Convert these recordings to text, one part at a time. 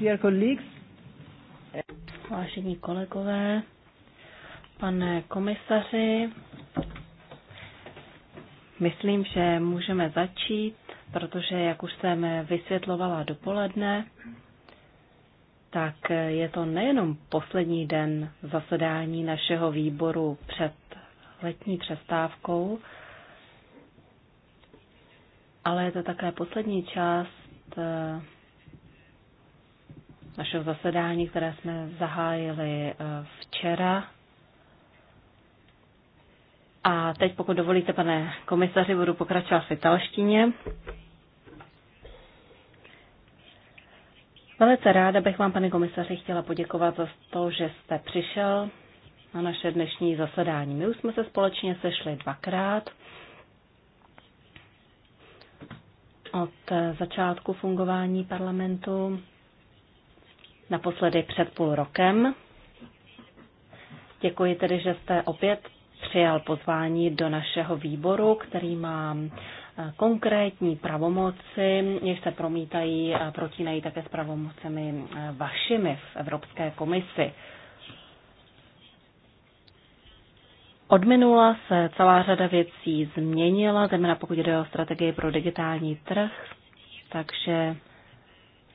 Dear colleagues. Vážení kolegové, pane komisaři, myslím, že můžeme začít, protože, jak už jsem vysvětlovala dopoledne, tak je to nejenom poslední den zasedání našeho výboru před letní přestávkou, ale je to také poslední část eh, našeho zasedání, které jsme zahájili eh, včera. A teď, pokud dovolíte, pane komisaři, budu pokračovat v italštině. Velice ráda bych vám, pane komisaři, chtěla poděkovat za to, že jste přišel na naše dnešní zasedání. My už jsme se společně sešli dvakrát. Od začátku fungování parlamentu naposledy před půl rokem. Děkuji tedy, že jste opět přijal pozvání do našeho výboru, který má eh, konkrétní pravomoci, jež se promítají a protínají také s pravomocemi eh, vašimi v Evropské komisi. Od minula se celá řada věcí změnila, zejména pokud jde o strategii pro digitální trh, takže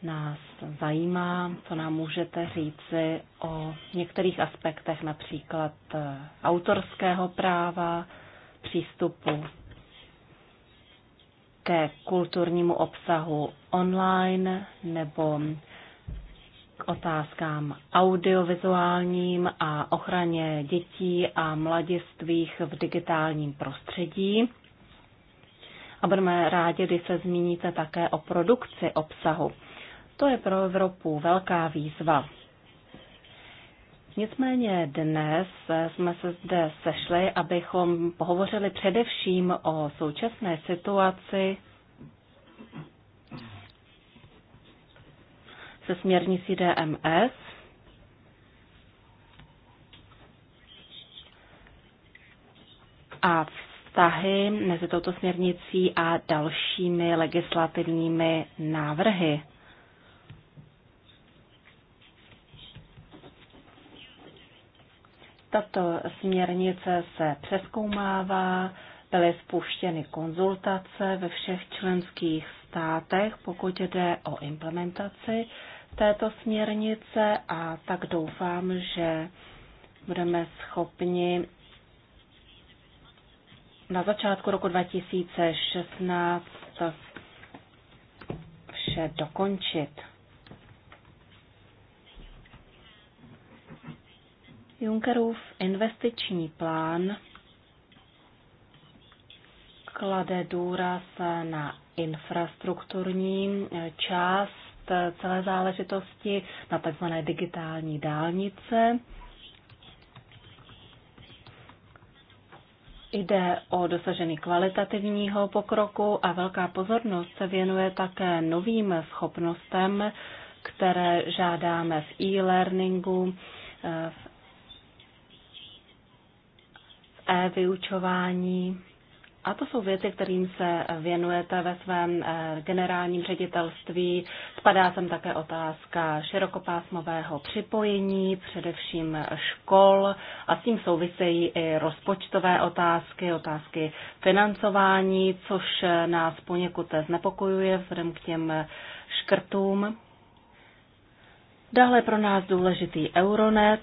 nás zajímá, co nám můžete říci o některých aspektech, například eh, autorského práva, přístupu ke kulturnímu obsahu online nebo k otázkám audiovizuálním a ochraně dětí a mladistvých v digitálním prostředí. A budeme rádi, když se zmíníte také o produkci obsahu. To je pro Evropu velká výzva. Nicméně dnes jsme se zde sešli, abychom pohovořili především o současné situaci se směrnicí DMS, a vztahy mezi touto směrnicí a dalšími legislativními návrhy. Tato směrnice se přeskoumává, byly spuštěny konzultace ve všech členských státech, pokud jde o implementaci této směrnice a tak doufám, že budeme schopni na začátku roku 2016 vše dokončit. Junckerův investiční plán klade důraz na infrastrukturní eh, část eh, celé záležitosti, na tzv. digitální dálnice. Jde o dosažení kvalitativního pokroku a velká pozornost se věnuje také novým schopnostem, které žádáme v e-learningu, v eh, e-vyučování. A to jsou věci, kterým se věnujete ve svém e, generálním ředitelství. Spadá sem také otázka širokopásmového připojení, především škol a s tím souvisejí i rozpočtové otázky, otázky financování, což nás poněkud znepokojuje vzhledem k těm škrtům. Dále pro nás důležitý Euronet,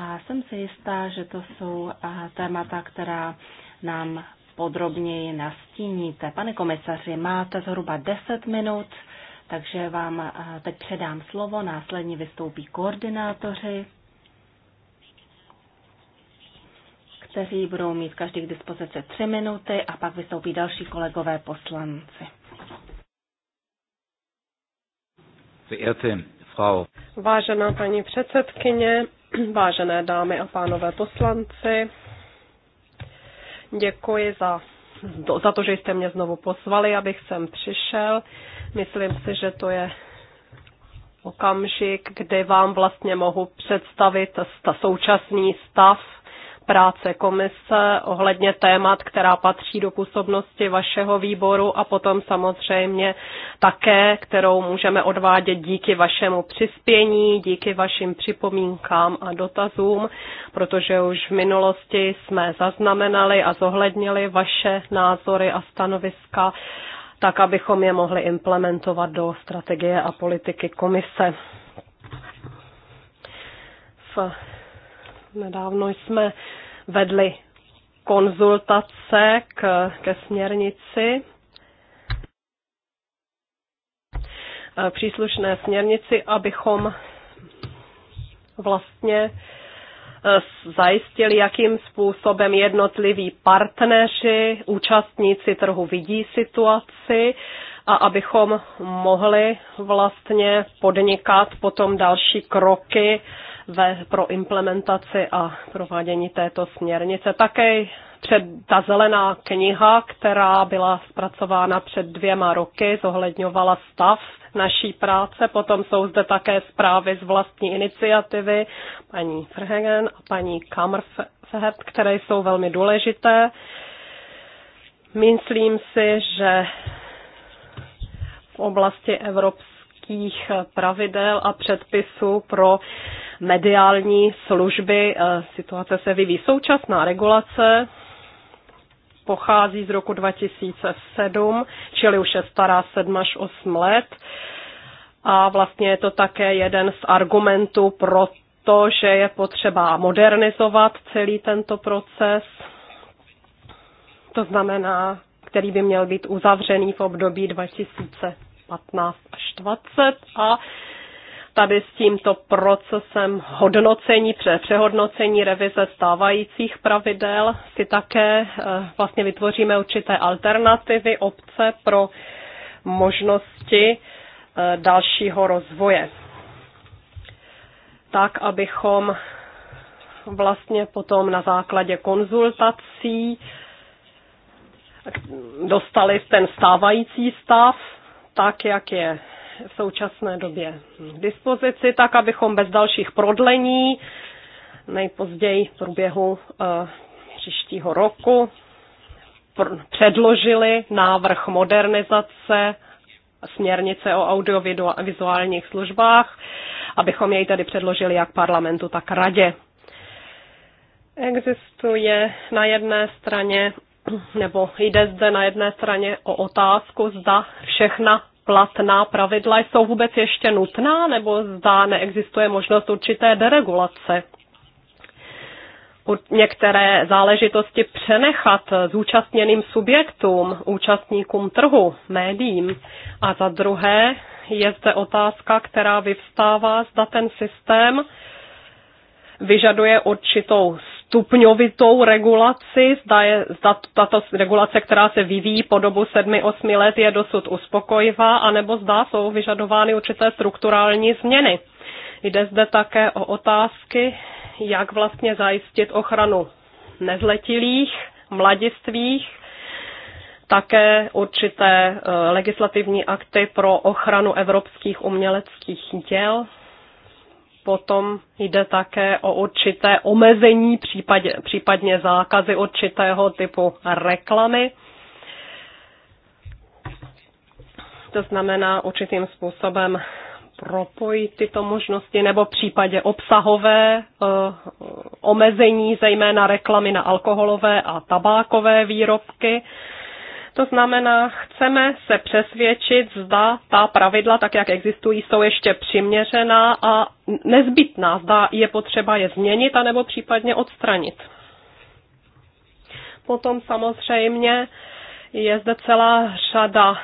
a jsem si jistá, že to jsou témata, která nám podrobněji nastíníte. Pane komisaři, máte zhruba 10 minut, takže vám teď předám slovo, následně vystoupí koordinátoři, kteří budou mít každý k dispozici 3 minuty a pak vystoupí další kolegové poslanci. Vážená paní předsedkyně, Vážené dámy a pánové poslanci, děkuji za, za to, že jste mě znovu pozvali, abych sem přišel. Myslím si, že to je okamžik, kdy vám vlastně mohu představit současný stav práce komise ohledně témat, která patří do působnosti vašeho výboru a potom samozřejmě také, kterou můžeme odvádět díky vašemu přispění, díky vašim připomínkám a dotazům, protože už v minulosti jsme zaznamenali a zohlednili vaše názory a stanoviska tak, abychom je mohli implementovat do strategie a politiky komise. V Nedávno jsme vedli konzultace k, ke směrnici. Eh, příslušné směrnici, abychom vlastně eh, zajistili, jakým způsobem jednotliví partneři, účastníci trhu vidí situaci a abychom mohli vlastně podnikat potom další kroky ve, pro implementaci a provádění této směrnice. Také před, ta zelená kniha, která byla zpracována před dvěma roky, zohledňovala stav naší práce. Potom jsou zde také zprávy z vlastní iniciativy paní Frhegen a paní Kamrfehert, které jsou velmi důležité. Myslím si, že v oblasti evropských pravidel a předpisů pro mediální služby. Eh, situace se vyvíjí. Současná regulace pochází z roku 2007, čili už je stará 7 až 8 let. A vlastně je to také jeden z argumentů pro to, že je potřeba modernizovat celý tento proces. To znamená, který by měl být uzavřený v období 2015 až 2020. a tady s tímto procesem hodnocení, přehodnocení revize stávajících pravidel si také eh, vlastně vytvoříme určité alternativy obce pro možnosti eh, dalšího rozvoje. Tak, abychom vlastně potom na základě konzultací dostali ten stávající stav tak, jak je v současné době k dispozici, tak abychom bez dalších prodlení nejpozději v průběhu eh, příštího roku předložili návrh modernizace směrnice o audiovizuálních službách, abychom jej tedy předložili jak parlamentu, tak radě. Existuje na jedné straně, nebo jde zde na jedné straně o otázku, zda všechna platná pravidla jsou vůbec ještě nutná, nebo zda neexistuje možnost určité deregulace? některé záležitosti přenechat zúčastněným subjektům, účastníkům trhu, médiím. A za druhé je zde otázka, která vyvstává, zda ten systém vyžaduje určitou stupňovitou regulaci. Zda, je, zda tato regulace, která se vyvíjí po dobu 7-8 let, je dosud uspokojivá, anebo zda jsou vyžadovány určité strukturální změny. Jde zde také o otázky, jak vlastně zajistit ochranu nezletilých, mladistvých, také určité eh, legislativní akty pro ochranu evropských uměleckých děl potom jde také o určité omezení, případně, případně zákazy určitého typu reklamy. To znamená určitým způsobem propojit tyto možnosti nebo v případě obsahové eh, omezení, zejména reklamy na alkoholové a tabákové výrobky. To znamená, chceme se přesvědčit, zda ta pravidla, tak jak existují, jsou ještě přiměřená a nezbytná, zda je potřeba je změnit anebo případně odstranit. Potom samozřejmě je zde celá řada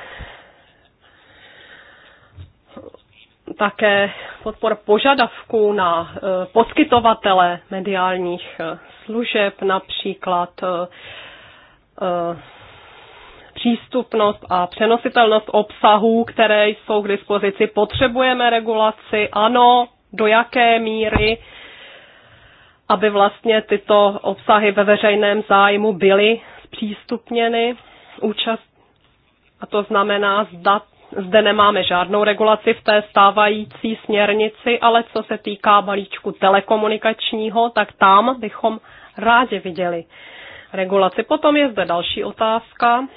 také podpor požadavků na e, poskytovatele mediálních e, služeb, například e, přístupnost a přenositelnost obsahů, které jsou k dispozici. Potřebujeme regulaci, ano, do jaké míry, aby vlastně tyto obsahy ve veřejném zájmu byly zpřístupněny účast. A to znamená, zda zde nemáme žádnou regulaci v té stávající směrnici, ale co se týká balíčku telekomunikačního, tak tam bychom rádi viděli regulaci. Potom je zde další otázka,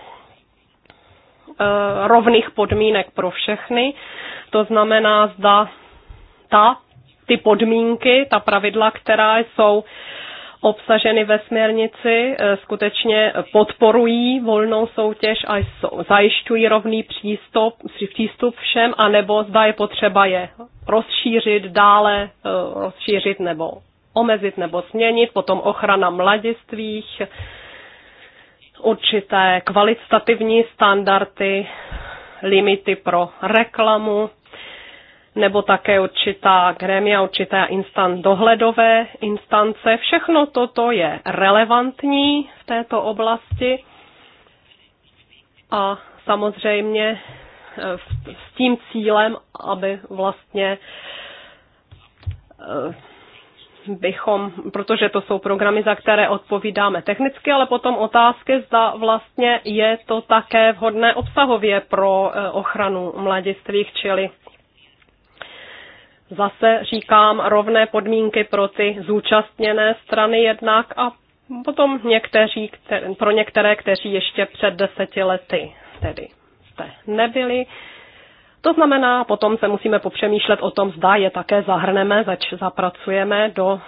Eh, rovných podmínek pro všechny. To znamená, zda ta, ty podmínky, ta pravidla, která jsou obsaženy ve směrnici, eh, skutečně podporují volnou soutěž a jsou, zajišťují rovný přístup, přístup všem, anebo zda je potřeba je rozšířit dále, eh, rozšířit nebo omezit nebo změnit, potom ochrana mladistvých, určité kvalitativní standardy, limity pro reklamu, nebo také určitá grémia, určité instant dohledové instance. Všechno toto je relevantní v této oblasti a samozřejmě eh, s tím cílem, aby vlastně eh, bychom, protože to jsou programy, za které odpovídáme technicky, ale potom otázky, zda vlastně je to také vhodné obsahově pro eh, ochranu mladistvých, čili zase říkám rovné podmínky pro ty zúčastněné strany jednak a potom někteří, pro některé, kteří ještě před deseti lety tedy jste nebyli, to znamená, potom se musíme popřemýšlet o tom, zda je také zahrneme, zač zapracujeme do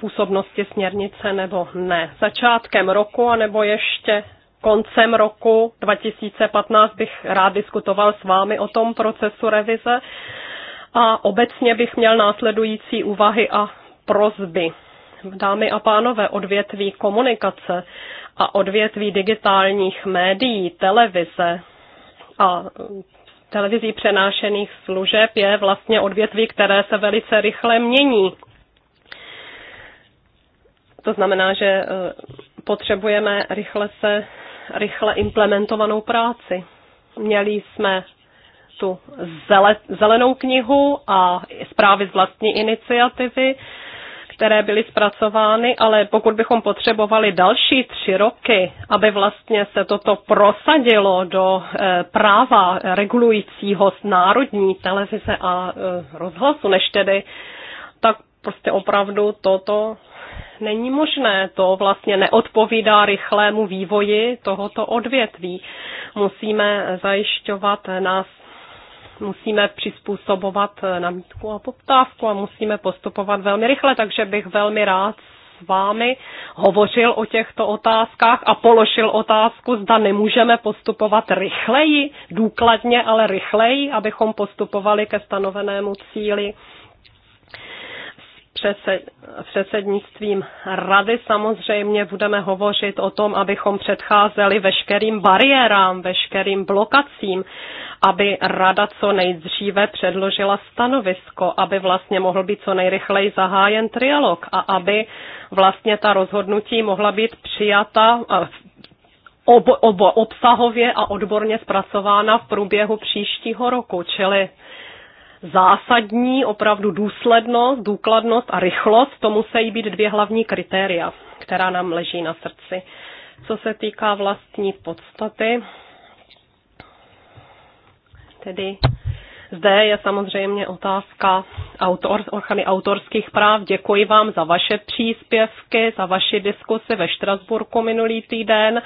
působnosti směrnice nebo ne. Začátkem roku, anebo ještě koncem roku 2015 bych rád diskutoval s vámi o tom procesu revize a obecně bych měl následující úvahy a prozby. Dámy a pánové, odvětví komunikace a odvětví digitálních médií, televize a televizí přenášených služeb je vlastně odvětví, které se velice rychle mění. To znamená, že eh, potřebujeme rychle se rychle implementovanou práci. Měli jsme tu zelenou knihu a zprávy z vlastní iniciativy které byly zpracovány, ale pokud bychom potřebovali další tři roky, aby vlastně se toto prosadilo do eh, práva regulujícího z národní televize a eh, rozhlasu, než tedy, tak prostě opravdu toto není možné. To vlastně neodpovídá rychlému vývoji tohoto odvětví. Musíme zajišťovat nás musíme přizpůsobovat nabídku a poptávku a musíme postupovat velmi rychle, takže bych velmi rád s vámi hovořil o těchto otázkách a položil otázku, zda nemůžeme postupovat rychleji, důkladně, ale rychleji, abychom postupovali ke stanovenému cíli předsednictvím rady samozřejmě budeme hovořit o tom, abychom předcházeli veškerým bariérám, veškerým blokacím, aby rada co nejdříve předložila stanovisko, aby vlastně mohl být co nejrychleji zahájen trialog a aby vlastně ta rozhodnutí mohla být přijata ob, ob, obsahově a odborně zpracována v průběhu příštího roku, čili zásadní opravdu důslednost, důkladnost a rychlost, to musí být dvě hlavní kritéria, která nám leží na srdci. Co se týká vlastní podstaty, tedy zde je samozřejmě otázka autor, ochrany autorských práv. Děkuji vám za vaše příspěvky, za vaši diskusy ve Štrasburku minulý týden,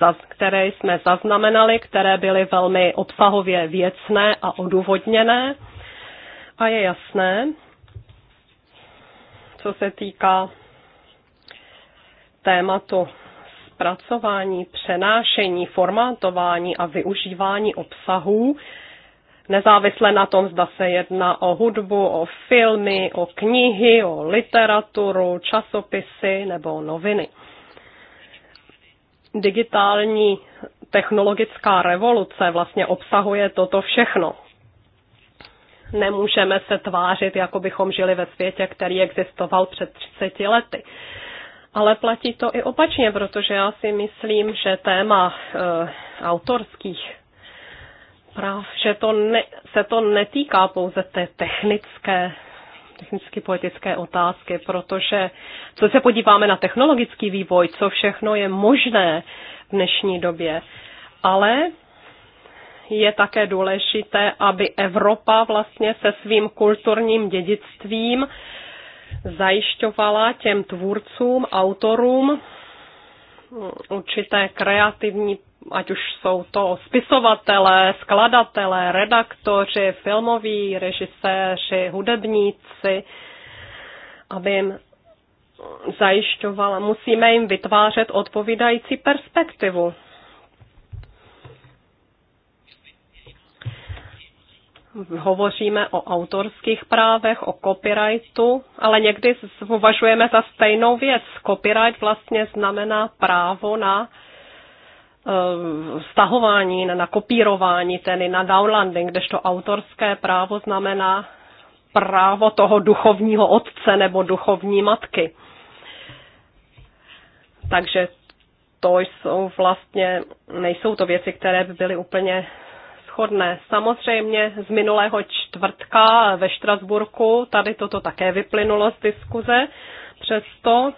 za, které jsme zaznamenali, které byly velmi obsahově věcné a odůvodněné. A je jasné, co se týká tématu zpracování, přenášení, formátování a využívání obsahů, nezávisle na tom, zda se jedná o hudbu, o filmy, o knihy, o literaturu, časopisy nebo noviny. Digitální technologická revoluce vlastně obsahuje toto všechno. Nemůžeme se tvářit, jako bychom žili ve světě, který existoval před 30 lety. Ale platí to i opačně, protože já si myslím, že téma e, autorských práv, že to ne, se to netýká pouze té technické technicky poetické otázky, protože co se podíváme na technologický vývoj, co všechno je možné v dnešní době, ale je také důležité, aby Evropa vlastně se svým kulturním dědictvím zajišťovala těm tvůrcům, autorům určité kreativní, ať už jsou to spisovatelé, skladatelé, redaktoři, filmoví režiséři, hudebníci, aby jim zajišťovala. Musíme jim vytvářet odpovídající perspektivu hovoříme o autorských právech, o copyrightu, ale někdy uvažujeme za stejnou věc. Copyright vlastně znamená právo na eh, stahování, na kopírování, tedy na downloading, kdežto autorské právo znamená právo toho duchovního otce nebo duchovní matky. Takže to jsou vlastně, nejsou to věci, které by byly úplně shodné. Samozřejmě z minulého čtvrtka ve Štrasburku tady toto také vyplynulo z diskuze. Přesto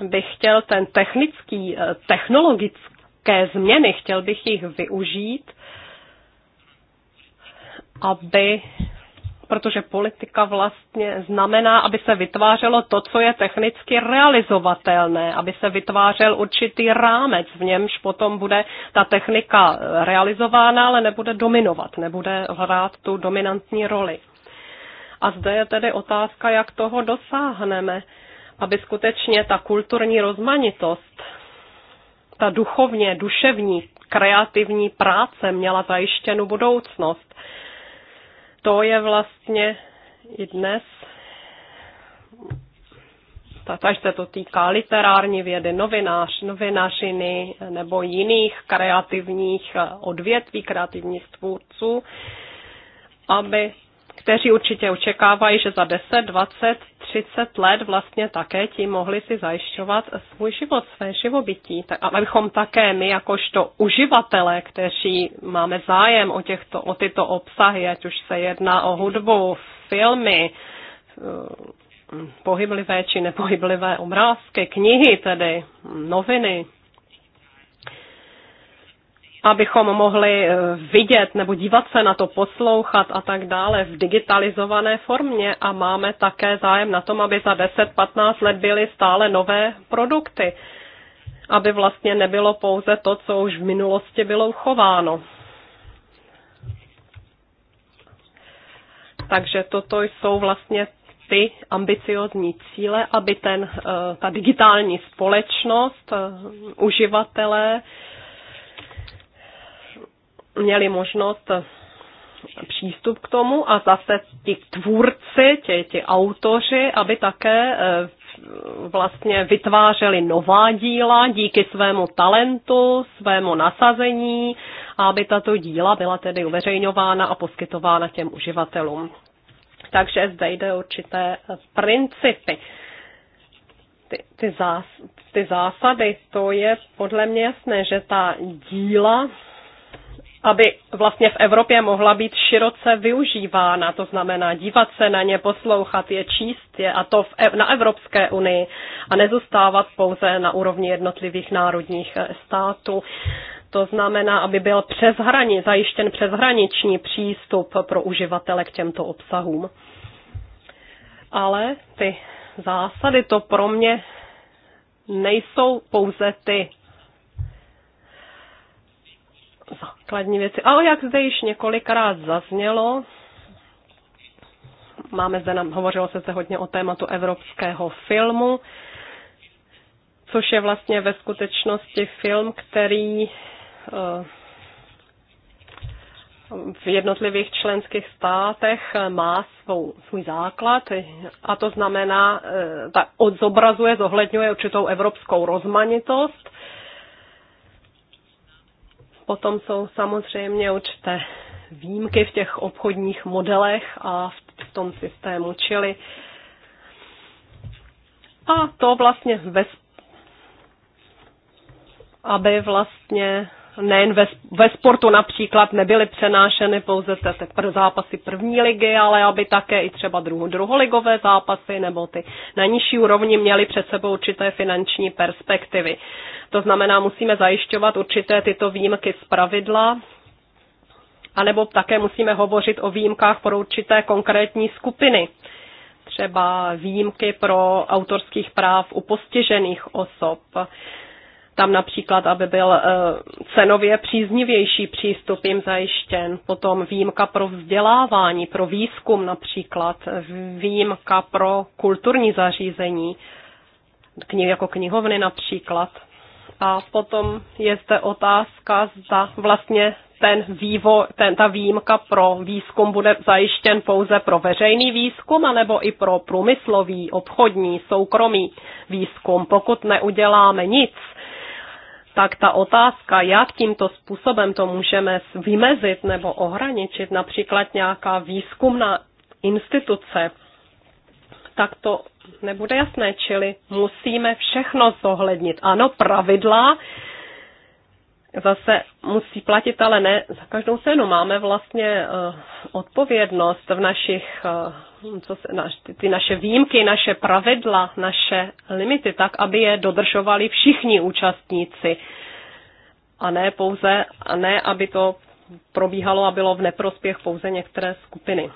bych chtěl ten technický, eh, technologické změny, chtěl bych jich využít, aby protože politika vlastně znamená, aby se vytvářelo to, co je technicky realizovatelné, aby se vytvářel určitý rámec, v němž potom bude ta technika realizována, ale nebude dominovat, nebude hrát tu dominantní roli. A zde je tedy otázka, jak toho dosáhneme, aby skutečně ta kulturní rozmanitost, ta duchovně, duševní, kreativní práce měla zajištěnu budoucnost to je vlastně i dnes, ať se to týká literární vědy, novinář, novinářiny nebo jiných kreativních odvětví, kreativních tvůrců, aby kteří určitě očekávají, že za 10, 20, 30 let vlastně také ti mohli si zajišťovat svůj život, své živobytí. Tak, abychom také my, jakožto uživatelé, kteří máme zájem o, těchto, o tyto obsahy, ať už se jedná o hudbu, filmy, eh, pohyblivé či nepohyblivé obrázky, knihy tedy, noviny, abychom mohli eh, vidět nebo dívat se na to, poslouchat a tak dále v digitalizované formě a máme také zájem na tom, aby za 10-15 let byly stále nové produkty, aby vlastně nebylo pouze to, co už v minulosti bylo uchováno. Takže toto jsou vlastně ty ambiciozní cíle, aby ten, eh, ta digitální společnost, eh, uživatelé, měli možnost přístup k tomu a zase ti tvůrci, ti, ti autoři, aby také eh, vlastně vytvářeli nová díla díky svému talentu, svému nasazení a aby tato díla byla tedy uveřejňována a poskytována těm uživatelům. Takže zde jde určité principy. Ty, ty, zás, ty zásady, to je podle mě jasné, že ta díla aby vlastně v Evropě mohla být široce využívána, to znamená dívat se na ně, poslouchat je, číst je a to v, e- na Evropské unii a nezůstávat pouze na úrovni jednotlivých národních eh, států. To znamená, aby byl přes přeshraní, zajištěn přeshraniční přístup pro uživatele k těmto obsahům. Ale ty zásady to pro mě nejsou pouze ty základní věci. o jak zde již několikrát zaznělo, máme zde, nám, hovořilo se zde hodně o tématu evropského filmu, což je vlastně ve skutečnosti film, který eh, v jednotlivých členských státech má svou, svůj základ a to znamená, eh, tak odzobrazuje, zohledňuje určitou evropskou rozmanitost Potom jsou samozřejmě určité výjimky v těch obchodních modelech a v tom systému, čili a to vlastně bez aby vlastně nejen ve, ve sportu například nebyly přenášeny pouze ty pr- zápasy první ligy, ale aby také i třeba druho, druholigové zápasy nebo ty na nižší úrovni měly před sebou určité finanční perspektivy. To znamená, musíme zajišťovat určité tyto výjimky z pravidla, anebo také musíme hovořit o výjimkách pro určité konkrétní skupiny třeba výjimky pro autorských práv u postižených osob tam například, aby byl eh, cenově příznivější přístup jim zajištěn, potom výjimka pro vzdělávání, pro výzkum například, výjimka pro kulturní zařízení, jako knihovny například. A potom je zde otázka, zda vlastně ten vývo, ten, ta výjimka pro výzkum bude zajištěn pouze pro veřejný výzkum, anebo i pro průmyslový, obchodní, soukromý výzkum. Pokud neuděláme nic, tak ta otázka, jak tímto způsobem to můžeme vymezit nebo ohraničit, například nějaká výzkumná instituce, tak to nebude jasné, čili musíme všechno zohlednit. Ano, pravidla, zase musí platit, ale ne za každou cenu. Máme vlastně uh, odpovědnost v našich, uh, co se, naš, ty, ty naše výjimky, naše pravidla, naše limity, tak, aby je dodržovali všichni účastníci. A ne pouze, a ne, aby to probíhalo a bylo v neprospěch pouze některé skupiny.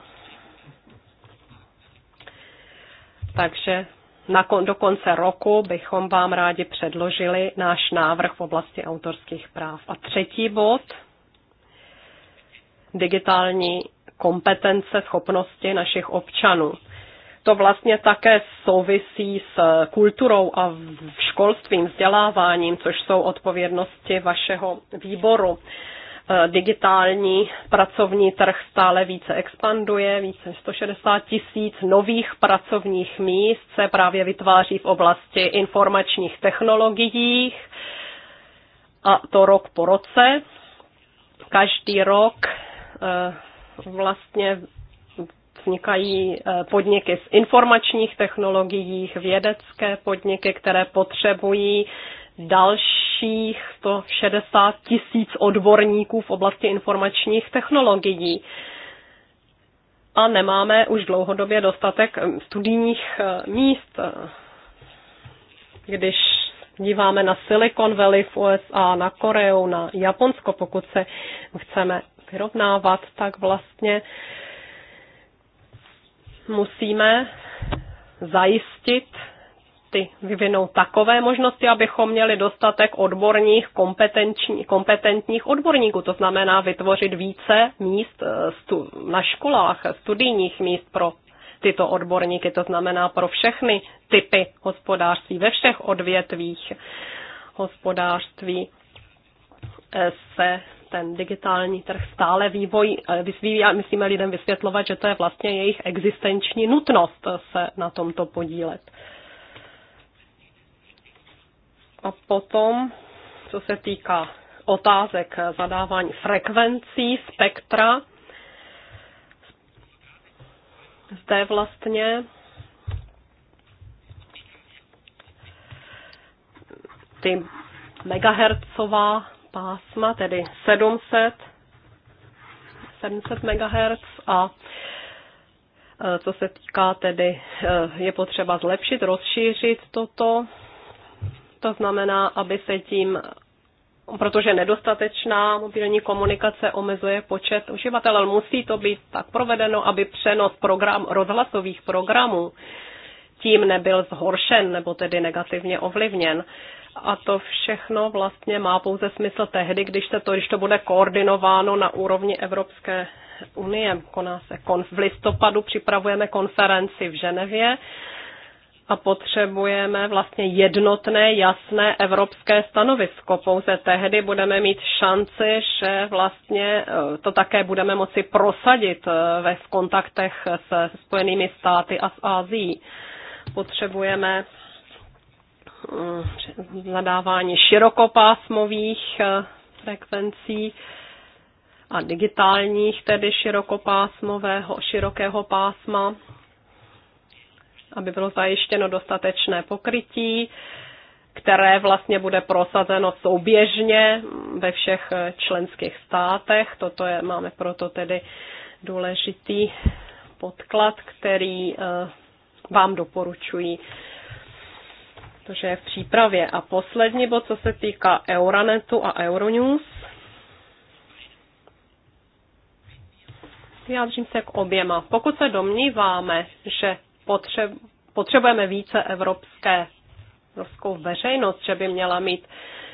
Takže na kon, do konce roku bychom vám rádi předložili náš návrh v oblasti autorských práv. A třetí bod, digitální kompetence, schopnosti našich občanů. To vlastně také souvisí s kulturou a školstvím, vzděláváním, což jsou odpovědnosti vašeho výboru. Eh, digitální pracovní trh stále více expanduje, více 160 tisíc nových pracovních míst se právě vytváří v oblasti informačních technologií a to rok po roce. Každý rok eh, vlastně vznikají eh, podniky z informačních technologií, vědecké podniky, které potřebují dalších 160 tisíc odborníků v oblasti informačních technologií. A nemáme už dlouhodobě dostatek eh, studijních eh, míst. Když díváme na Silicon Valley v USA, na Koreu, na Japonsko, pokud se chceme vyrovnávat, tak vlastně musíme zajistit ty vyvinou takové možnosti, abychom měli dostatek odborných, kompetentních odborníků. To znamená vytvořit více míst eh, na školách, studijních míst pro tyto odborníky, to znamená pro všechny typy hospodářství, ve všech odvětvích hospodářství eh, se ten digitální trh stále vývoj eh, vysvíjí a musíme lidem vysvětlovat, že to je vlastně jejich existenční nutnost se na tomto podílet. A potom, co se týká otázek zadávání frekvencí, spektra, zde vlastně ty megahertzová pásma, tedy 700, 700 MHz a e, co se týká tedy, e, je potřeba zlepšit, rozšířit toto to znamená, aby se tím protože nedostatečná mobilní komunikace omezuje počet uživatelů. Ale musí to být tak provedeno, aby přenos program, rozhlasových programů tím nebyl zhoršen nebo tedy negativně ovlivněn. A to všechno vlastně má pouze smysl tehdy, když, se to, když to bude koordinováno na úrovni Evropské unie. Koná se konf- v listopadu připravujeme konferenci v Ženevě a potřebujeme vlastně jednotné, jasné evropské stanovisko. Pouze tehdy budeme mít šanci, že vlastně eh, to také budeme moci prosadit eh, ve kontaktech se Spojenými státy a s Ázií. Potřebujeme eh, zadávání širokopásmových frekvencí a digitálních, tedy širokopásmového, širokého pásma aby bylo zajištěno dostatečné pokrytí, které vlastně bude prosazeno souběžně ve všech členských státech. Toto je, máme proto tedy důležitý podklad, který eh, vám doporučuji protože je v přípravě. A poslední bod, co se týká Euronetu a Euronews. Vyjádřím se k oběma. Pokud se domníváme, že potřebujeme více evropské evropskou veřejnost, že by měla mít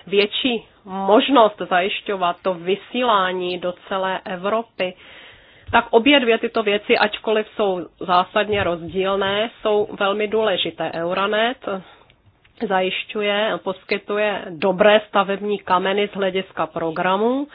větší možnost zajišťovat to vysílání do celé Evropy, tak obě dvě tyto věci, ačkoliv jsou zásadně rozdílné, jsou velmi důležité. Euronet zajišťuje, poskytuje dobré stavební kameny z hlediska programů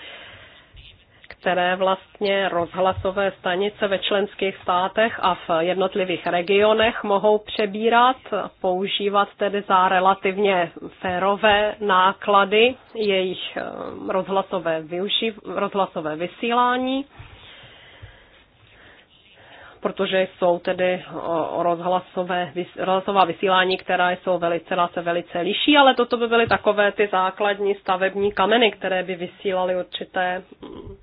které vlastně rozhlasové stanice ve členských státech a v jednotlivých regionech mohou přebírat, používat tedy za relativně férové náklady jejich eh, rozhlasové, využiv, rozhlasové vysílání protože jsou tedy eh, rozhlasové, rozhlasová vysílání, která jsou velice, se velice liší, ale toto by byly takové ty základní stavební kameny, které by vysílaly určité mm,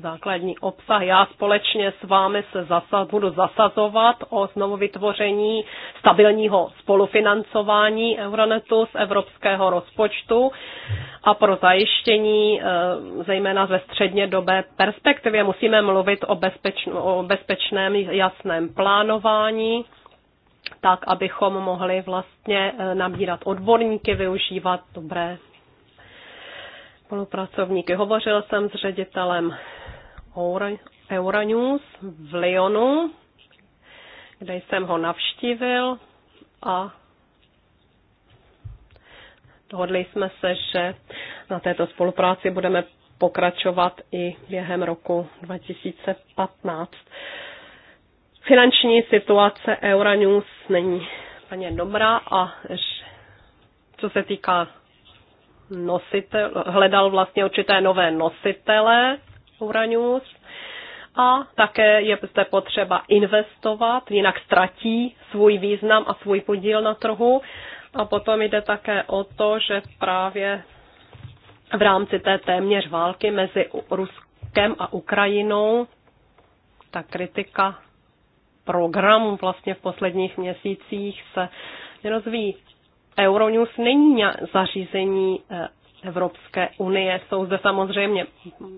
základní obsah. Já společně s vámi se zasad, budu zasazovat o znovu vytvoření stabilního spolufinancování Euronetu z evropského rozpočtu a pro zajištění eh, zejména ve dobé perspektivě musíme mluvit o, bezpečn, o bezpečném jasném plánování tak, abychom mohli vlastně eh, nabírat odborníky, využívat dobré spolupracovníky. Hovořil jsem s ředitelem Euronews v Lyonu, kde jsem ho navštívil a dohodli jsme se, že na této spolupráci budeme pokračovat i během roku 2015. Finanční situace Euronews není úplně dobrá a co se týká nositel, hledal vlastně určité nové nositele Uranus. A také je zde potřeba investovat, jinak ztratí svůj význam a svůj podíl na trhu. A potom jde také o to, že právě v rámci té téměř války mezi Ruskem a Ukrajinou ta kritika programu vlastně v posledních měsících se rozvíjí. Euronews není zařízení eh, Evropské unie. Jsou zde samozřejmě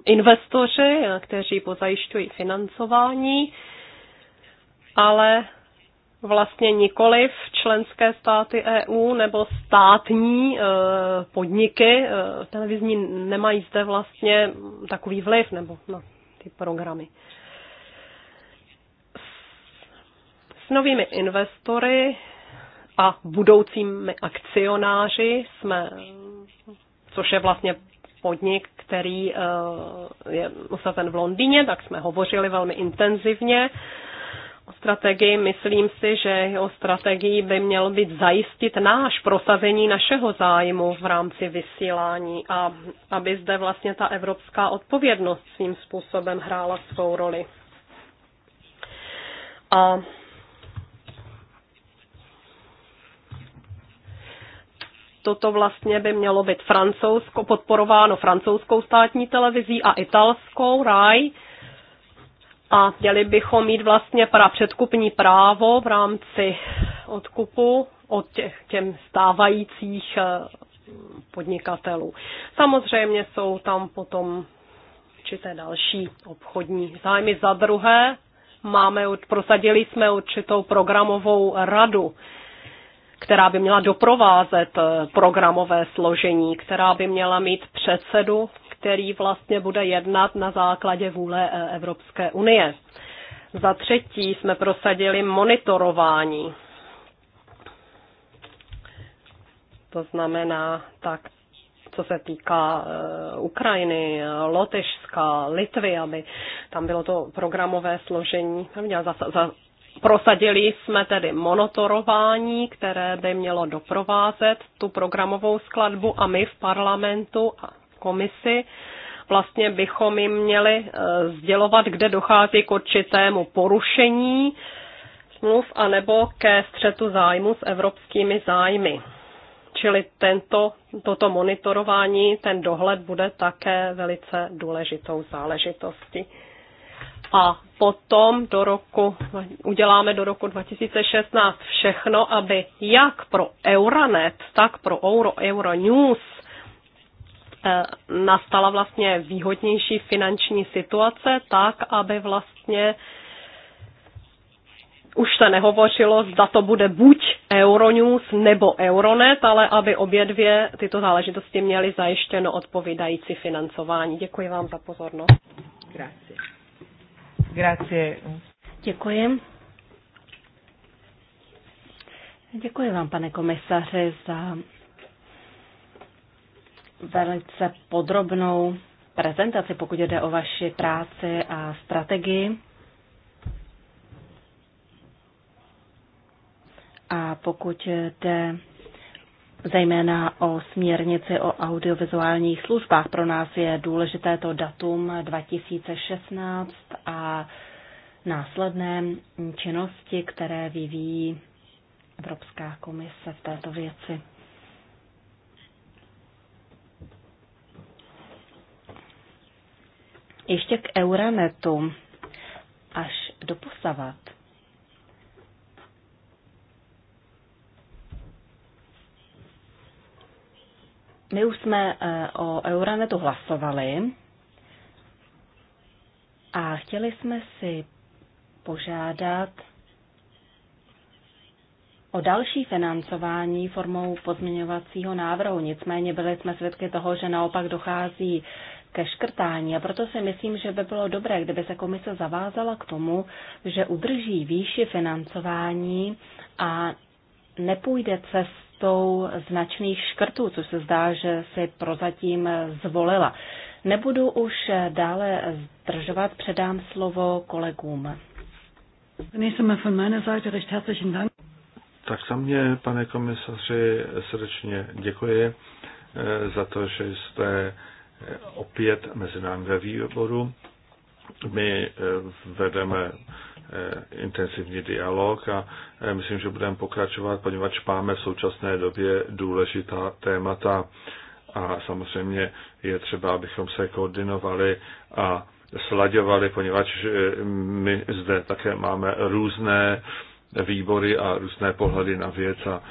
investoři, kteří pozajišťují financování, ale vlastně nikoliv členské státy EU nebo státní e, podniky e, televizní nemají zde vlastně takový vliv nebo na ty programy. S novými investory a budoucími akcionáři jsme což je vlastně podnik, který eh, je usazen v Londýně, tak jsme hovořili velmi intenzivně o strategii. Myslím si, že jeho strategií by měl být zajistit náš prosazení našeho zájmu v rámci vysílání a aby zde vlastně ta evropská odpovědnost svým způsobem hrála svou roli. A toto vlastně by mělo být francouzsko, podporováno francouzskou státní televizí a italskou RAI. A měli bychom mít vlastně pra předkupní právo v rámci odkupu od těch těm stávajících eh, podnikatelů. Samozřejmě jsou tam potom určité další obchodní zájmy. Za druhé, máme, prosadili jsme určitou programovou radu která by měla doprovázet eh, programové složení, která by měla mít předsedu, který vlastně bude jednat na základě vůle eh, Evropské unie. Za třetí jsme prosadili monitorování. To znamená tak, co se týká eh, Ukrajiny, Lotyšska, Litvy, aby tam bylo to programové složení. Tam měla za, za, Prosadili jsme tedy monitorování, které by mělo doprovázet tu programovou skladbu a my v parlamentu a komisi vlastně bychom jim měli e, sdělovat, kde dochází k určitému porušení smluv nebo ke střetu zájmu s evropskými zájmy. Čili tento, toto monitorování, ten dohled bude také velice důležitou záležitostí a potom do roku, uděláme do roku 2016 všechno, aby jak pro Euronet, tak pro Euro, Euronews eh, nastala vlastně výhodnější finanční situace, tak aby vlastně už se nehovořilo, zda to bude buď Euronews nebo Euronet, ale aby obě dvě tyto záležitosti měly zajištěno odpovídající financování. Děkuji vám za pozornost. Grazie. Grazie. Děkuji. Děkuji vám, pane komisaře, za velice podrobnou prezentaci, pokud jde o vaši práci a strategii. A pokud jde zejména o směrnici o audiovizuálních službách. Pro nás je důležité to datum 2016 a následné činnosti, které vyvíjí Evropská komise v této věci. Ještě k Euranetu, Až do posavat My už jsme eh, o Euronetu hlasovali a chtěli jsme si požádat o další financování formou pozměňovacího návrhu. Nicméně byli jsme svědky toho, že naopak dochází ke škrtání a proto si myslím, že by bylo dobré, kdyby se komise zavázala k tomu, že udrží výši financování a nepůjde cest cestou značných škrtů, což se zdá, že si prozatím zvolila. Nebudu už dále zdržovat, předám slovo kolegům. Tak za mě, pane komisaři, srdečně děkuji eh, za to, že jste eh, opět mezi námi ve výboru. My eh, vedeme Eh, intenzivní dialog a eh, myslím, že budeme pokračovat, poněvadž máme v současné době důležitá témata a samozřejmě je třeba, abychom se koordinovali a sladěvali, poněvadž eh, my zde také máme různé výbory a různé pohledy na věc a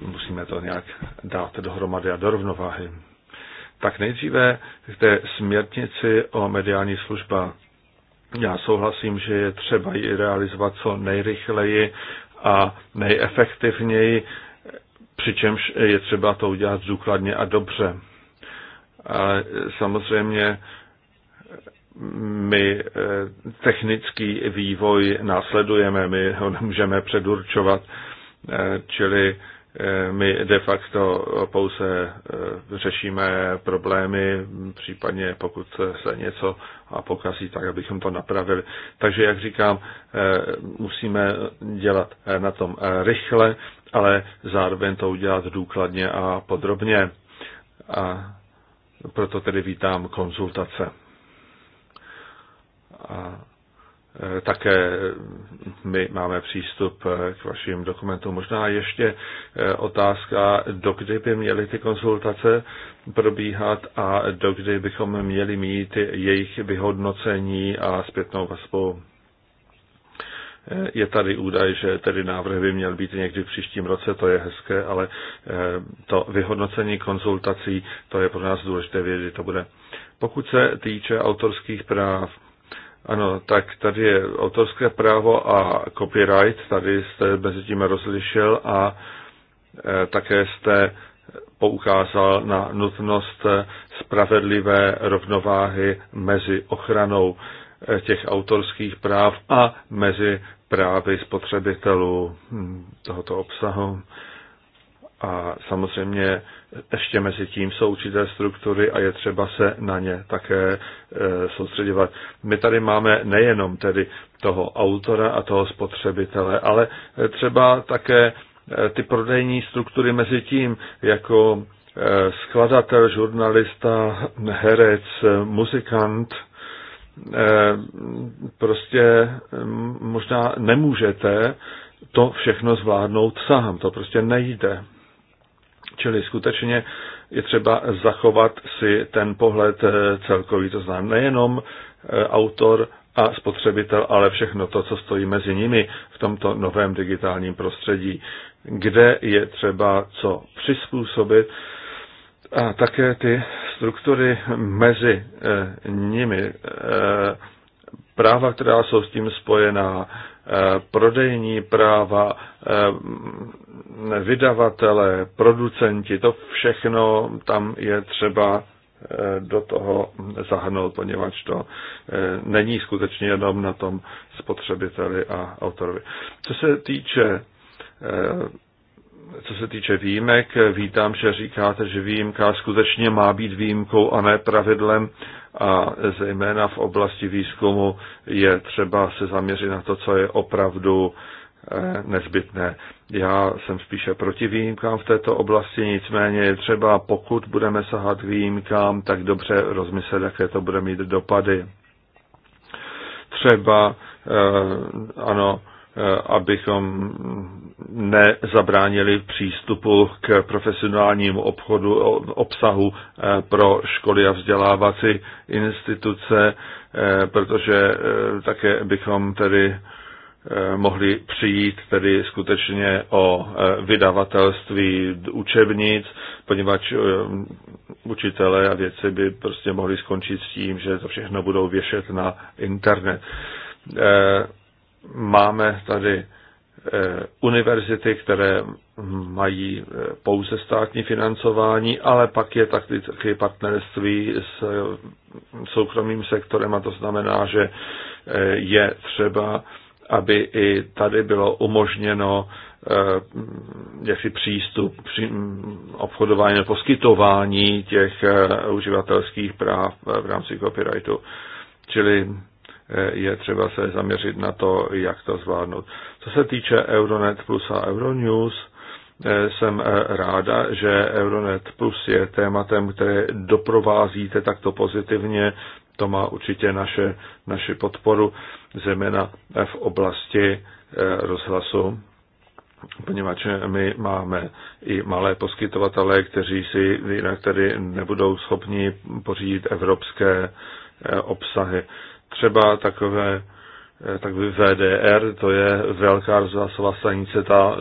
musíme to nějak dát dohromady a do rovnováhy. Tak nejdříve k té směrnici o mediální službách. Já souhlasím, že je třeba ji realizovat co nejrychleji a nejefektivněji, přičemž je třeba to udělat důkladně a dobře. A samozřejmě my eh, technický vývoj následujeme, my ho nemůžeme předurčovat, eh, čili my de facto pouze eh, řešíme problémy, případně pokud se něco a pokazí, tak abychom to napravili. Takže, jak říkám, eh, musíme dělat eh, na tom rychle, ale zároveň to udělat důkladně a podrobně. A proto tedy vítám konzultace. A Eh, také eh, my máme přístup eh, k vašim dokumentům. Možná ještě otázka, dokdy by měly ty konzultace probíhat a dokdy bychom měli mít jejich vyhodnocení a zpětnou vazbu. Je tady údaj, že tedy návrh by měl být někdy v příštím roce, to je hezké, ale to vyhodnocení konzultací, to je pro nás důležité vědět, to bude. Pokud se týče autorských práv, ano, tak tady je autorské právo a copyright, tady jste mezi tím rozlišil a e, také jste poukázal na nutnost spravedlivé rovnováhy mezi ochranou e, těch autorských práv a mezi právy spotřebitelů hm, tohoto obsahu. A samozřejmě ještě mezi tím jsou určité struktury a je třeba se na ně také e, soustředovat. My tady máme nejenom tedy toho autora a toho spotřebitele, ale třeba také e, ty prodejní struktury mezi tím, jako e, skladatel, žurnalista, herec, muzikant, prostě možná nemůžete to všechno zvládnout sám, to prostě nejde. Čili skutečně je třeba zachovat si ten pohled eh, celkový, to znamená nejenom eh, autor a spotřebitel, ale všechno to, co stojí mezi nimi v tomto novém digitálním prostředí, kde je třeba co přizpůsobit a také ty struktury mezi eh, nimi, práva, která jsou s tím spojená, prodejní práva, eh, vydavatele, producenti, to všechno tam je třeba eh, do toho zahrnout, poněvadž to eh, není skutečně jenom na tom spotřebiteli a autorovi. Co se týče co se týče výjimek, vítám, že říkáte, že výjimka skutečně má být výjimkou a ne pravidlem a zejména v oblasti výzkumu je třeba se zaměřit na to, co je opravdu eh, nezbytné. Já jsem spíše proti výjimkám v této oblasti, nicméně je třeba, pokud budeme sahat výjimkám, tak dobře rozmyslet, jaké to bude mít dopady. Třeba, eh, ano, Eh, abychom nezabránili přístupu k profesionálnímu obchodu, obsahu eh, pro školy a vzdělávací instituce, eh, protože také bychom tedy mohli přijít tedy skutečně o vydavatelství učebnic, poněvadž učitelé a věci by prostě mohli skončit s tím, že to všechno budou věšet na internet Máme tady eh, univerzity, které mají eh, pouze státní financování, ale pak je taky partnerství s eh, soukromým sektorem a to znamená, že je třeba, aby i tady bylo umožněno jaký přístup při obchodování poskytování těch uživatelských práv v rámci copyrightu. Čili je třeba se zaměřit na to, jak to zvládnout. Co se týče Euronet Plus a Euronews, eh, jsem eh, ráda, že Euronet Plus je tématem, které doprovázíte takto pozitivně. To má určitě naše, naši podporu, zejména v oblasti eh, rozhlasu, poněvadž my máme i malé poskytovatele, kteří si jinak tady nebudou schopni pořídit evropské obsahy třeba takové eh, takový VDR, to je velká rozhlasová stanice, ta eh,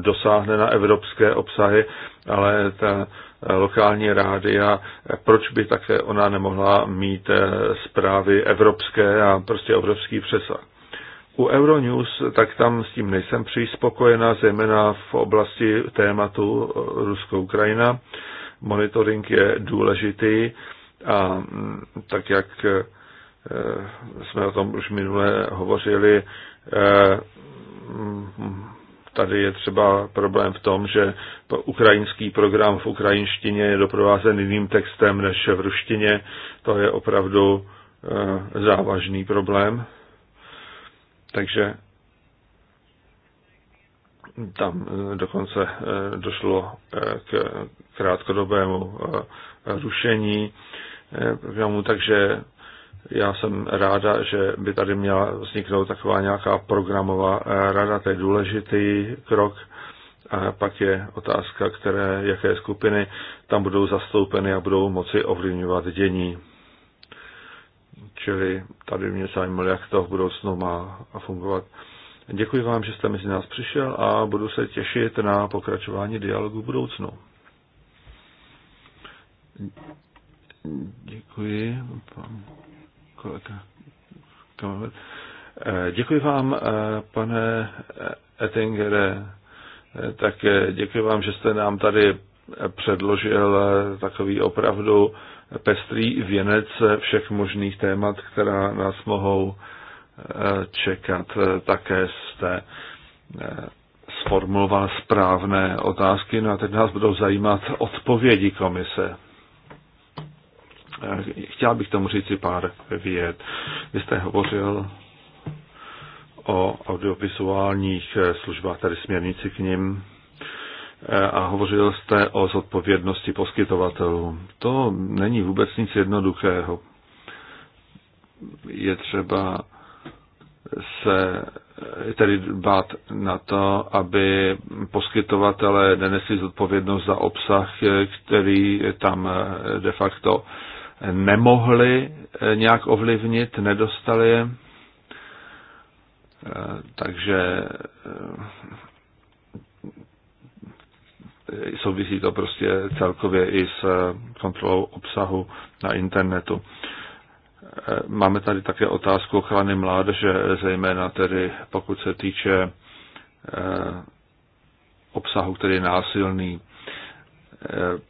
dosáhne na evropské obsahy, ale ta eh, lokální rádia, proč by také ona nemohla mít zprávy evropské a prostě evropský přesah. U Euronews, tak tam s tím nejsem příliš spokojená, zejména v oblasti tématu Rusko-Ukrajina. Monitoring je důležitý a mm, tak jak Eh, jsme o tom už minule hovořili, eh, tady je třeba problém v tom, že ukrajinský program v ukrajinštině je doprovázen jiným textem než v ruštině. To je opravdu eh, závažný problém. Takže tam dokonce došlo k krátkodobému rušení programu, takže já jsem ráda, že by tady měla vzniknout taková nějaká programová eh, rada, to je důležitý krok. A pak je otázka, které, jaké skupiny tam budou zastoupeny a budou moci ovlivňovat dění. Čili tady mě zajímalo, jak to v budoucnu má fungovat. Děkuji vám, že jste mezi nás přišel a budu se těšit na pokračování dialogu v budoucnu. Děkuji kolega. Eh, děkuji vám, eh, pane Ettingere. Eh, tak děkuji vám, že jste nám tady předložil takový opravdu pestrý věnec všech možných témat, která nás mohou čekat. Také jste sformuloval správné otázky, no a teď nás budou zajímat odpovědi komise. Eh, chtěl bych tomu si pár věd. Vy jste hovořil o audiovizuálních eh, službách, tady směrnici k ním, eh, a hovořil jste o zodpovědnosti poskytovatelů. To není vůbec nic jednoduchého. Je třeba se tedy dbát na to, aby poskytovatele nenesli zodpovědnost za obsah, který tam de facto nemohli eh, nějak ovlivnit, nedostali je. Eh, takže eh, souvisí to prostě celkově i s kontrolou obsahu na internetu. Máme tady také otázku ochrany mládeže, zejména tedy pokud se týče obsahu, který je násilný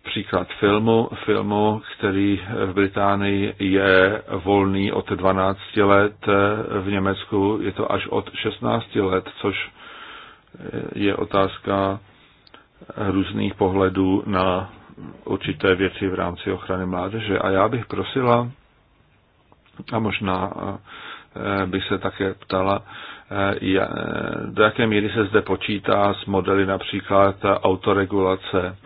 příklad filmu, filmu, který v Británii je volný od 12 let, v Německu je to až od 16 let, což je otázka různých pohledů na určité věci v rámci ochrany mládeže. A já bych prosila, a možná e, by se také ptala, e, do jaké míry se zde počítá s modely například autoregulace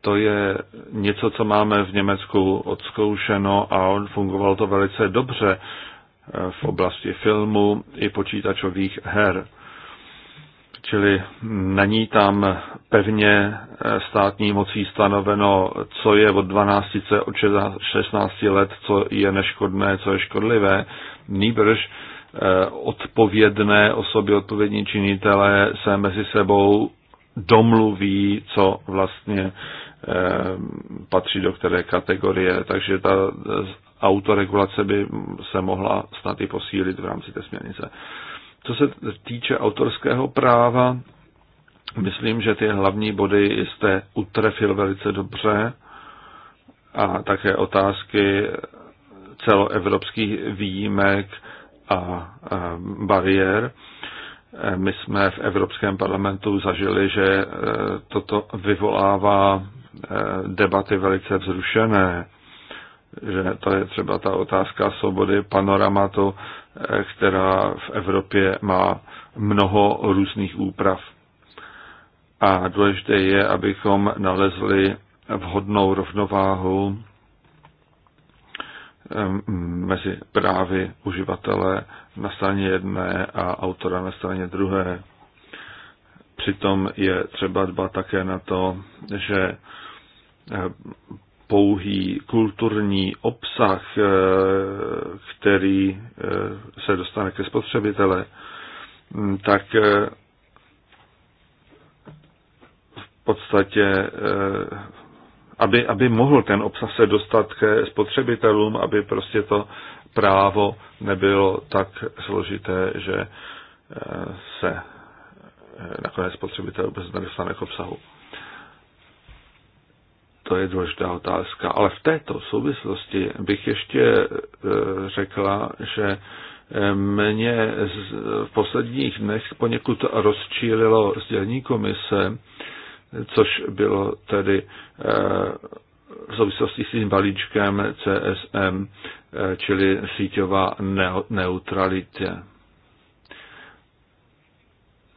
to je něco, co máme v Německu odzkoušeno a on fungoval to velice dobře eh, v oblasti filmu i počítačových her. Čili není tam pevně eh, státní mocí stanoveno, co je od 12 od 16 let, co je neškodné, co je škodlivé. Nýbrž eh, odpovědné osoby, odpovědní činitelé se mezi sebou domluví, co vlastně Eh, patří do které kategorie, takže ta eh, autoregulace by se mohla snad i posílit v rámci té směrnice. Co se týče autorského práva, myslím, že ty hlavní body jste utrefil velice dobře a také otázky celoevropských výjimek a eh, bariér. My jsme v Evropském parlamentu zažili, že eh, toto vyvolává eh, debaty velice vzrušené, že to je třeba ta otázka svobody panoramatu, eh, která v Evropě má mnoho různých úprav. A důležité je, abychom nalezli vhodnou rovnováhu mezi právy uživatele na straně jedné a autora na straně druhé. Přitom je třeba dbat také na to, že eh, pouhý kulturní obsah, eh, který eh, se dostane ke spotřebitele, hm, tak v podstatě aby, aby mohl ten obsah se dostat ke spotřebitelům, aby prostě to právo nebylo tak složité, že eh, se eh, nakonec spotřebitel vůbec nedostane k obsahu. To je důležitá otázka. Ale v této souvislosti bych ještě eh, řekla, že mě v posledních dnech poněkud rozčílilo sdělení komise, což bylo tedy eh, v souvislosti s tím balíčkem CSM, eh, čili síťová neutralitě.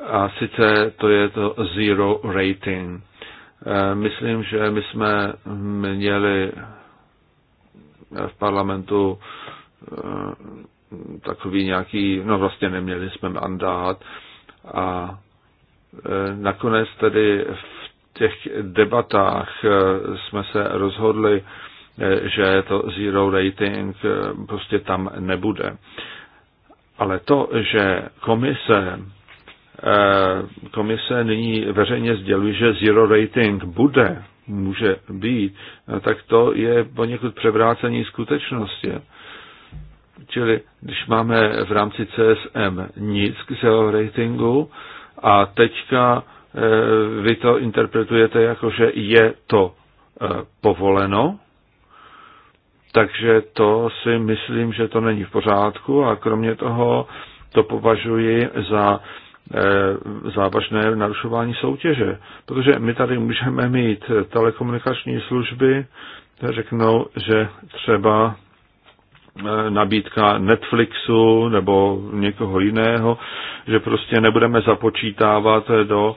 A sice to je to zero rating. Eh, myslím, že my jsme měli v parlamentu takový nějaký, no vlastně neměli jsme mandát a nakonec tedy těch debatách eh, jsme se rozhodli, eh, že to zero rating eh, prostě tam nebude. Ale to, že komise, komise nyní veřejně sděluje, že zero rating bude, může být, tak to je poněkud převrácení skutečnosti. Čili když máme v rámci CSM nic k zero ratingu a teďka Eh, vy to interpretujete jako, že je to eh, povoleno, takže to si myslím, že to není v pořádku a kromě toho to považuji za eh, závažné narušování soutěže. Protože my tady můžeme mít telekomunikační služby, které řeknou, že třeba nabídka Netflixu nebo někoho jiného, že prostě nebudeme započítávat do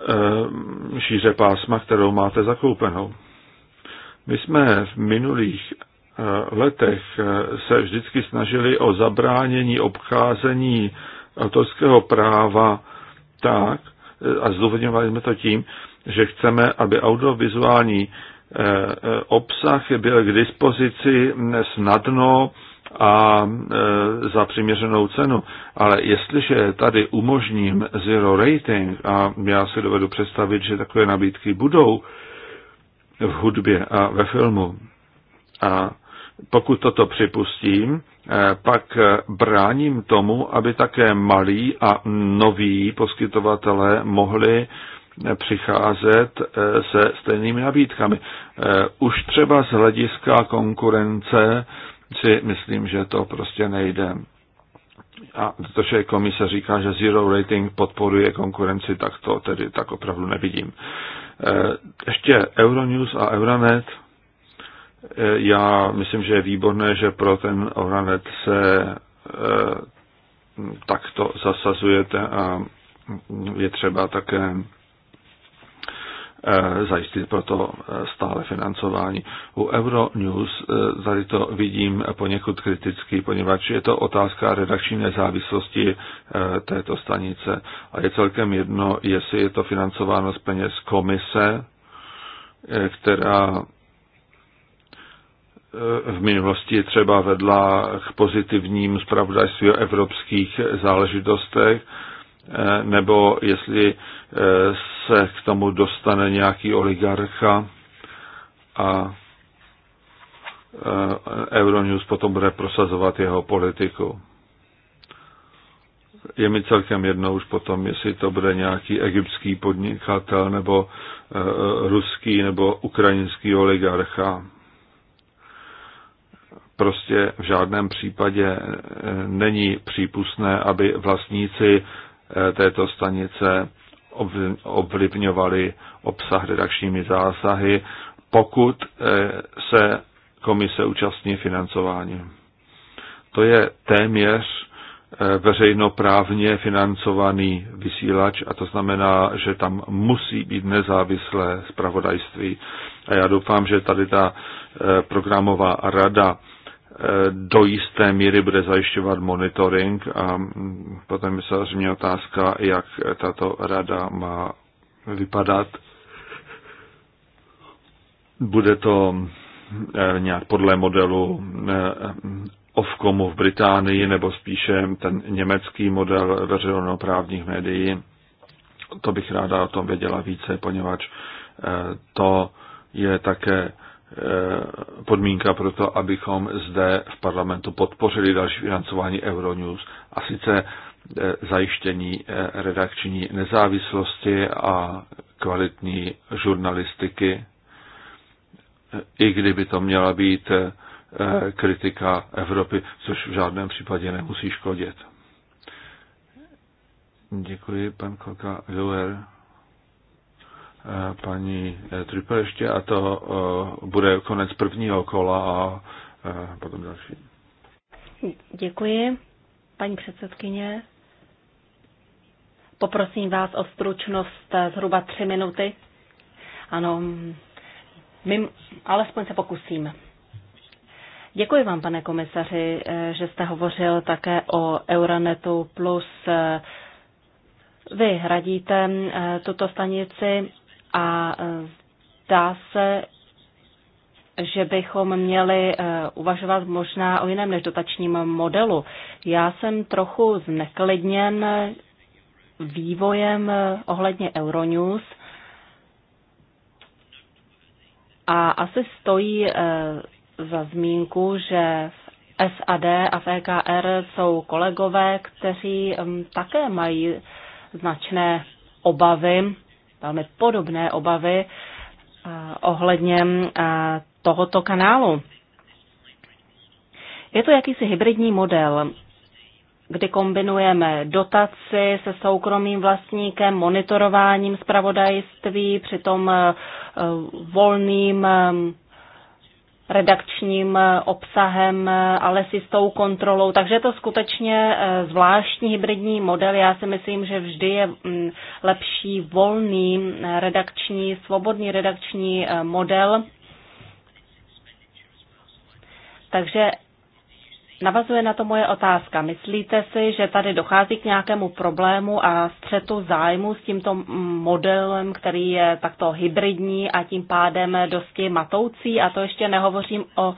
Eh, šíře pásma, kterou máte zakoupenou. My jsme v minulých eh, letech eh, se vždycky snažili o zabránění obcházení autorského práva tak, a zdůvodňovali jsme to tím, že chceme, aby audiovizuální obsah byl k dispozici snadno a e, za přiměřenou cenu. Ale jestliže tady umožním zero rating, a já si dovedu představit, že takové nabídky budou v hudbě a ve filmu, a pokud toto připustím, e, pak bráním tomu, aby také malí a noví poskytovatelé mohli přicházet e, se stejnými nabídkami. Už třeba z hlediska konkurence si myslím, že to prostě nejde. A to, že komise říká, že zero rating podporuje konkurenci, tak to tedy tak opravdu nevidím. E, ještě Euronews a Euronet. E, já myslím, že je výborné, že pro ten Euronet se e, takto zasazujete a je třeba také Eh, zajistit proto eh, stále financování. U Euronews eh, tady to vidím poněkud kriticky, poněvadž je to otázka redakční nezávislosti této stanice a je celkem jedno, jestli je to financováno z peněz komise, která v minulosti třeba vedla k pozitivním zpravodajství o evropských záležitostech, Eh, nebo jestli eh, se k tomu dostane nějaký oligarcha a eh, Euronews potom bude prosazovat jeho politiku. Je mi celkem jedno už potom, jestli to bude nějaký egyptský podnikatel nebo ruský nebo ukrajinský oligarcha. Prostě v žádném případě není přípustné, aby vlastníci Eh, této stanice ovlivňovaly obsah redakčními zásahy, pokud eh, se komise účastní financování. To je téměř eh, veřejnoprávně financovaný vysílač a to znamená, že tam musí být nezávislé zpravodajství. A já doufám, že tady ta programová rada Eh, do jisté míry bude zajišťovat monitoring a potom je samozřejmě otázka, jak tato rada má vypadat. Bude to eh, nějak podle modelu eh, Ofcomu v Británii nebo spíše ten německý model veřejnoprávních médií. To bych ráda o tom věděla více, poněvadž to je také Eh, podmínka pro to, abychom zde v parlamentu podpořili další financování Euronews a sice eh, zajištění eh, redakční nezávislosti a kvalitní žurnalistiky, i kdyby to měla být kritika Evropy, což v žádném případě nemusí škodit. Děkuji, pan Koka Luer paní eh, Triple ještě a to eh, bude konec prvního kola a eh, potom další. Děkuji, paní předsedkyně. Poprosím vás o stručnost zhruba tři minuty. Ano, my alespoň se pokusím. Děkuji vám, pane komisaři, že jste hovořil také o Euronetu plus. Vy hradíte tuto stanici a e, dá se, že bychom měli e, uvažovat možná o jiném než dotačním modelu. Já jsem trochu zneklidněn vývojem e, ohledně Euronews a asi stojí za zmínku, že v SAD a v EKR jsou kolegové, kteří také mají značné obavy velmi podobné obavy eh, ohledně eh, tohoto kanálu. Je to jakýsi hybridní model, kdy kombinujeme dotaci se soukromým vlastníkem, monitorováním zpravodajství, přitom eh, volným redakčním eh, obsahem, eh, ale s tou kontrolou. Takže je to skutečně eh, zvláštní hybridní model. Já si myslím, že vždy je mm, lepší volný redakční, svobodný redakční model. Takže Navazuje na to moje otázka. Myslíte si, že tady dochází k nějakému problému a střetu zájmu s tímto modelem, který je takto hybridní a tím pádem dosti matoucí? A to ještě nehovořím o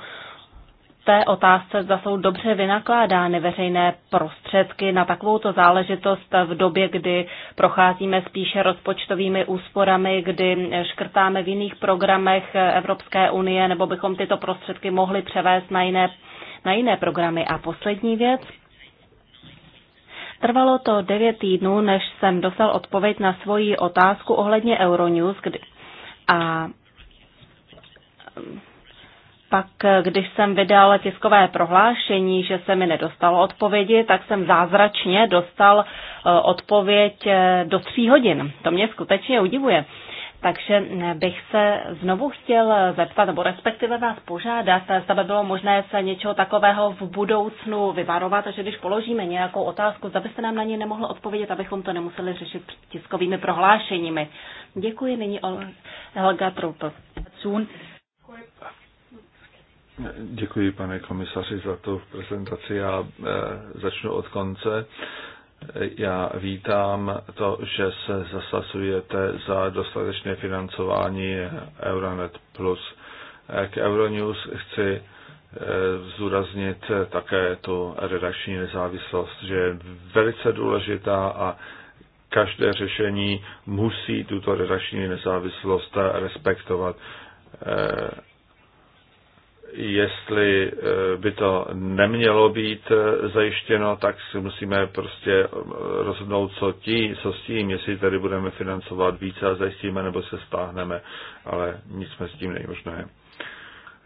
té otázce, zda jsou dobře vynakládány veřejné prostředky na takovouto záležitost v době, kdy procházíme spíše rozpočtovými úsporami, kdy škrtáme v jiných programech Evropské unie, nebo bychom tyto prostředky mohli převést na jiné na jiné programy. A poslední věc. Trvalo to devět týdnů, než jsem dostal odpověď na svoji otázku ohledně Euronews. Kdy... A pak, když jsem vydal tiskové prohlášení, že se mi nedostalo odpovědi, tak jsem zázračně dostal eh, odpověď eh, do tří hodin. To mě skutečně udivuje. Takže eh, bych se znovu chtěl eh, zeptat, nebo respektive vás požádat, eh, zda by bylo možné se něčeho takového v budoucnu vyvarovat, že když položíme nějakou otázku, zda byste nám na ně nemohl odpovědět, abychom to nemuseli řešit tiskovými prohlášeními. Děkuji nyní Helga Trupl. Děkuji, pane komisaři, za tu prezentaci. Já začnu od konce. Já vítám to, že se zasazujete za dostatečné financování Euronet+. Plus. K Euronews chci eh, zúraznit také tu redakční nezávislost, že je velice důležitá a každé řešení musí tuto redakční nezávislost respektovat. Eh, jestli eh, by to nemělo být eh, zajištěno, tak si musíme prostě eh, rozhodnout, co, tí, co s tím, jestli tady budeme financovat více a zajistíme, nebo se stáhneme, ale nic jsme s tím nejmožné.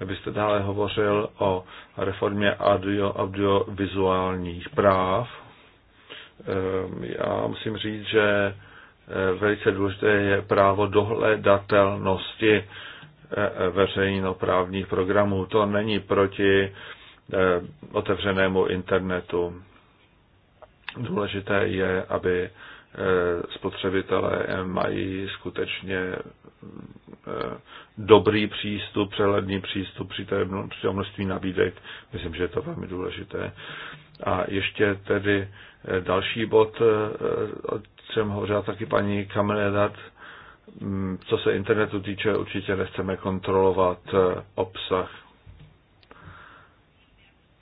Abyste dále hovořil o reformě audio, audiovizuálních práv. Ehm, já musím říct, že velice důležité je právo dohledatelnosti veřejnoprávních programů. To není proti eh, otevřenému internetu. Důležité je, aby eh, spotřebitelé mají skutečně eh, dobrý přístup, přehledný přístup při té množství nabídek. Myslím, že je to velmi důležité. A ještě tedy další bod, o čem hovořila taky paní Kamenedat, Mm, co se internetu týče, určitě nechceme kontrolovat eh, obsah.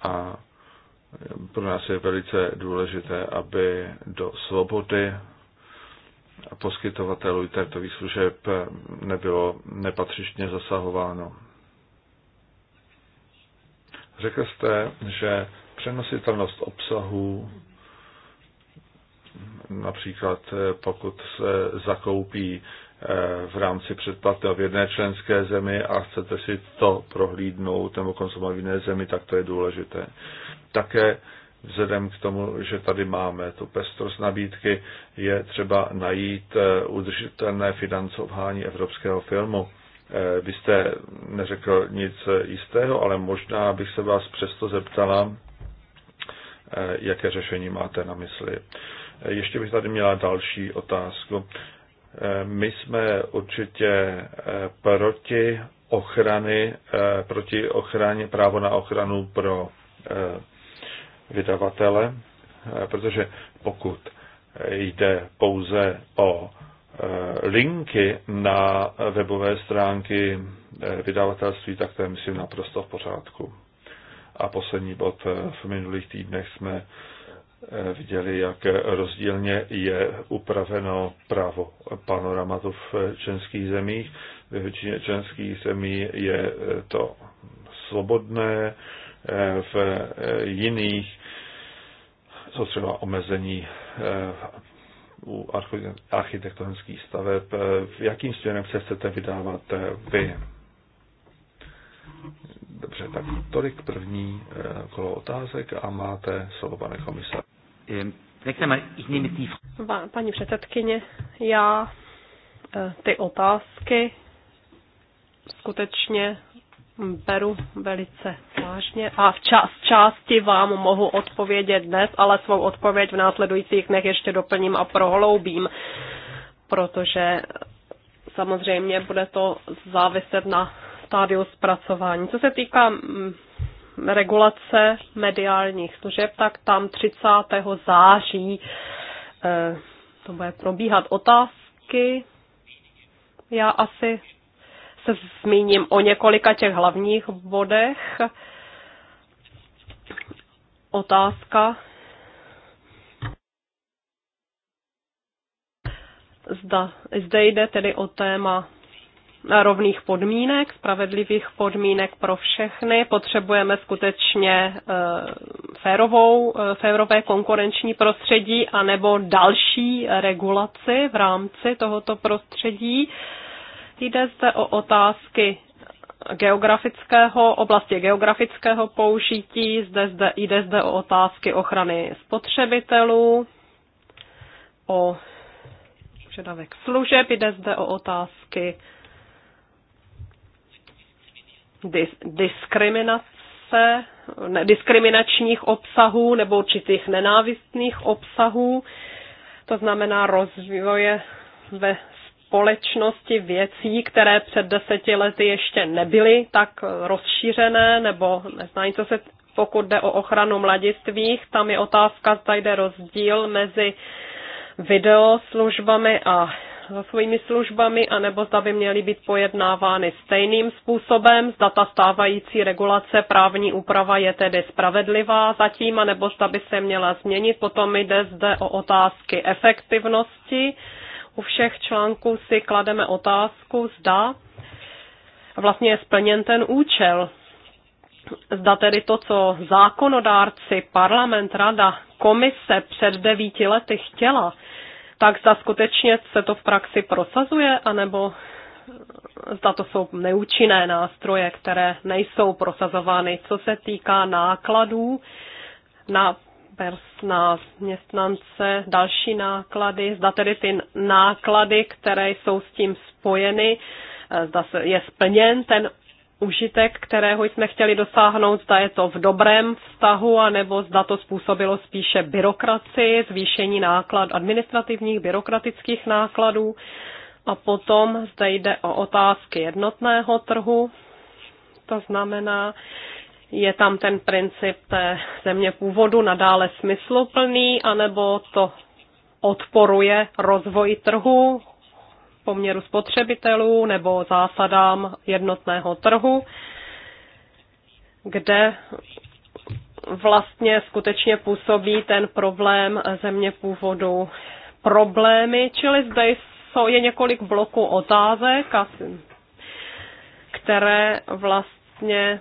A pro nás je velice důležité, aby do svobody poskytovatelů internetových služeb eh, nebylo nepatřičně zasahováno. Řekl jste, že přenositelnost obsahu, například eh, pokud se zakoupí v rámci předplatného v jedné členské zemi a chcete si to prohlídnout nebo konzumovat v jiné zemi, tak to je důležité. Také vzhledem k tomu, že tady máme tu pestrost nabídky, je třeba najít eh, udržitelné financování evropského filmu. Eh, vy jste neřekl nic jistého, ale možná bych se vás přesto zeptala, eh, jaké řešení máte na mysli. Ještě bych tady měla další otázku. Eh, my jsme určitě eh, proti ochrany, eh, proti ochraně, právo na ochranu pro vydavatele, protože pokud jde pouze o linky na webové stránky vydavatelství, tak to je, myslím, naprosto v pořádku. A poslední bod. V minulých týdnech jsme Eh, viděli, jak rozdílně je upraveno právo panoramatu v členských zemích. V většině členských zemí je eh, to svobodné, eh, v jiných jsou třeba omezení u architektonických staveb. V jakým směrem se chcete vydávat vy? Dobře, tak tolik první kolo otázek a máte slovo, pane komisař. Ehm, paní předsedkyně, já eh, ty otázky skutečně beru velice vážně a v čas, části vám mohu odpovědět dnes, ale svou odpověď v následujících dnech ještě doplním a prohloubím, protože samozřejmě bude to záviset na stádiu zpracování. Co se týká mm, regulace mediálních služeb, tak tam 30. září eh, to bude probíhat otázky. Já asi se zmíním o několika těch hlavních bodech. Otázka. Zda, zde jde tedy o téma rovných podmínek, spravedlivých podmínek pro všechny. Potřebujeme skutečně eh, férovou, eh, férové konkurenční prostředí anebo další regulaci v rámci tohoto prostředí. Jde zde o otázky geografického, oblasti geografického použití, zde, zde, jde zde o otázky ochrany spotřebitelů, o požadavek služeb, jde zde o otázky dis- diskriminace, ne, diskriminačních obsahů nebo určitých nenávistných obsahů, to znamená rozvoje ve společnosti věcí, které před deseti lety ještě nebyly tak rozšířené, nebo neznají, co se pokud jde o ochranu mladistvých, tam je otázka, zda jde rozdíl mezi videoslužbami a svými službami, anebo zda by měly být pojednávány stejným způsobem, zda ta stávající regulace právní úprava je tedy spravedlivá zatím, anebo zda by se měla změnit. Potom jde zde o otázky efektivnosti. U všech článků si klademe otázku, zda vlastně je splněn ten účel. Zda tedy to, co zákonodárci, parlament, rada, komise před devíti lety chtěla, tak za skutečně se to v praxi prosazuje, anebo zda to jsou neúčinné nástroje, které nejsou prosazovány. Co se týká nákladů na pers na městnance, další náklady, zda tedy ty náklady, které jsou s tím spojeny, eh, zda se je splněn ten užitek, kterého jsme chtěli dosáhnout, zda je to v dobrém vztahu, anebo zda to způsobilo spíše byrokracii, zvýšení náklad, administrativních, byrokratických nákladů. A potom zde jde o otázky jednotného trhu, to znamená, je tam ten princip té země původu nadále smysluplný, anebo to odporuje rozvoji trhu, poměru spotřebitelů nebo zásadám jednotného trhu, kde vlastně skutečně působí ten problém země původu problémy, čili zde jsou, je několik bloků otázek, které vlastně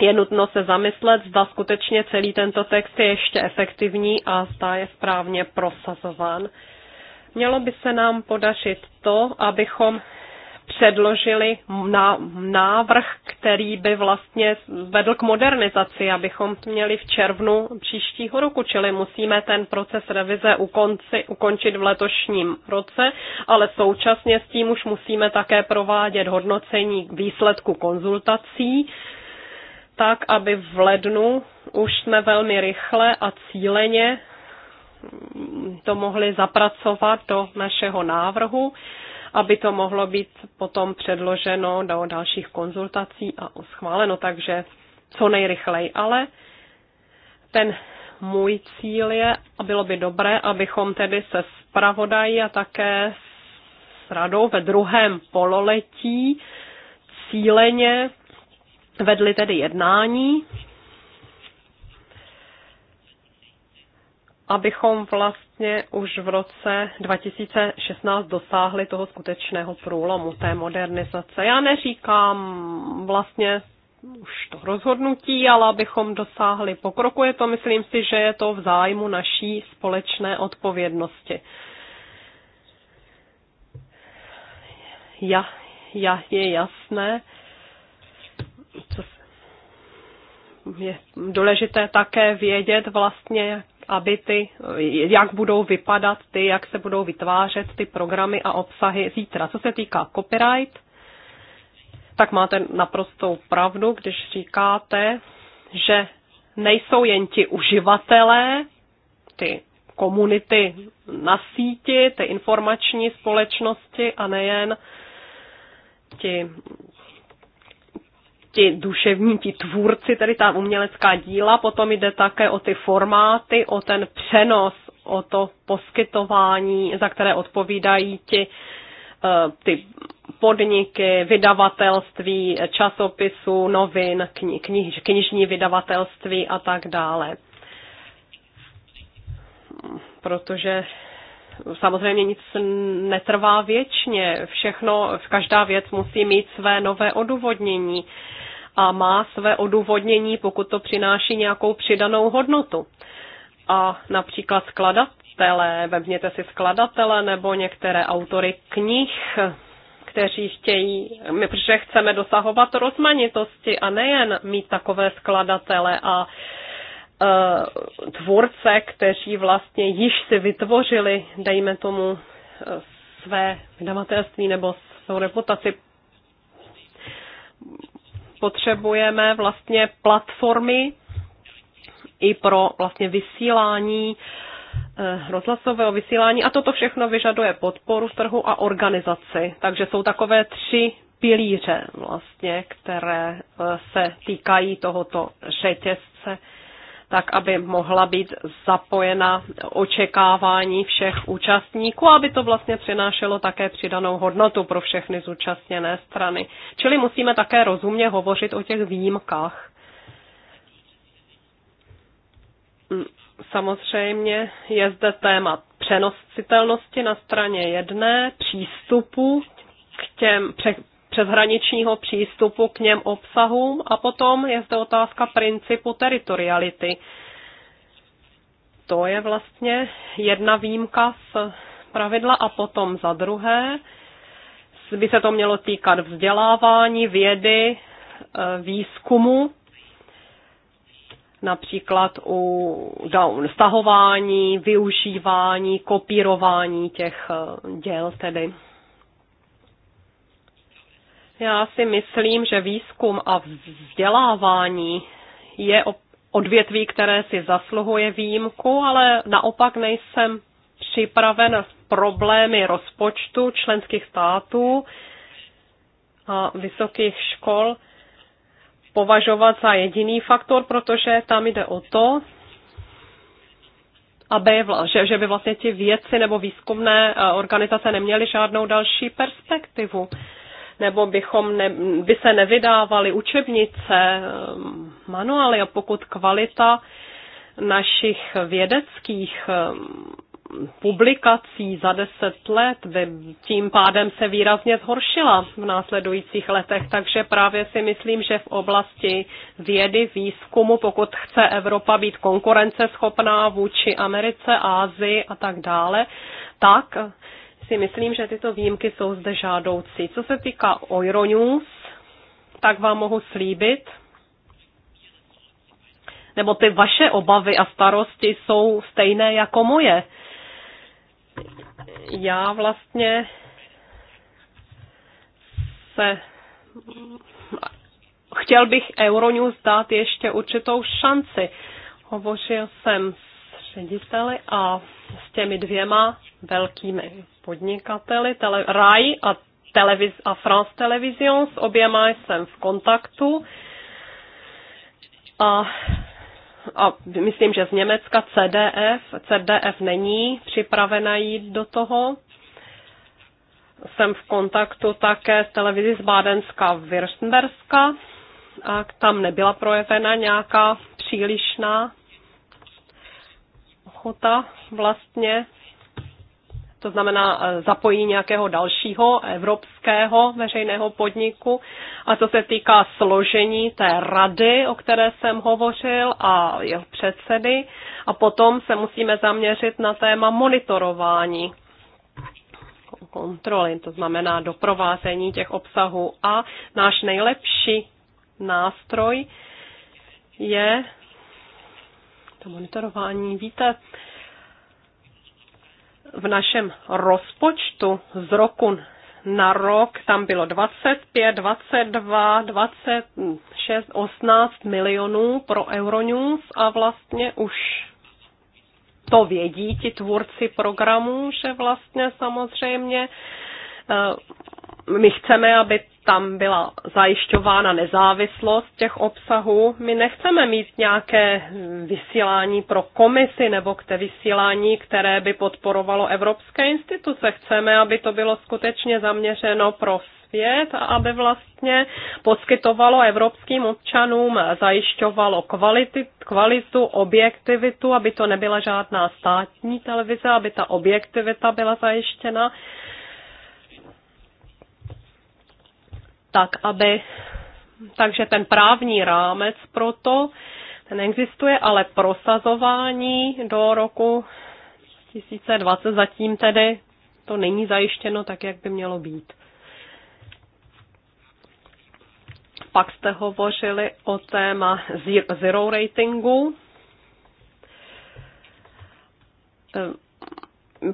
je nutno se zamyslet, zda skutečně celý tento text je ještě efektivní a zda je správně prosazován. Mělo by se nám podařit to, abychom předložili návrh, který by vlastně vedl k modernizaci, abychom měli v červnu příštího roku, čili musíme ten proces revize ukonci, ukončit v letošním roce, ale současně s tím už musíme také provádět hodnocení výsledku konzultací, tak aby v lednu už jsme velmi rychle a cíleně to mohli zapracovat do našeho návrhu, aby to mohlo být potom předloženo do dalších konzultací a schváleno, takže co nejrychleji. Ale ten můj cíl je, a bylo by dobré, abychom tedy se spravodají a také s radou ve druhém pololetí cíleně vedli tedy jednání abychom vlastně už v roce 2016 dosáhli toho skutečného průlomu té modernizace. Já neříkám vlastně už to rozhodnutí, ale abychom dosáhli pokroku, je to, myslím si, že je to v zájmu naší společné odpovědnosti. Ja, ja, je jasné, co je důležité také vědět vlastně, aby ty, jak budou vypadat ty, jak se budou vytvářet ty programy a obsahy zítra. Co se týká copyright, tak máte naprostou pravdu, když říkáte, že nejsou jen ti uživatelé, ty komunity na síti, ty informační společnosti a nejen ti ti duševní, ti tvůrci, tedy ta umělecká díla, potom jde také o ty formáty, o ten přenos, o to poskytování, za které odpovídají ti eh, ty podniky, vydavatelství, časopisů, novin, kni, kni, knižní vydavatelství a tak dále. Protože samozřejmě nic netrvá věčně, všechno, každá věc musí mít své nové odůvodnění a má své odůvodnění, pokud to přináší nějakou přidanou hodnotu. A například skladatelé, vezměte si skladatele nebo některé autory knih, kteří chtějí, my protože chceme dosahovat rozmanitosti a nejen mít takové skladatele a e, tvůrce, kteří vlastně již si vytvořili, dejme tomu, e, své vydavatelství nebo svou reputaci potřebujeme vlastně platformy i pro vlastně vysílání eh, rozhlasového vysílání a toto všechno vyžaduje podporu trhu a organizaci. Takže jsou takové tři pilíře vlastně, které eh, se týkají tohoto řetězce tak aby mohla být zapojena očekávání všech účastníků, aby to vlastně přinášelo také přidanou hodnotu pro všechny zúčastněné strany. Čili musíme také rozumně hovořit o těch výjimkách. Samozřejmě je zde téma přenoscitelnosti na straně jedné, přístupu k těm, přeshraničního přístupu k něm obsahům a potom je zde otázka principu teritoriality. To je vlastně jedna výjimka z pravidla a potom za druhé by se to mělo týkat vzdělávání, vědy, e, výzkumu, například u down, stahování, využívání, kopírování těch e, děl tedy. Já si myslím, že výzkum a vzdělávání je odvětví, které si zasluhuje výjimku, ale naopak nejsem připraven s problémy rozpočtu členských států a vysokých škol považovat za jediný faktor, protože tam jde o to, aby, že, že by vlastně ti věci nebo výzkumné eh, organizace neměly žádnou další perspektivu nebo bychom ne, by se nevydávali učebnice, ehm, manuály a pokud kvalita našich vědeckých ehm, publikací za deset let by tím pádem se výrazně zhoršila v následujících letech, takže právě si myslím, že v oblasti vědy, výzkumu, pokud chce Evropa být konkurenceschopná vůči Americe, Ázii a tak dále, tak si myslím, že tyto výjimky jsou zde žádoucí. Co se týká Euronews, tak vám mohu slíbit, nebo ty vaše obavy a starosti jsou stejné jako moje. Já vlastně se chtěl bych Euronews dát ještě určitou šanci. Hovořil jsem s řediteli a s těmi dvěma velkými podnikateli, tele, RAI a, televiz, a France Television, s oběma jsem v kontaktu. A a myslím, že z Německa CDF, CDF není připravena jít do toho. Jsem v kontaktu také s televizí z Bádenska Württemberska a tam nebyla projevena nějaká přílišná ochota vlastně, to znamená e, zapojení nějakého dalšího evropského veřejného podniku. A co se týká složení té rady, o které jsem hovořil, a jeho předsedy, a potom se musíme zaměřit na téma monitorování kontroly, to znamená doprovázení těch obsahů. A náš nejlepší nástroj je to monitorování. Víte, v našem rozpočtu z roku na rok tam bylo 25, 22, 26, 18 milionů pro Euronews a vlastně už to vědí ti tvůrci programů, že vlastně samozřejmě eh, my chceme, aby tam byla zajišťována nezávislost těch obsahů. My nechceme mít nějaké vysílání pro komisy nebo k té vysílání, které by podporovalo evropské instituce. Chceme, aby to bylo skutečně zaměřeno pro svět a aby vlastně poskytovalo evropským občanům, zajišťovalo kvality, kvalitu, objektivitu, aby to nebyla žádná státní televize, aby ta objektivita byla zajištěna tak aby, takže ten právní rámec to, ten existuje, ale prosazování do roku 2020 zatím tedy to není zajištěno tak, jak by mělo být. Pak jste hovořili o téma zero ratingu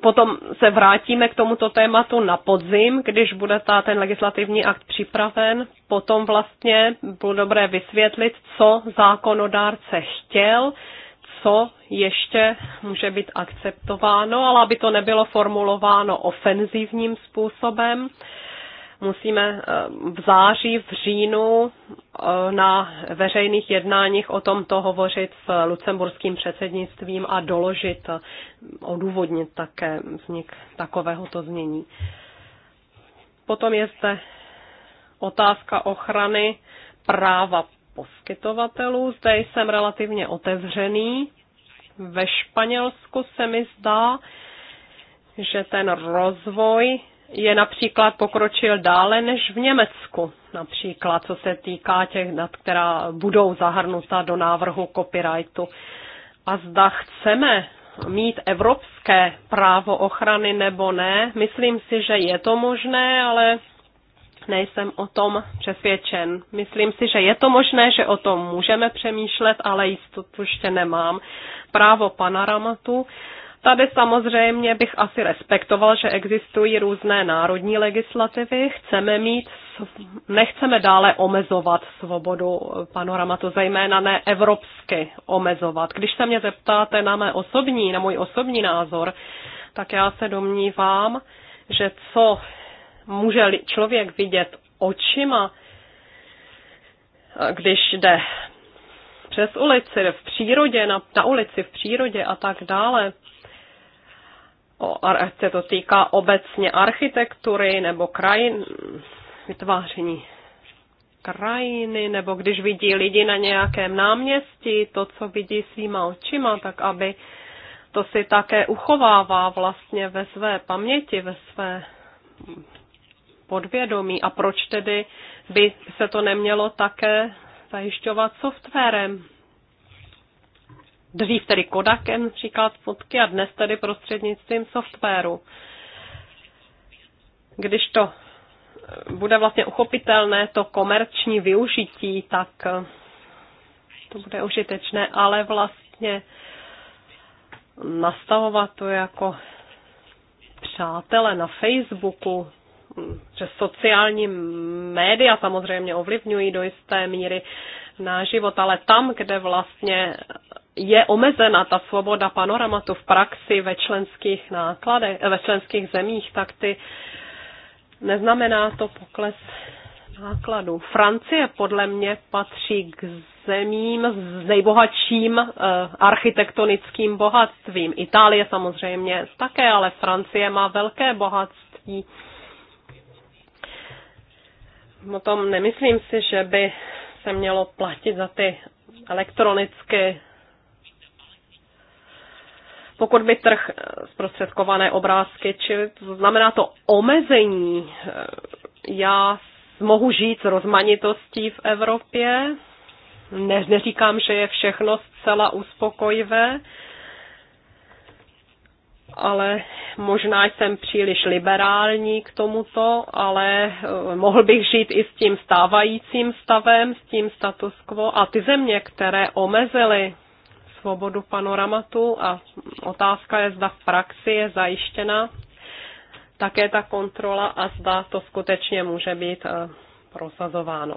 potom se vrátíme k tomuto tématu na podzim, když bude ta, ten legislativní akt připraven. Potom vlastně bylo dobré vysvětlit, co zákonodárce chtěl, co ještě může být akceptováno, ale aby to nebylo formulováno ofenzivním způsobem. Uh, musíme eh, v září, v říjnu eh, na veřejných jednáních o tomto hovořit s lucemburským předsednictvím a doložit, eh, odůvodnit také vznik takovéhoto znění. Potom je zde otázka ochrany práva poskytovatelů. Zde jsem relativně otevřený. Ve Španělsku se mi zdá, že ten rozvoj je například pokročil dále než v Německu, například co se týká těch, nad která budou zahrnuta do návrhu copyrightu. A zda chceme mít evropské právo ochrany nebo ne, myslím si, že je to možné, ale nejsem o tom přesvědčen. Myslím si, že je to možné, že o tom můžeme přemýšlet, ale jistotu ještě nemám. Právo panoramatu Tady samozřejmě bych asi respektoval, že existují různé národní legislativy. Chceme mít, nechceme dále omezovat svobodu panoramatu, zejména ne evropsky omezovat. Když se mě zeptáte na mé osobní, na můj osobní názor, tak já se domnívám, že co může člověk vidět očima, když jde přes ulici, v přírodě, na, na ulici, v přírodě a tak dále, ať se to týká obecně architektury nebo krajin, vytváření krajiny, nebo když vidí lidi na nějakém náměstí, to, co vidí svýma očima, tak aby to si také uchovává vlastně ve své paměti, ve své podvědomí. A proč tedy by se to nemělo také zajišťovat softwarem? dřív tedy Kodakem příklad fotky a dnes tedy prostřednictvím softwaru. Když to eh, bude vlastně uchopitelné to komerční využití, tak eh, to bude užitečné, ale vlastně nastavovat to jako přátele na Facebooku, že sociální média samozřejmě ovlivňují do jisté míry na život, ale tam, kde vlastně je omezena ta svoboda panoramatu v praxi ve členských nákladech, ve členských zemích, tak ty neznamená to pokles nákladů. Francie podle mě patří k zemím s nejbohatším eh, architektonickým bohatstvím. Itálie samozřejmě také, ale Francie má velké bohatství O tom nemyslím si, že by se mělo platit za ty elektronicky pokud by trh zprostředkované obrázky, čili znamená to omezení. Já mohu žít s rozmanitostí v Evropě, ne, neříkám, že je všechno zcela uspokojivé, ale možná jsem příliš liberální k tomuto, ale eh, mohl bych žít i s tím stávajícím stavem, s tím status quo. A ty země, které omezily svobodu panoramatu a otázka je, zda v praxi je zajištěna také ta kontrola a zda to skutečně může být eh, prosazováno.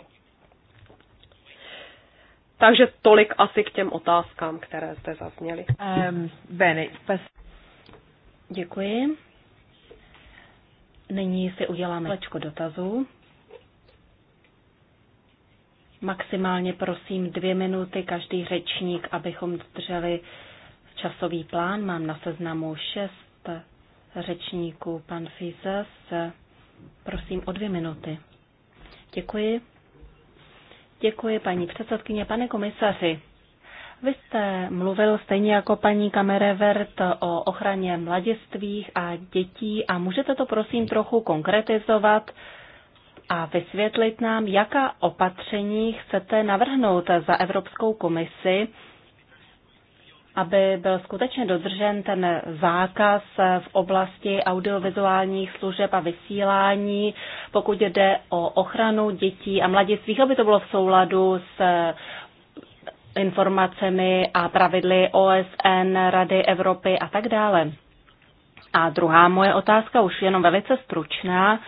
Takže tolik asi k těm otázkám, které zde zazněly. Um, pas- Děkuji. Nyní si uděláme lečko dotazů. Maximálně prosím dvě minuty každý řečník, abychom drželi časový plán. Mám na seznamu šest řečníků. Pan Fizas, prosím o dvě minuty. Děkuji. Děkuji, paní předsedkyně, pane komisaři. Vy jste mluvil stejně jako paní Kamerevert o ochraně mladistvých a dětí a můžete to prosím trochu konkretizovat a vysvětlit nám, jaká opatření chcete navrhnout za Evropskou komisi, aby byl skutečně dodržen ten zákaz v oblasti audiovizuálních služeb a vysílání, pokud jde o ochranu dětí a mladistvých, aby to bylo v souladu s informacemi a pravidly OSN, Rady Evropy a tak dále. A druhá moje otázka, už jenom velice stručná,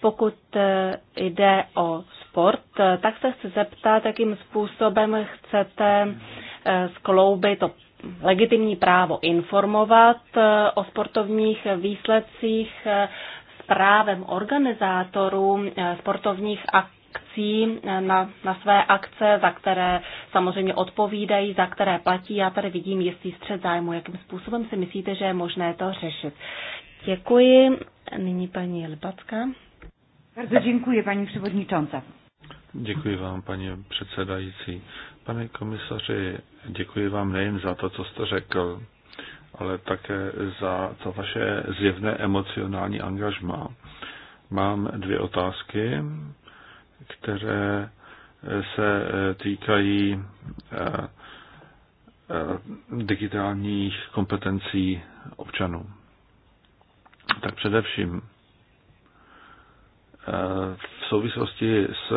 pokud eh, jde o sport, eh, tak se chci zeptat, jakým způsobem chcete eh, skloubit to legitimní právo informovat o sportovních výsledcích s právem organizátorů sportovních akcí akcí eh, na, na své akce, za které samozřejmě odpovídají, za které platí. Já tady vidím jistý střed zájmu. Jakým způsobem si myslíte, že je možné to řešit? Děkuji. Nyní paní Lipacka. Bardzo děkuji, paní przewodnicząca. Děkuji vám, paní předsedající. Pane komisaři, děkuji vám nejen za to, co jste řekl, ale také za to vaše zjevné emocionální angažma. Mám dvě otázky které eh, se eh, týkají eh, digitálních kompetencí občanů. Tak především v souvislosti s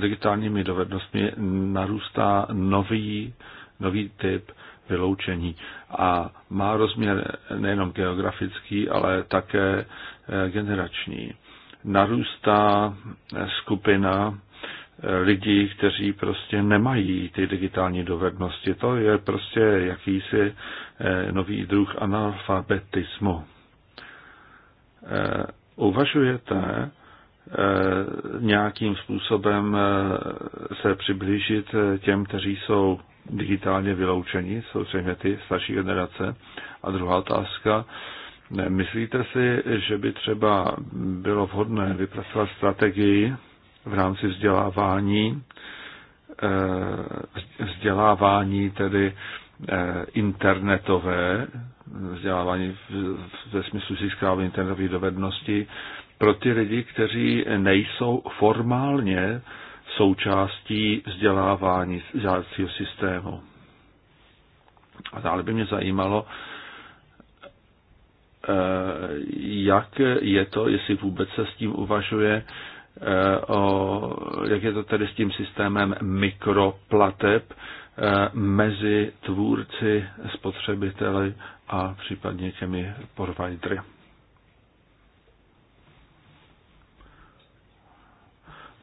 digitálními dovednostmi narůstá nový, nový typ vyloučení a má rozměr nejenom geografický, ale také generační narůstá skupina eh, lidí, kteří prostě nemají ty digitální dovednosti. To je prostě jakýsi eh, nový druh analfabetismu. Eh, uvažujete nějakým způsobem se přiblížit těm, kteří jsou digitálně vyloučeni, jsou třeba ty starší generace. A druhá otázka, Myslíte si, že by třeba bylo vhodné vypracovat strategii v rámci vzdělávání, eh, vzdělávání tedy eh, internetové, vzdělávání ve smyslu získávání internetových dovedností pro ty lidi, kteří nejsou formálně součástí vzdělávání vzdělávacího systému. A dále by mě zajímalo, Eh, jak je to, jestli vůbec se s tím uvažuje, eh, o, jak je to tedy s tím systémem mikroplateb eh, mezi tvůrci, spotřebiteli a případně těmi providery.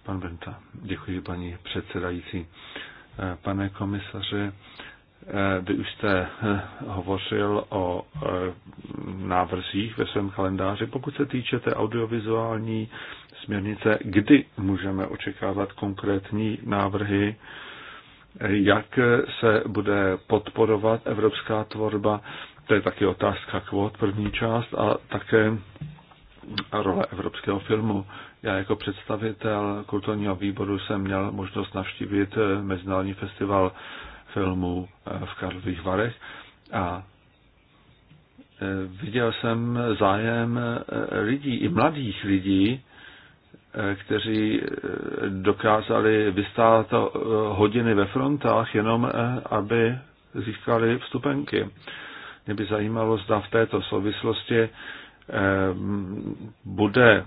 Pan Benta, děkuji paní předsedající. Pane komisaře, Eh, vy už jste eh, hovořil o eh, návrzích ve svém kalendáři. Pokud se týče té audiovizuální směrnice, kdy můžeme očekávat konkrétní návrhy, jak se bude podporovat evropská tvorba, to je taky otázka kvot, první část, a také role evropského filmu. Já jako představitel kulturního výboru jsem měl možnost navštívit Mezinárodní festival filmu eh, v Karlových Varech a eh, viděl jsem zájem eh, lidí, i mladých lidí, kteří dokázali vystát hodiny ve frontách jenom, aby získali vstupenky. Mě by zajímalo, zda v této souvislosti bude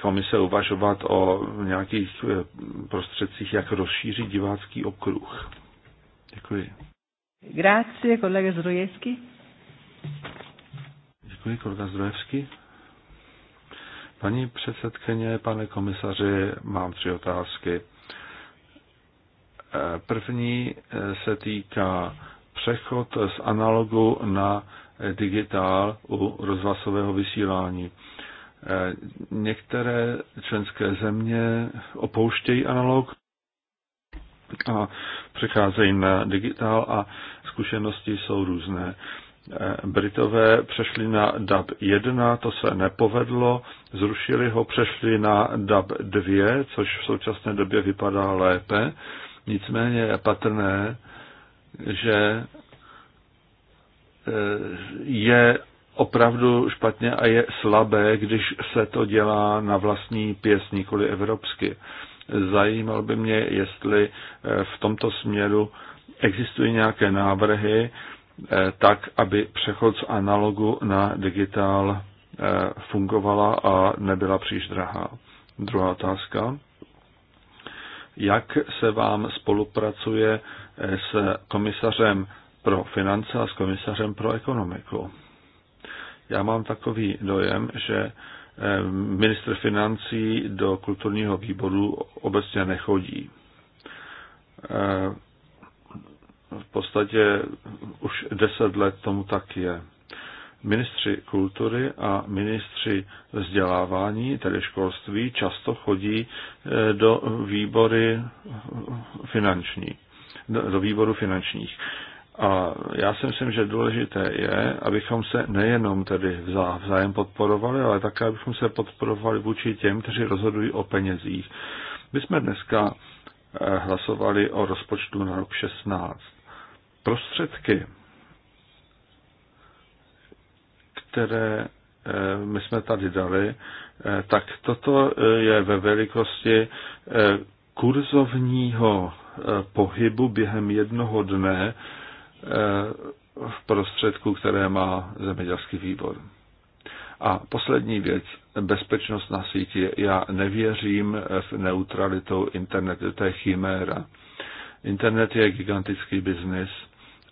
komise uvažovat o nějakých prostředcích, jak rozšířit divácký okruh. Děkuji. Grazie, kolega Zdrojevský. Děkuji, kolega Zdrojevský. Paní předsedkyně, pane komisaři, mám tři otázky. Eh, první eh, se týká přechod z analogu na digitál u rozhlasového vysílání. Eh, některé členské země opouštějí analog, a přecházejí na digitál a zkušenosti jsou různé. E, Britové přešli na DAB 1, to se nepovedlo, zrušili ho, přešli na DAB 2, což v současné době vypadá lépe. Nicméně je patrné, že e, je opravdu špatně a je slabé, když se to dělá na vlastní pěst, nikoli evropsky zajímal by mě, jestli eh, v tomto směru existují nějaké návrhy, eh, tak, aby přechod z analogu na digitál eh, fungovala a nebyla příliš drahá. Druhá otázka. Jak se vám spolupracuje s komisařem pro finance a s komisařem pro ekonomiku? Já mám takový dojem, že Eh, ministr financí do kulturního výboru obecně nechodí. Eh, v podstatě už deset let tomu tak je. Ministři kultury a ministři vzdělávání, tedy školství, často chodí eh, do výbory finanční, do výboru finančních. A já si myslím, že důležité je, abychom se nejenom tedy vzájem podporovali, ale také, abychom se podporovali vůči těm, kteří rozhodují o penězích. My jsme dneska eh, hlasovali o rozpočtu na rok 16. Prostředky, které eh, my jsme tady dali, eh, tak toto je ve velikosti kurzovního pohybu během jednoho dne Eh, v prostředku, které má zemědělský výbor. A poslední věc, bezpečnost na síti. Já nevěřím v neutralitu internetu, to je chiméra. Internet je gigantický biznis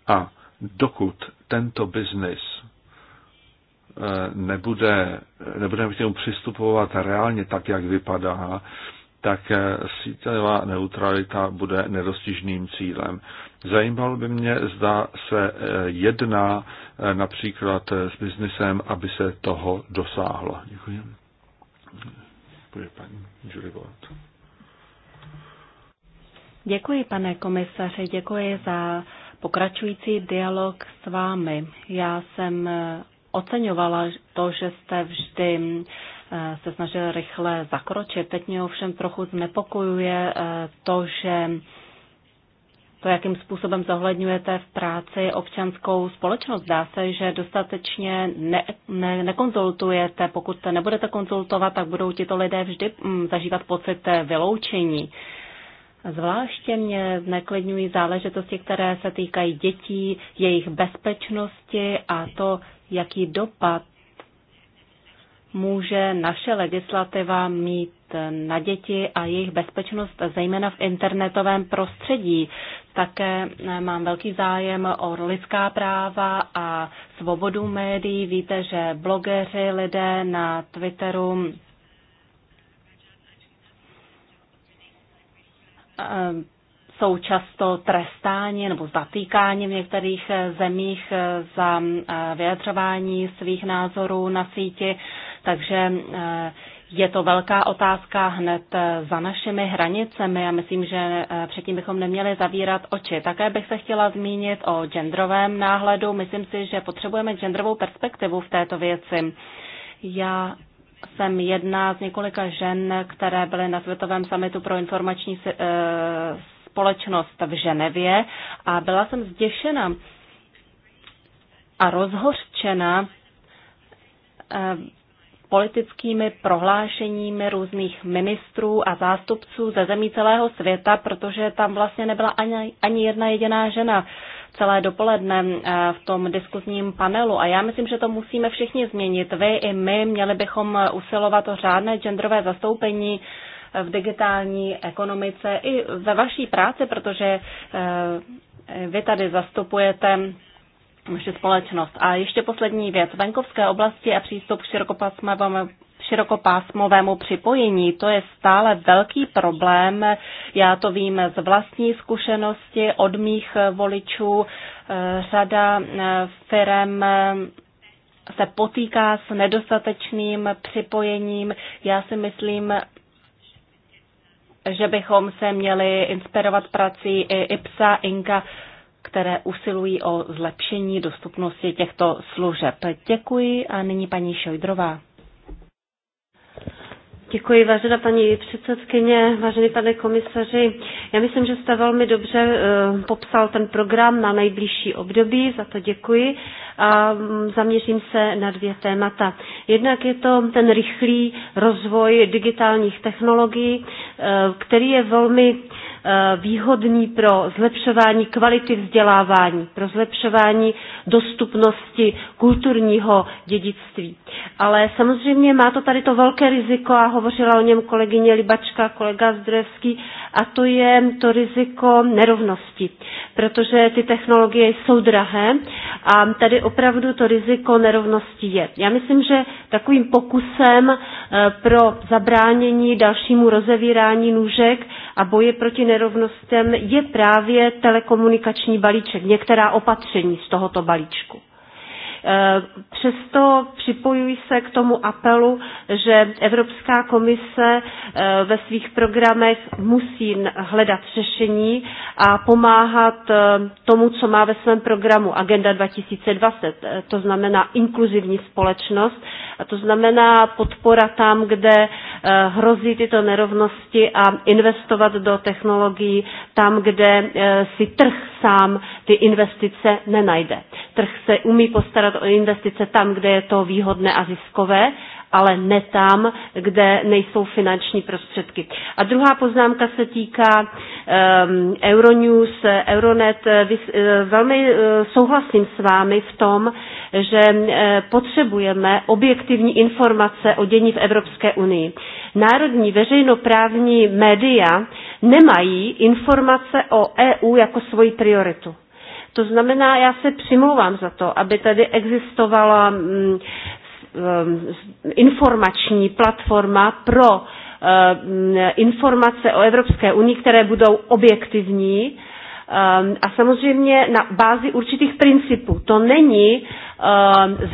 a dokud tento biznis eh, nebude, nebudeme k němu přistupovat reálně tak, jak vypadá, tak eh, síťová neutralita bude nedostižným cílem. Zajímalo by mě, zda se eh, jedná eh, například eh, s biznisem, aby se toho dosáhlo. Děkuji. Děkuji, paní Žilivot. Děkuji, pane komisaře. děkuji za pokračující dialog s vámi. Já jsem oceňovala to, že jste vždy se snažil rychle zakročit. Teď mě ovšem trochu znepokojuje to, že to, jakým způsobem zohledňujete v práci občanskou společnost. Dá se, že dostatečně ne, ne, nekonzultujete. Pokud nebudete konzultovat, tak budou tito lidé vždy mm, zažívat pocit vyloučení. Zvláště mě zneklidňují záležitosti, které se týkají dětí, jejich bezpečnosti a to, jaký dopad může naše legislativa mít na děti a jejich bezpečnost, zejména v internetovém prostředí. Také eh, mám velký zájem o lidská práva a svobodu médií. Víte, že blogeři, lidé na Twitteru eh, jsou často trestáni nebo zatýkáni v některých eh, zemích za vyjadřování svých názorů na síti. Takže je to velká otázka hned eh, za našimi hranicemi a myslím, že eh, předtím bychom neměli zavírat oči. Také bych se chtěla zmínit o genderovém náhledu. Myslím si, že potřebujeme genderovou perspektivu v této věci. Já jsem jedna z několika žen, které byly na Světovém samitu pro informační eh, společnost v Ženevě a byla jsem zděšena a rozhořčena politickými prohlášeními různých ministrů a zástupců ze zemí celého světa, protože tam vlastně nebyla ani, ani jedna jediná žena celé dopoledne eh, v tom diskuzním panelu. A já myslím, že to musíme všichni změnit. Vy i my měli bychom usilovat o řádné genderové zastoupení eh, v digitální ekonomice i ve vaší práci, protože eh, vy tady zastupujete naše společnost. A ještě poslední věc. Venkovské oblasti a přístup k širokopásmovému širokopásmovému připojení. To je stále velký problém. Já to vím z vlastní zkušenosti od mých voličů. Eh, řada eh, firm eh, se potýká s nedostatečným připojením. Já si myslím, že bychom se měli inspirovat prací i IPSA, INKA, které usilují o zlepšení dostupnosti těchto služeb. Děkuji a nyní paní Šojdrová. Děkuji, vážená paní předsedkyně, vážený pane komisaři. Já myslím, že jste velmi dobře eh, popsal ten program na nejbližší období, za to děkuji. A mm, zaměřím se na dvě témata. Jednak je to ten rychlý rozvoj digitálních technologií, eh, který je velmi Eh, výhodný pro zlepšování kvality vzdělávání, pro zlepšování dostupnosti kulturního dědictví. Ale samozřejmě má to tady to velké riziko, a hovořila o něm kolegyně Libačka, kolega Zdrojevský, a to je to riziko nerovnosti, protože ty technologie jsou drahé a tady opravdu to riziko nerovnosti je. Já myslím, že takovým pokusem eh, pro zabránění dalšímu rozevírání nůžek a boje proti nerovnostem je právě telekomunikační balíček, některá opatření z tohoto balíčku. E, přesto připojuji se k tomu apelu, že Evropská komise e, ve svých programech musí hledat řešení a pomáhat e, tomu, co má ve svém programu Agenda 2020, to znamená inkluzivní společnost a to znamená podpora tam, kde eh, hrozí tyto nerovnosti a investovat do technologií tam, kde eh, si trh sám ty investice nenajde. Trh se umí postarat o investice tam, kde je to výhodné a ziskové, ale ne tam, kde nejsou finanční prostředky. A druhá poznámka se týká um, Euronews, Euronet. Vy, eh, velmi eh, souhlasím s vámi v tom, že eh, potřebujeme objektivní informace o dění v Evropské unii. Národní veřejnoprávní média nemají informace o EU jako svoji prioritu. To znamená, já se přimlouvám za to, aby tady existovala mm, Um, informační platforma pro um, informace o Evropské unii, které budou objektivní um, a samozřejmě na bázi určitých principů. To není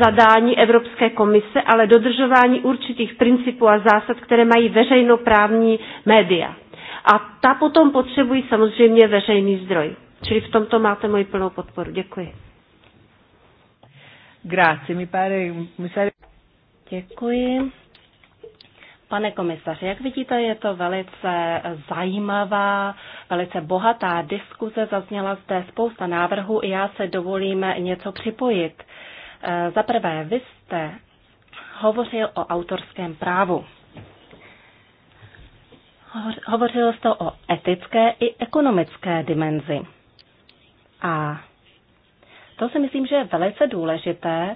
zadání Evropské komise, ale dodržování určitých principů a zásad, které mají veřejnoprávní média. A ta potom potřebují samozřejmě veřejný zdroj. Čili v tomto máte moji plnou podporu. Děkuji. Grazie, mi pare, mi sare... Děkuji. Pane komisaři, jak vidíte, je to velice zajímavá, velice bohatá diskuze. Zazněla zde spousta návrhů i já se dovolím něco připojit. Eh, za prvé, vy jste hovořil o autorském právu. Hovořil jste o etické i ekonomické dimenzi. A to si myslím, že je velice důležité,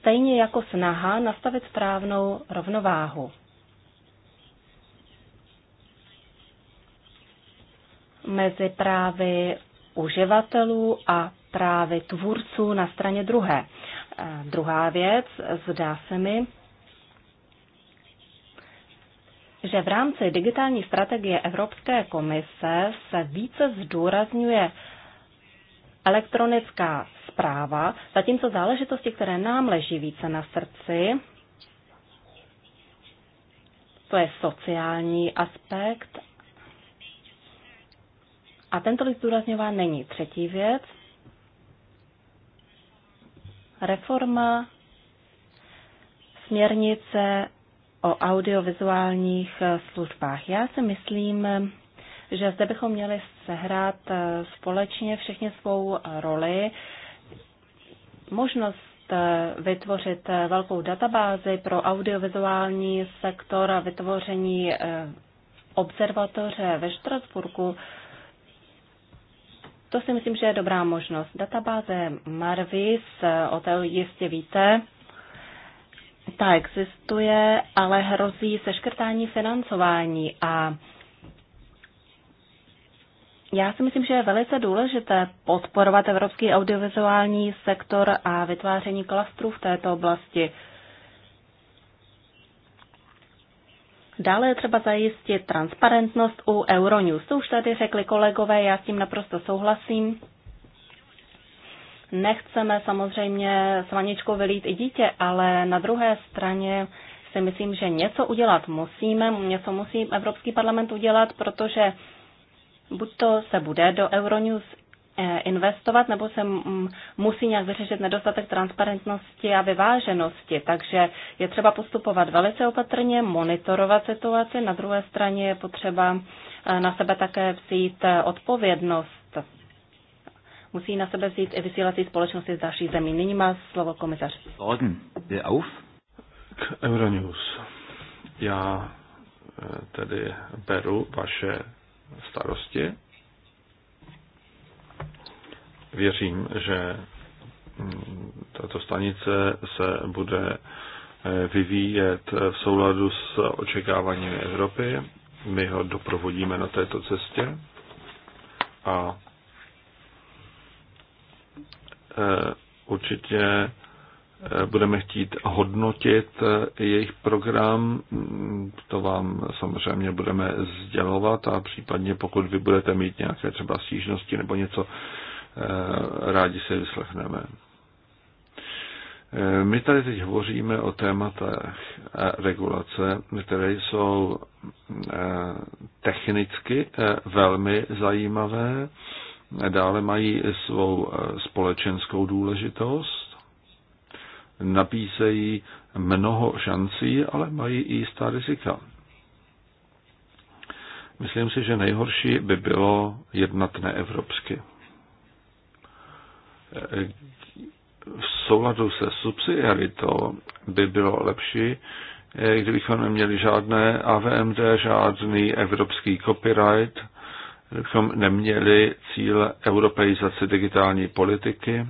stejně jako snaha nastavit správnou rovnováhu. mezi právy uživatelů a právy tvůrců na straně druhé. Eh, druhá věc, zdá se mi, že v rámci digitální strategie Evropské komise se více zdůrazňuje elektronická práva, zatímco záležitosti, které nám leží více na srdci, to je sociální aspekt. A tento list zdůrazňován není. Třetí věc. Reforma směrnice o audiovizuálních službách. Já si myslím, že zde bychom měli sehrát společně všechny svou roli možnost eh, vytvořit eh, velkou databázi pro audiovizuální sektor a vytvoření eh, observatoře ve Štrasburku, to si myslím, že je dobrá možnost. Databáze Marvis, o té jistě víte, ta existuje, ale hrozí seškrtání financování a já si myslím, že je velice důležité podporovat evropský audiovizuální sektor a vytváření klastrů v této oblasti. Dále je třeba zajistit transparentnost u Euronews. To už tady řekli kolegové, já s tím naprosto souhlasím. Nechceme samozřejmě s vaničkou vylít i dítě, ale na druhé straně si myslím, že něco udělat musíme, něco musí Evropský parlament udělat, protože buď to se bude do Euronews eh, investovat, nebo se musí nějak vyřešit nedostatek transparentnosti a vyváženosti. Takže je třeba postupovat velice opatrně, monitorovat situaci, na druhé straně je potřeba eh, na sebe také vzít eh, odpovědnost. Musí na sebe vzít i vysílací společnosti z další zemí. Nyní má slovo komisař. K Euronews. Já tedy beru vaše starosti. Věřím, že mm, tato stanice se bude eh, vyvíjet v souladu s očekáváními Evropy. My ho doprovodíme na této cestě a eh, určitě budeme chtít hodnotit jejich program, to vám samozřejmě budeme sdělovat a případně pokud vy budete mít nějaké třeba stížnosti nebo něco, eh, rádi se vyslechneme. Eh, my tady teď hovoříme o tématech eh, regulace, které jsou technicky velmi zajímavé, dále mají svou společenskou důležitost, nabízejí mnoho šancí, ale mají i jistá rizika. Myslím si, že nejhorší by bylo jednat neevropsky. V souladu se subsidiaritou by bylo lepší, kdybychom neměli žádné AVMD, žádný evropský copyright, kdybychom neměli cíl europeizace digitální politiky,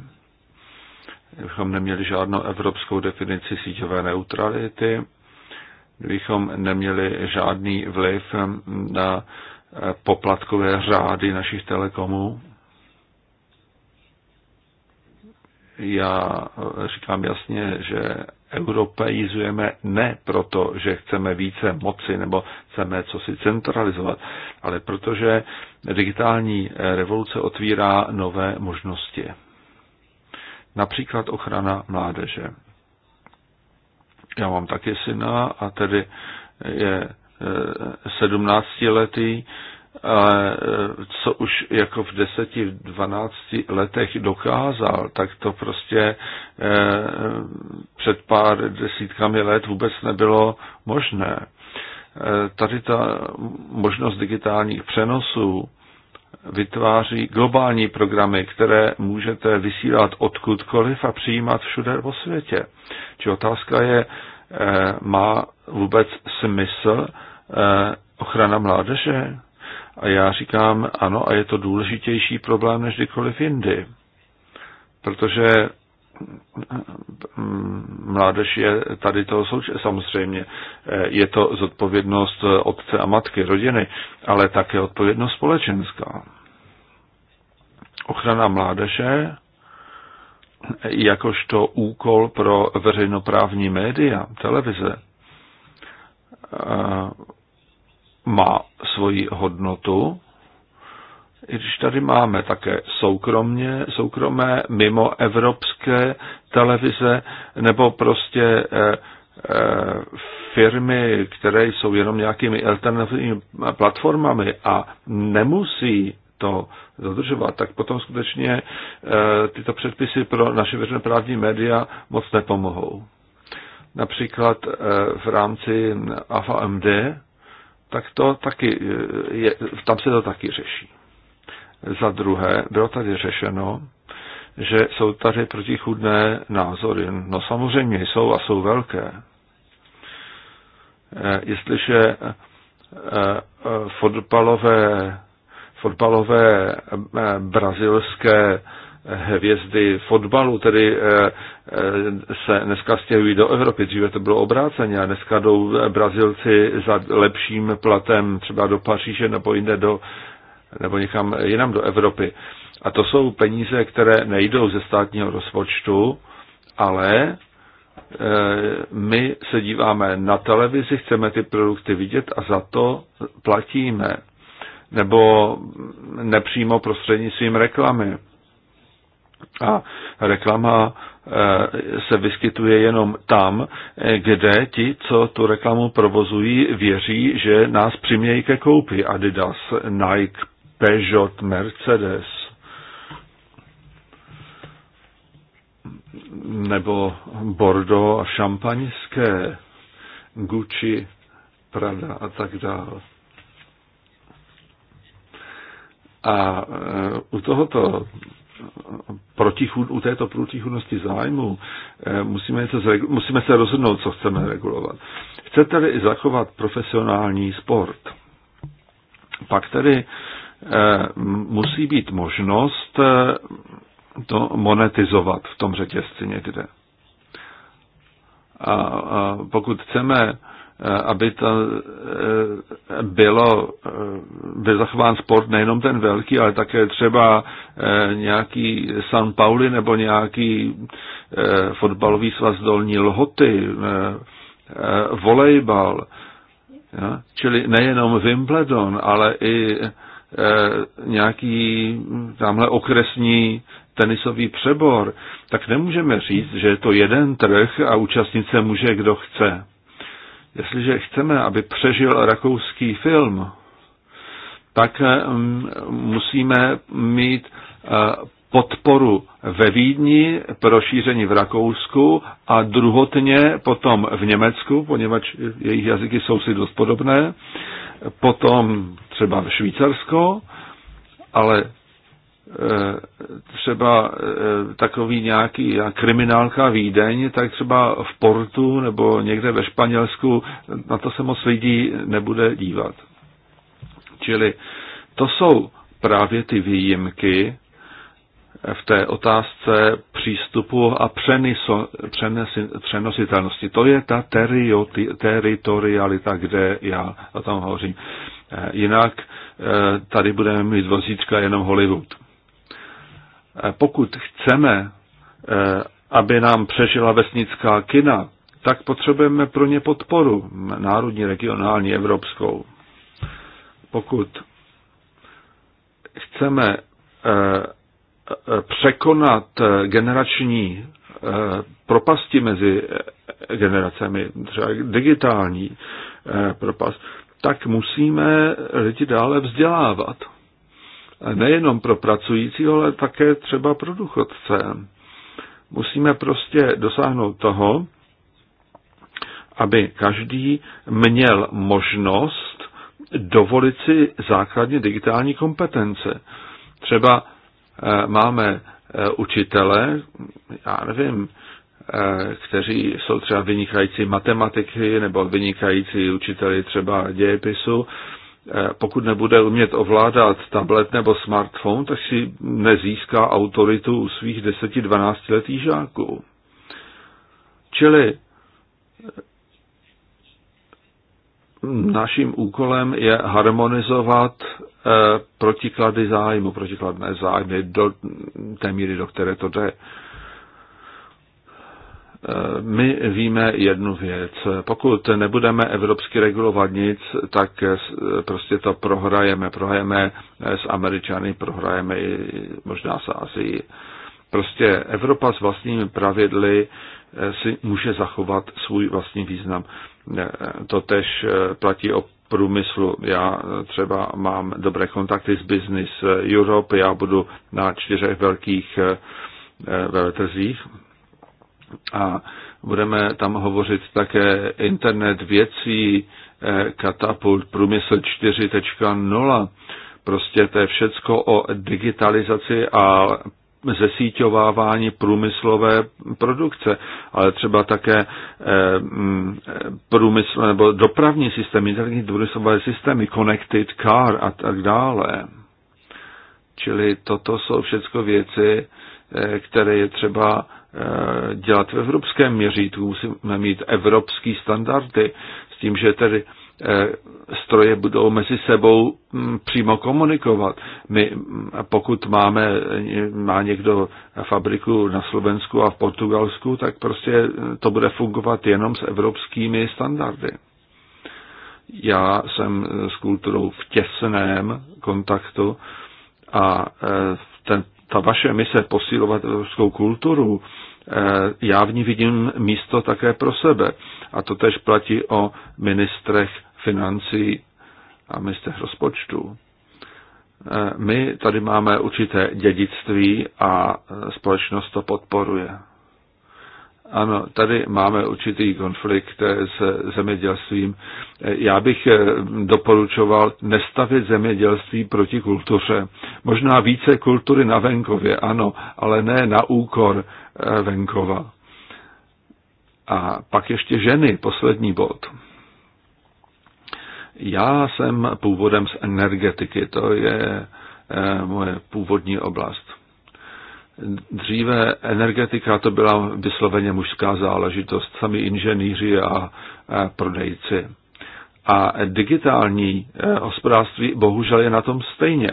kdybychom neměli žádnou evropskou definici síťové neutrality, kdybychom neměli žádný vliv na eh, poplatkové řády našich telekomů. Já eh, říkám jasně, že europeizujeme ne proto, že chceme více moci nebo chceme co si centralizovat, ale protože digitální eh, revoluce otvírá nové možnosti například ochrana mládeže. Já mám taky syna a tedy je 17 letý, ale co už jako v 10, 12 letech dokázal, tak to prostě eh, před pár desítkami let vůbec nebylo možné. Eh, tady ta možnost digitálních přenosů, vytváří globální programy, které můžete vysílat odkudkoliv a přijímat všude po světě. Či otázka je, eh, má vůbec smysl eh, ochrana mládeže? A já říkám, ano, a je to důležitější problém než kdykoliv jindy. Protože mládež je tady toho součástí, samozřejmě. Eh, je to zodpovědnost eh, otce a matky, rodiny, ale také odpovědnost společenská. Ochrana mládeže jakožto úkol pro veřejnoprávní média, televize, eh, má svoji hodnotu i když tady máme také soukromně, soukromé mimo evropské televize nebo prostě e, firmy, které jsou jenom nějakými alternativními platformami a nemusí to dodržovat, tak potom skutečně eh, tyto předpisy pro naše veřejnoprávní média moc nepomohou. Například v rámci AFAMD, tak to taky je, tam se to taky řeší. Za druhé, bylo tady řešeno, že jsou tady protichudné názory. No samozřejmě jsou a jsou velké. Eh, jestliže eh, eh, fotbalové, fotbalové brazilské hvězdy fotbalu, tedy se dneska stěhují do Evropy. Dříve to bylo obráceně a dneska jdou Brazilci za lepším platem třeba do Paříže nebo jinde do nebo někam jinam do Evropy. A to jsou peníze, které nejdou ze státního rozpočtu, ale e, my se díváme na televizi, chceme ty produkty vidět a za to platíme. Nebo nepřímo prostřednictvím reklamy. A reklama e, se vyskytuje jenom tam, e, kde ti, co tu reklamu provozují, věří, že nás přimějí ke koupi. Adidas, Nike, Peugeot, Mercedes nebo Bordeaux a šampaňské, Gucci, Prada a tak dále. A eh, u tohoto protichůd, u této protichudnosti zájmu eh, musíme, něco zregu- musíme se rozhodnout, co chceme regulovat. Chcete-li zachovat profesionální sport, pak tedy Eh, musí být možnost eh, to monetizovat v tom řetězci někde. A, pokud chceme, eh, aby to bylo, byl zachován sport nejenom ten velký, ale také třeba nějaký San Pauli nebo nějaký fotbalový svaz dolní Lhoty, volejbal, čili nejenom Wimbledon, ale i Eh, nějaký tamhle okresní tenisový přebor, tak nemůžeme říct, že je to jeden trh a účastnice může kdo chce. Jestliže chceme, aby přežil rakouský film, tak eh, musíme mít eh, podporu ve Vídni pro šíření v Rakousku a druhotně potom v Německu, poněvadž jejich jazyky jsou si dost podobné, potom třeba Švýcarsko, ale e, třeba e, takový nějaký kriminálka Vídeň, tak třeba v Portu nebo někde ve Španělsku na to se moc lidí nebude dívat. Čili to jsou právě ty výjimky, v té otázce přístupu a přeniso, přenesi, přenositelnosti. To je ta terioti, teritorialita, kde já o tom hovořím. Eh, jinak eh, tady budeme mít vozíčka jenom Hollywood. Eh, pokud chceme, aby nám přežila vesnická kina, tak potřebujeme pro ně podporu, národní, regionální, evropskou. Pokud chceme překonat generační eh, propasti mezi generacemi, třeba digitální eh, propast, tak musíme lidi dále vzdělávat. Nejenom pro pracujícího, ale také třeba pro důchodce. Musíme prostě dosáhnout toho, aby každý měl možnost dovolit si základně digitální kompetence. Třeba Eh, máme eh, učitele, já nevím, eh, kteří jsou třeba vynikající matematiky nebo vynikající učiteli třeba dějepisu, pokud nebude umět ovládat tablet nebo smartphone, tak si nezíská autoritu u svých 10-12 letých žáků. Čili naším úkolem je harmonizovat Eh, protiklady zájmu, protikladné zájmy do té míry, do které to jde. Eh, my víme jednu věc. Pokud nebudeme evropsky regulovat nic, tak eh, prostě to prohrajeme. Prohrajeme s Američany, prohrajeme i možná s Asií. Prostě Evropa s vlastními pravidly si může zachovat svůj vlastní význam. To tež platí o průmyslu. Já eh, třeba mám dobré kontakty s Business Europe, já budu na čtyřech velkých eh, eh, veletrzích a budeme tam hovořit také internet věcí, katapult, průmysl 4.0, prostě to je všecko o digitalizaci a zesíťovávání průmyslové produkce, ale třeba také eh, mm, průmysl nebo dopravní systémy, inteligentní průmyslové systémy, connected car a tak dále. Čili toto jsou všechno věci, eh, které je třeba eh, dělat v evropském měřítku. Musíme mít evropský standardy s tím, že tedy Eh, stroje budou mezi sebou mm, přímo komunikovat. My, mm, pokud máme, eh, má někdo fabriku na Slovensku a v Portugalsku, tak prostě eh, to bude fungovat jenom s evropskými standardy. Já jsem s kulturou v těsném kontaktu a ten, ta vaše mise posilovat evropskou kulturu, já v ní vidím místo také pro sebe. A to tež platí o ministrech financí a ministrech rozpočtu. Eh, my tady máme určité dědictví a eh, společnost to podporuje. Ano, tady máme určitý konflikt eh, s zemědělstvím. Já bych doporučoval nestavit zemědělství proti kultuře. Možná více kultury na venkově, ano, ale ne na úkor venkova. A pak ještě ženy, poslední bod. Já jsem původem z energetiky, to je eh, moje původní oblast. Dříve energetika to byla vysloveně mužská záležitost, sami inženýři a prodejci. A digitální eh, hospodářství bohužel je na tom stejně.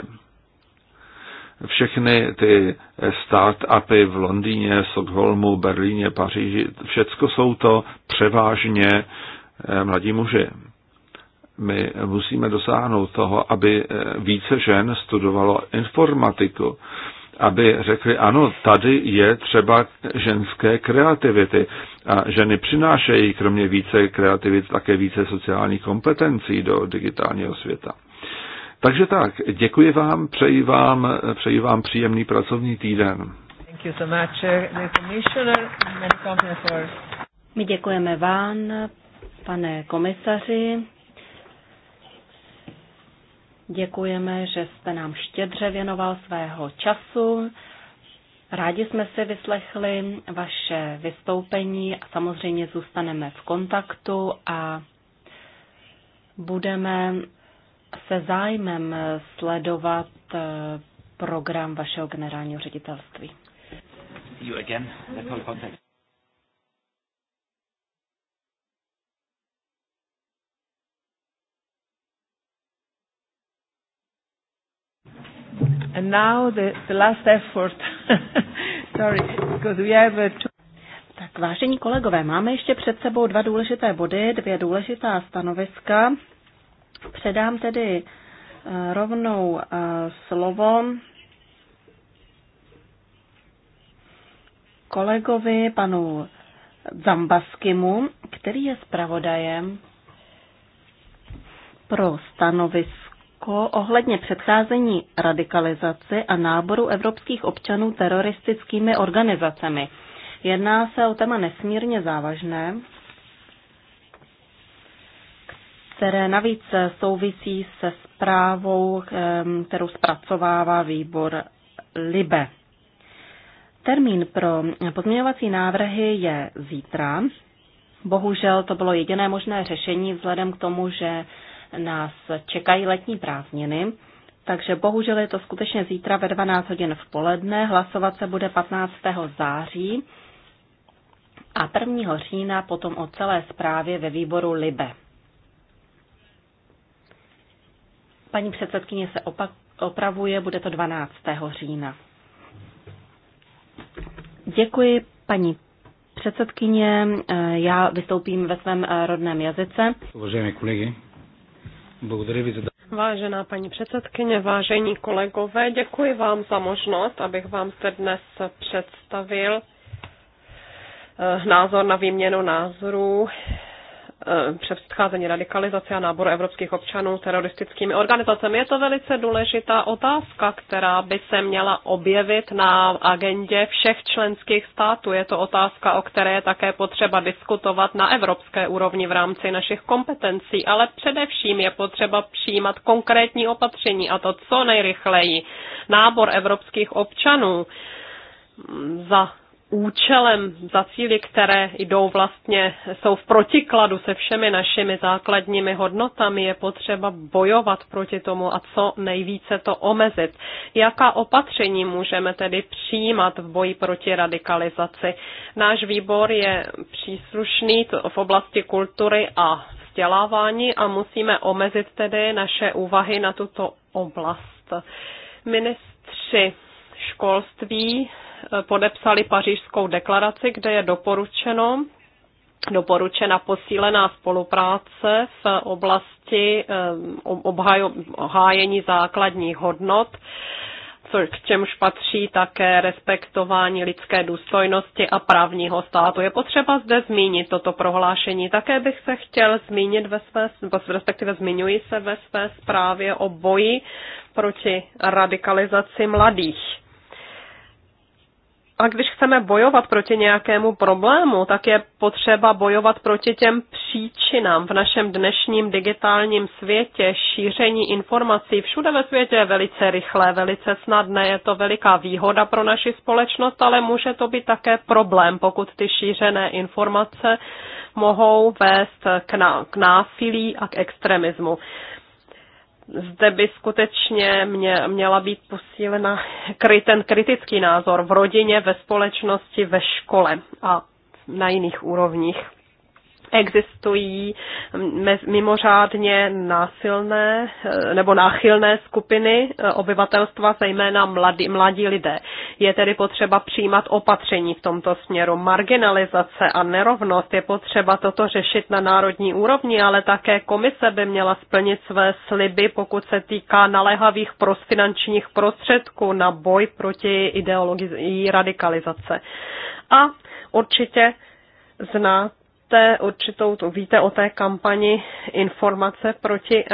Všechny ty eh, start-upy v Londýně, Stockholmu, Berlíně, Paříži, všecko jsou to převážně mladí muži. My musíme dosáhnout toho, aby eh, více žen studovalo informatiku, aby řekli, ano, tady je třeba ženské kreativity. A ženy přinášejí kromě více kreativit také více sociálních kompetencí do digitálního světa. Takže tak, děkuji vám, přeji vám, přeji vám příjemný pracovní týden. Eh, My děkujeme vám, pane komisaři. Děkujeme, že jste nám štědře věnoval svého času. Rádi jsme si vyslechli vaše vystoupení a samozřejmě zůstaneme v kontaktu a budeme se zájmem sledovat eh, program vašeho generálního ředitelství. You again. That's all And now the, the last effort. Sorry, because we have a uh, two... Tak vážení kolegové, máme ještě před sebou dva důležité body, dvě důležitá stanoviska. Předám tedy eh, rovnou eh, slovo kolegovi panu Zambaskimu, který je zpravodajem pro stanovisko EPSCO ohledně předcházení radikalizaci a náboru evropských občanů teroristickými organizacemi. Jedná se o téma nesmírně závažné, které navíc souvisí se zprávou, kterou zpracovává výbor LIBE. Termín pro pozměňovací návrhy je zítra. Bohužel to bylo jediné možné řešení vzhledem k tomu, že nás čekají letní prázdniny, takže bohužel je to skutečně zítra ve 12 hodin v poledne. Hlasovat se bude 15. září a 1. října potom o celé zprávě ve výboru LIBE. Paní předsedkyně se opak, opravuje, bude to 12. října. Děkuji, paní předsedkyně. Já vystoupím ve svém rodném jazyce. Uvažujeme kolegy. Vážená paní předsedkyně, vážení kolegové, děkuji vám za možnost, abych vám se dnes představil eh, názor na výměnu názorů Eh, předcházení radikalizace a náboru evropských občanů teroristickými organizacemi. Je to velice důležitá otázka, která by se měla objevit na agendě všech členských států. Je to otázka, o které je také potřeba diskutovat na evropské úrovni v rámci našich kompetencí, ale především je potřeba přijímat konkrétní opatření a to co nejrychleji. Nábor evropských občanů za účelem, za cíly, které jdou vlastně, jsou v protikladu se všemi našimi základními hodnotami, je potřeba bojovat proti tomu a co nejvíce to omezit. Jaká opatření můžeme tedy přijímat v boji proti radikalizaci? Náš výbor je příslušný v oblasti kultury a vzdělávání a musíme omezit tedy naše úvahy na tuto oblast. Ministři školství podepsali pařížskou deklaraci, kde je doporučeno, doporučena posílená spolupráce v oblasti eh, obhájení základních hodnot, což k čemž patří také respektování lidské důstojnosti a právního státu. Je potřeba zde zmínit toto prohlášení. Také bych se chtěl zmínit ve své, respektive zmiňuji se ve své zprávě o boji proti radikalizaci mladých a když chceme bojovat proti nějakému problému, tak je potřeba bojovat proti těm příčinám. V našem dnešním digitálním světě šíření informací všude ve světě je velice rychlé, velice snadné. Je to veliká výhoda pro naši společnost, ale může to být také problém, pokud ty šířené informace mohou vést k, ná- k násilí a k extremismu zde by skutečně mě, měla být posílena kry, ten kritický názor v rodině, ve společnosti, ve škole a na jiných úrovních existují mimořádně násilné eh, nebo náchylné skupiny eh, obyvatelstva, zejména mladí, mladí lidé. Je tedy potřeba přijímat opatření v tomto směru. Marginalizace a nerovnost je potřeba toto řešit na národní úrovni, ale také komise by měla splnit své sliby, pokud se týká naléhavých finančních prostředků na boj proti ideologii radikalizace. A určitě zná máte určitou, víte o té kampani informace proti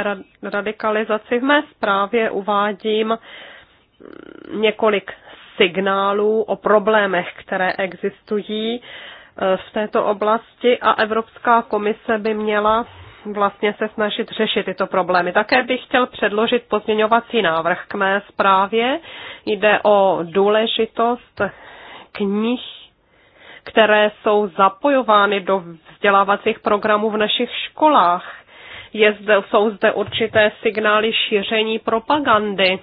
radikalizaci. V mé zprávě uvádím několik signálů o problémech, které existují e, v této oblasti a Evropská komise by měla vlastně se snažit řešit tyto problémy. Také bych chtěl předložit pozměňovací návrh k mé zprávě. Jde o důležitost knih které jsou zapojovány do vzdělávacích programů v našich školách. Je zde, jsou zde určité signály šíření propagandy,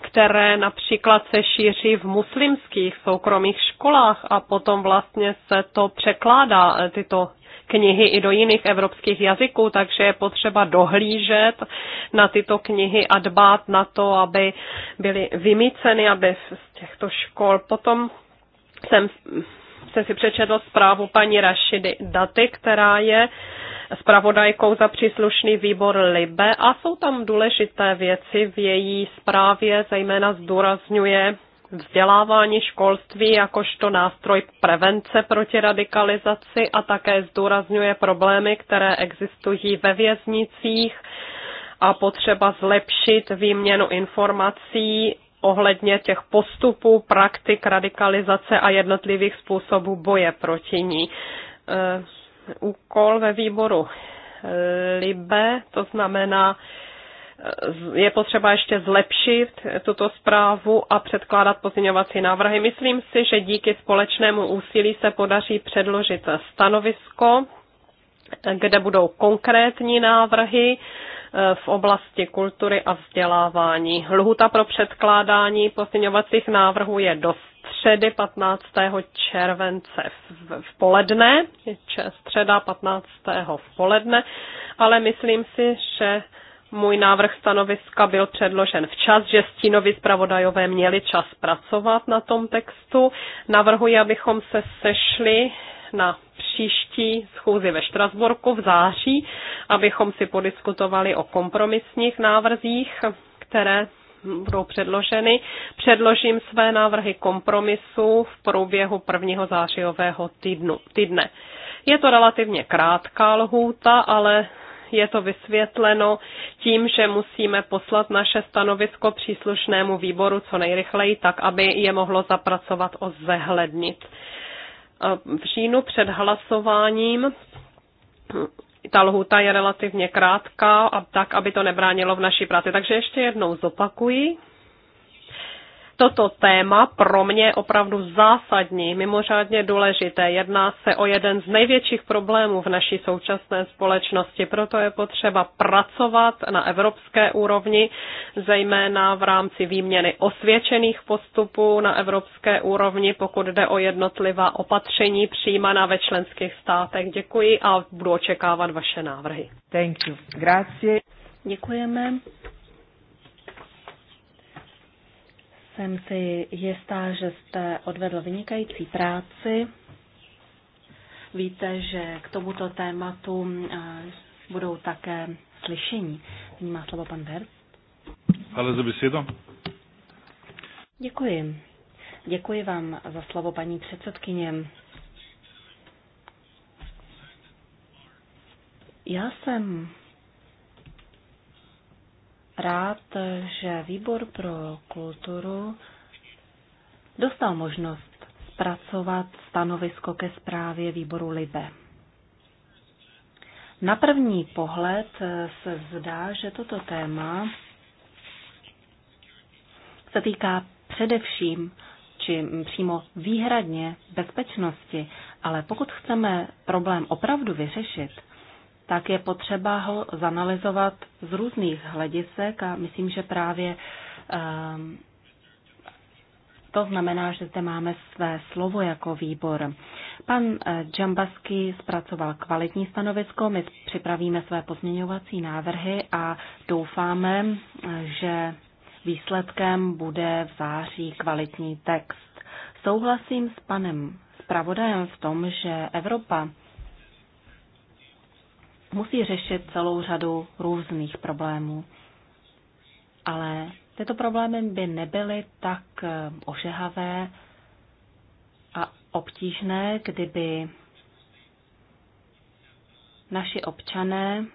které například se šíří v muslimských soukromých školách a potom vlastně se to překládá, eh, tyto knihy i do jiných evropských jazyků, takže je potřeba dohlížet na tyto knihy a dbát na to, aby byly vymíceny, aby z těchto škol potom jsem jsem si přečetl zprávu paní Rašidy Daty, která je zpravodajkou za příslušný výbor Libe a jsou tam důležité věci v její zprávě, zejména zdůrazňuje vzdělávání školství jakožto nástroj prevence proti radikalizaci a také zdůrazňuje problémy, které existují ve věznicích a potřeba zlepšit výměnu informací ohledně těch postupů, praktik radikalizace a jednotlivých způsobů boje proti ní. Eh, úkol ve výboru eh, LIBE, to znamená, eh, je potřeba ještě zlepšit tuto zprávu a předkládat pozměňovací návrhy. Myslím si, že díky společnému úsilí se podaří předložit stanovisko kde budou konkrétní návrhy eh, v oblasti kultury a vzdělávání. Lhuta pro předkládání pozměňovacích návrhů je do středy 15. července v poledne, středa 15. v poledne, ale myslím si, že můj návrh stanoviska byl předložen včas, že stínovi zpravodajové měli čas pracovat na tom textu. Navrhuji, abychom se sešli na příští schůzi ve Štrasburku v září, abychom si podiskutovali o kompromisních návrzích, které budou předloženy. Předložím své návrhy kompromisu v průběhu 1. zářijového týdnu, týdne. Je to relativně krátká lhůta, ale je to vysvětleno tím, že musíme poslat naše stanovisko příslušnému výboru co nejrychleji, tak aby je mohlo zapracovat o zehlednit v říjnu před hlasováním ta lhuta je relativně krátká a tak, aby to nebránilo v naší práci. Takže ještě jednou zopakuji toto téma pro mě je opravdu zásadní, mimořádně důležité. Jedná se o jeden z největších problémů v naší současné společnosti, proto je potřeba pracovat na evropské úrovni, zejména v rámci výměny osvědčených postupů na evropské úrovni, pokud jde o jednotlivá opatření přijímaná ve členských státech. Děkuji a budu očekávat vaše návrhy. Thank you. Grazie. Děkujeme. Jsem si jistá, že jste odvedl vynikající práci. Víte, že k tomuto tématu eh, budou také slyšení. Nyní má slovo pan Vers. Ale za besedo. Děkuji. Děkuji vám za slovo, paní předsedkyně. Já jsem rád, že výbor pro kulturu dostal možnost zpracovat stanovisko ke zprávě výboru Libe. Na první pohled se zdá, že toto téma se týká především či přímo výhradně bezpečnosti, ale pokud chceme problém opravdu vyřešit, tak je potřeba ho zanalizovat z různých hledisek a myslím, že právě ehm, to znamená, že zde máme své slovo jako výbor. Pan eh, Džambasky zpracoval kvalitní stanovisko, my připravíme své pozměňovací návrhy a doufáme, eh, že výsledkem bude v září kvalitní text. Souhlasím s panem zpravodajem v tom, že Evropa musí řešit celou řadu různých problémů. Ale tyto problémy by nebyly tak eh, ožehavé a obtížné, kdyby naši občané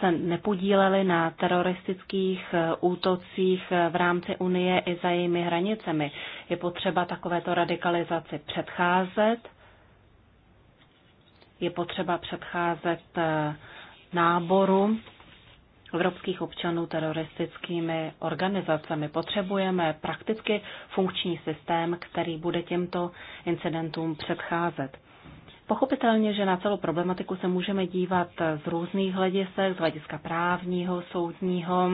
se nepodíleli na teroristických eh, útocích eh, v rámci Unie i za jejími hranicemi. Je potřeba takovéto radikalizaci předcházet, je potřeba předcházet eh, náboru evropských občanů teroristickými organizacemi. Potřebujeme prakticky funkční systém, který bude těmto incidentům předcházet. Pochopitelně, že na celou problematiku se můžeme dívat z různých hledisek, z hlediska právního, soudního,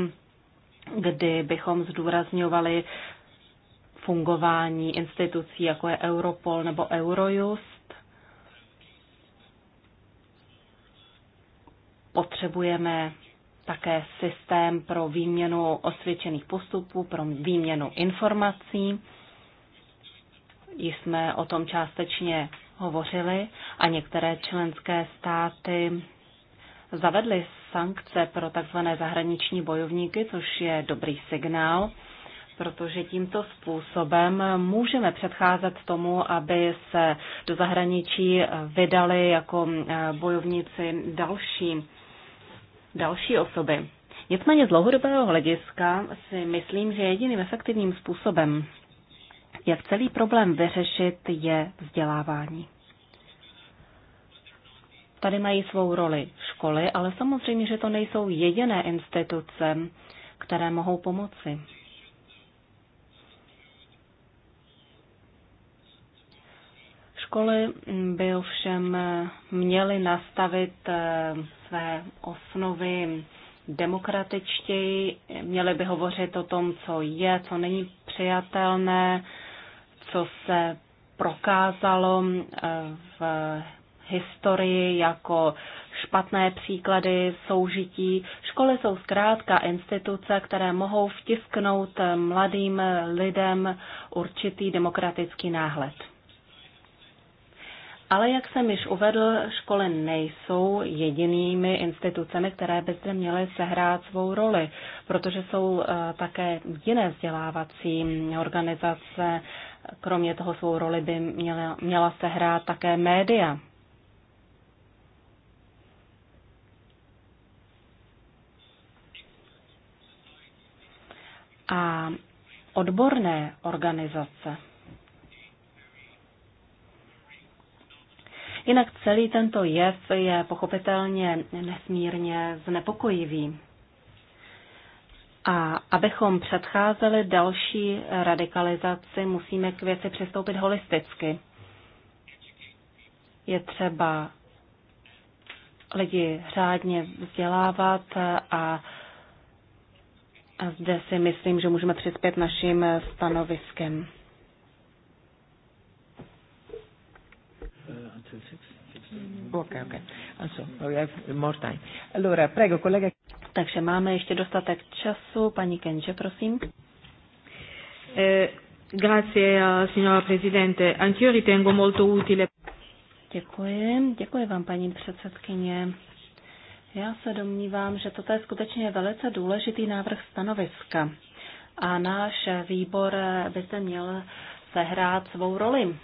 kdy bychom zdůrazňovali fungování institucí, jako je Europol nebo Eurojust. Potřebujeme také systém pro výměnu osvědčených postupů, pro výměnu informací. jsme o tom částečně hovořili a některé členské státy zavedly sankce pro tzv. zahraniční bojovníky, což je dobrý signál, protože tímto způsobem můžeme předcházet tomu, aby se do zahraničí vydali jako eh, bojovníci další, další osoby. Nicméně z dlouhodobého hlediska si myslím, že jediným efektivním způsobem, jak celý problém vyřešit, je vzdělávání. Tady mají svou roli školy, ale samozřejmě, že to nejsou jediné instituce, které mohou pomoci. Školy by ovšem měly nastavit eh, své osnovy demokratičtěji, měly by hovořit o tom, co je, co není přijatelné, co se prokázalo eh, v historii jako špatné příklady soužití. Školy jsou zkrátka instituce, které mohou vtisknout mladým lidem určitý demokratický náhled. Ale jak jsem již uvedl, školy nejsou jedinými institucemi, které by zde měly sehrát svou roli, protože jsou eh, také jiné vzdělávací organizace, kromě toho svou roli by měla, měla sehrát také média. A odborné organizace. Jinak celý tento jev je pochopitelně nesmírně znepokojivý. A abychom předcházeli další radikalizaci, musíme k věci přistoupit holisticky. Je třeba lidi řádně vzdělávat a a zde si myslím, že můžeme přispět naším stanoviskem. Ok, ok. Also, we have more time. Allora, prego, Takže máme ještě dostatek času. Paní Kenže, prosím. Eh, grazie, eh, signora Presidente. Anch'io ritengo molto utile. Děkuji. Děkuji vám, paní předsedkyně. Já se domnívám, že toto je skutečně velice důležitý návrh stanoviska a náš výbor by se měl sehrát svou roli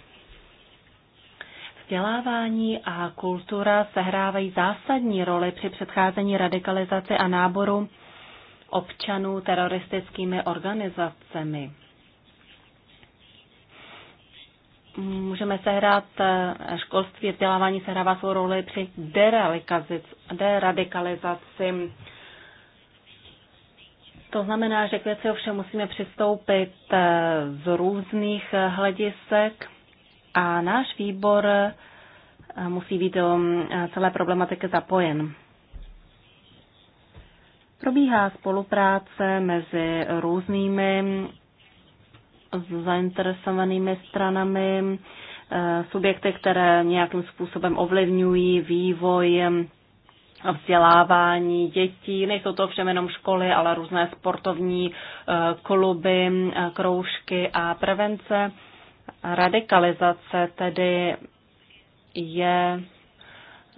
Vzdělávání a kultura sehrávají zásadní roli při předcházení radikalizaci a náboru občanů teroristickými organizacemi. Můžeme sehrát, eh, školství vzdělávání sehrává svou roli při deradikalizaci. To znamená, že k věci ovšem musíme přistoupit eh, z různých eh, hledisek a náš výbor eh, musí být do um, celé problematiky zapojen. Probíhá spolupráce mezi různými zainteresovanými stranami, eh, subjekty, které nějakým způsobem ovlivňují vývoj eh, vzdělávání dětí. Nejsou to všem jenom školy, ale různé sportovní kluby, kroužky a prevence radikalizace, tedy je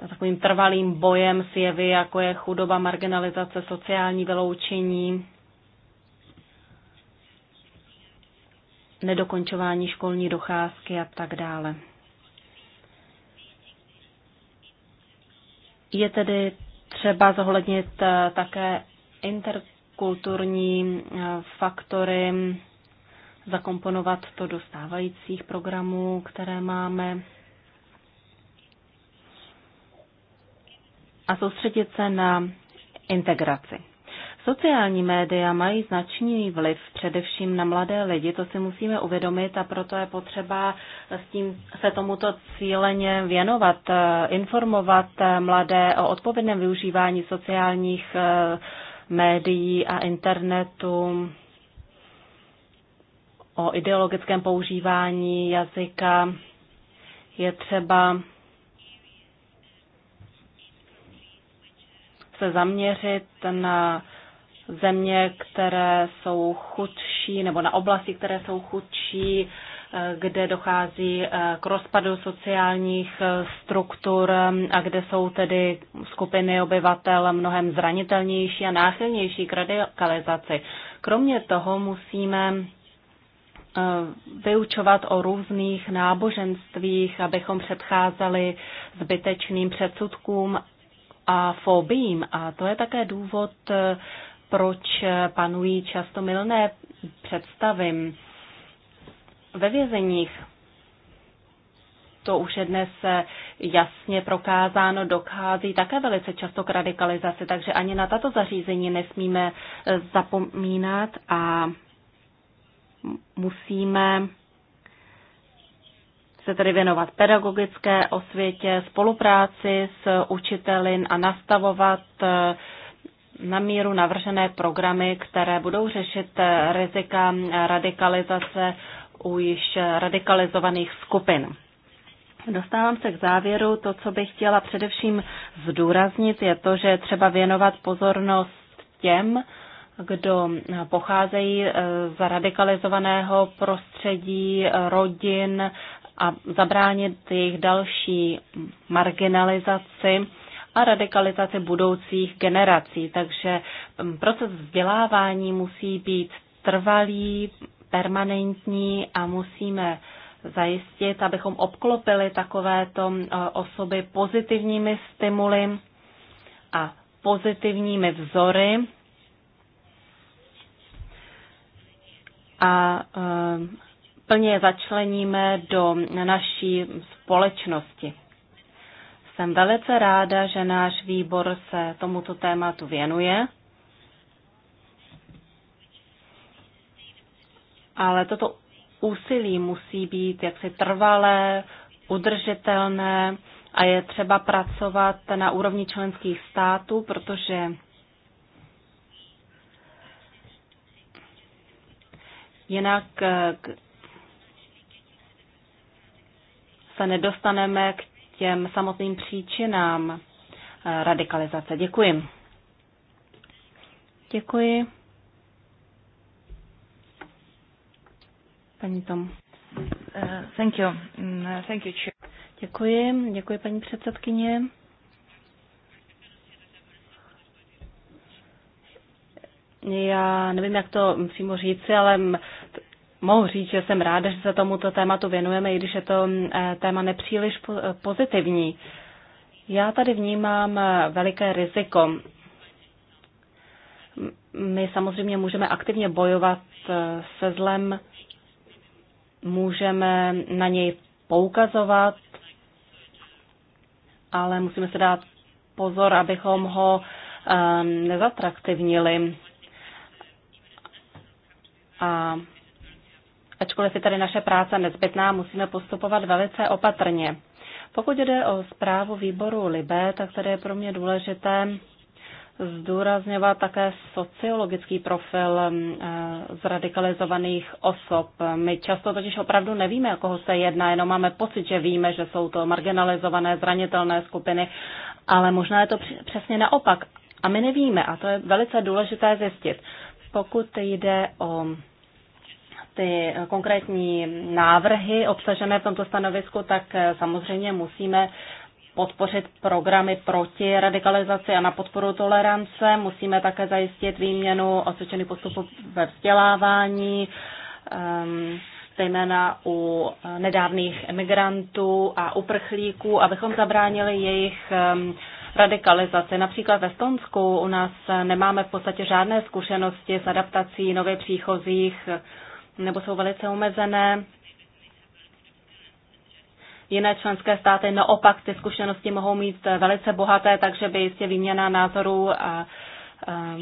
takovým trvalým bojem s jevy, jako je chudoba, marginalizace, sociální vyloučení, nedokončování školní docházky a tak dále. Je tedy třeba zohlednit eh, také interkulturní eh, faktory, zakomponovat to do stávajících programů, které máme a soustředit se na integraci. Sociální média mají značný vliv především na mladé lidi, to si musíme uvědomit a proto je potřeba s tím, se tomuto cíleně věnovat, eh, informovat eh, mladé o odpovědném využívání sociálních eh, médií a internetu, o ideologickém používání jazyka. Je třeba se zaměřit na země, které jsou chudší, nebo na oblasti, které jsou chudší, eh, kde dochází eh, k rozpadu sociálních eh, struktur a kde jsou tedy skupiny obyvatel mnohem zranitelnější a náchylnější k radikalizaci. Kromě toho musíme Eh, vyučovat o různých náboženstvích, abychom předcházeli zbytečným předsudkům a fobím. A to je také důvod, eh, proč panují často milné představy ve vězeních. To už je dnes jasně prokázáno, dochází také velice často k radikalizaci, takže ani na tato zařízení nesmíme zapomínat a musíme se tedy věnovat pedagogické osvětě, spolupráci s učiteli a nastavovat eh, na míru navržené programy, které budou řešit eh, rizika eh, radikalizace u již radikalizovaných skupin. Dostávám se k závěru. To, co bych chtěla především zdůraznit, je to, že třeba věnovat pozornost těm, kdo pocházejí eh, z radikalizovaného prostředí, rodin a zabránit jejich další marginalizaci a radikalizaci budoucích generací. Takže mm, proces vzdělávání musí být trvalý, permanentní a musíme zajistit, abychom obklopili takovéto mm, eh, osoby pozitivními stimuly a pozitivními vzory, a ehm, plně je začleníme do naší společnosti. Jsem velice ráda, že náš výbor se tomuto tématu věnuje. Ale toto úsilí musí být jaksi trvalé, udržitelné a je třeba pracovat na úrovni členských států, protože Jinak eh, se nedostaneme k těm samotným příčinám eh, radikalizace. Děkuji. Děkuji. Paní Tom. Uh, thank you. Mm, thank you. Děkuji, děkuji paní předsedkyně. já nevím, jak to přímo říci, ale mohu říct, že jsem ráda, že se tomuto tématu věnujeme, i když je to eh, téma nepříliš eh, pozitivní. Já tady vnímám eh, veliké riziko. My samozřejmě můžeme aktivně bojovat se zlem, můžeme na něj poukazovat, ale musíme se dát pozor, abychom ho nezatraktivnili a ačkoliv je tady naše práce nezbytná, musíme postupovat velice opatrně. Pokud jde o zprávu výboru Libe, tak tady je pro mě důležité zdůrazňovat také sociologický profil eh, zradikalizovaných osob. My často totiž opravdu nevíme, o koho se jedná, jenom máme pocit, že víme, že jsou to marginalizované, zranitelné skupiny, ale možná je to přesně naopak. A my nevíme, a to je velice důležité zjistit. Pokud jde o ty konkrétní návrhy obsažené v tomto stanovisku, tak eh, samozřejmě musíme podpořit programy proti radikalizaci a na podporu tolerance. Musíme také zajistit výměnu osvědčených postupů ve vzdělávání, ehm, zejména u nedávných emigrantů a uprchlíků, abychom zabránili jejich ehm, radikalizaci. Například ve Stonsku u nás nemáme v podstatě žádné zkušenosti s adaptací nově příchozích nebo jsou velice omezené. Jiné členské státy naopak ty zkušenosti mohou mít velice bohaté, takže by jistě výměna názorů a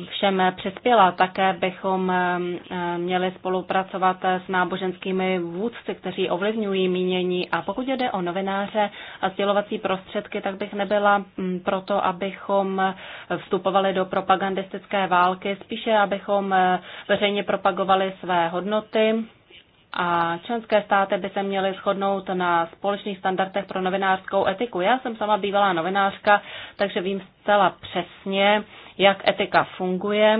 všem přispěla. Také bychom eh, měli spolupracovat s náboženskými vůdci, kteří ovlivňují mínění. A pokud jde o novináře a sdělovací prostředky, tak bych nebyla mm, proto, abychom vstupovali do propagandistické války, spíše abychom eh, veřejně propagovali své hodnoty a členské státy by se měly shodnout na společných standardech pro novinářskou etiku. Já jsem sama bývalá novinářka, takže vím zcela přesně, jak etika funguje,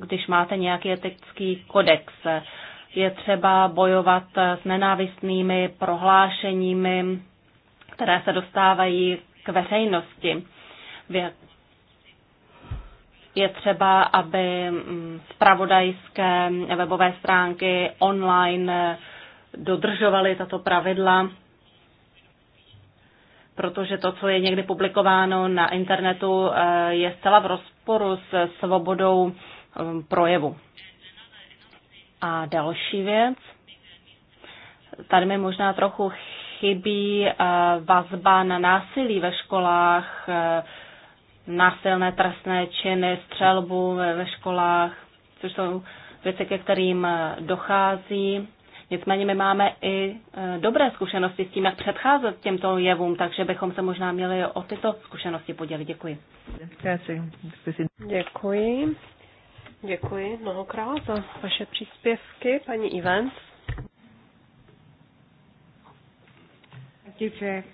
když máte nějaký etický kodex. Je třeba bojovat s nenávistnými prohlášeními, které se dostávají k veřejnosti. Je třeba, aby spravodajské mm, webové stránky online dodržovaly tato pravidla protože to, co je někdy publikováno na internetu, eh, je zcela v rozporu s svobodou eh, projevu. A další věc, tady mi možná trochu chybí eh, vazba na násilí ve školách, násilné trestné činy, střelbu ve školách, což jsou věci, ke kterým dochází. Nicméně my máme i e, dobré zkušenosti s tím, jak předcházet těmto jevům, takže bychom se možná měli o tyto zkušenosti podělit. Děkuji. Děkuji. Děkuji mnohokrát za vaše příspěvky, paní Ivens. Děkuji.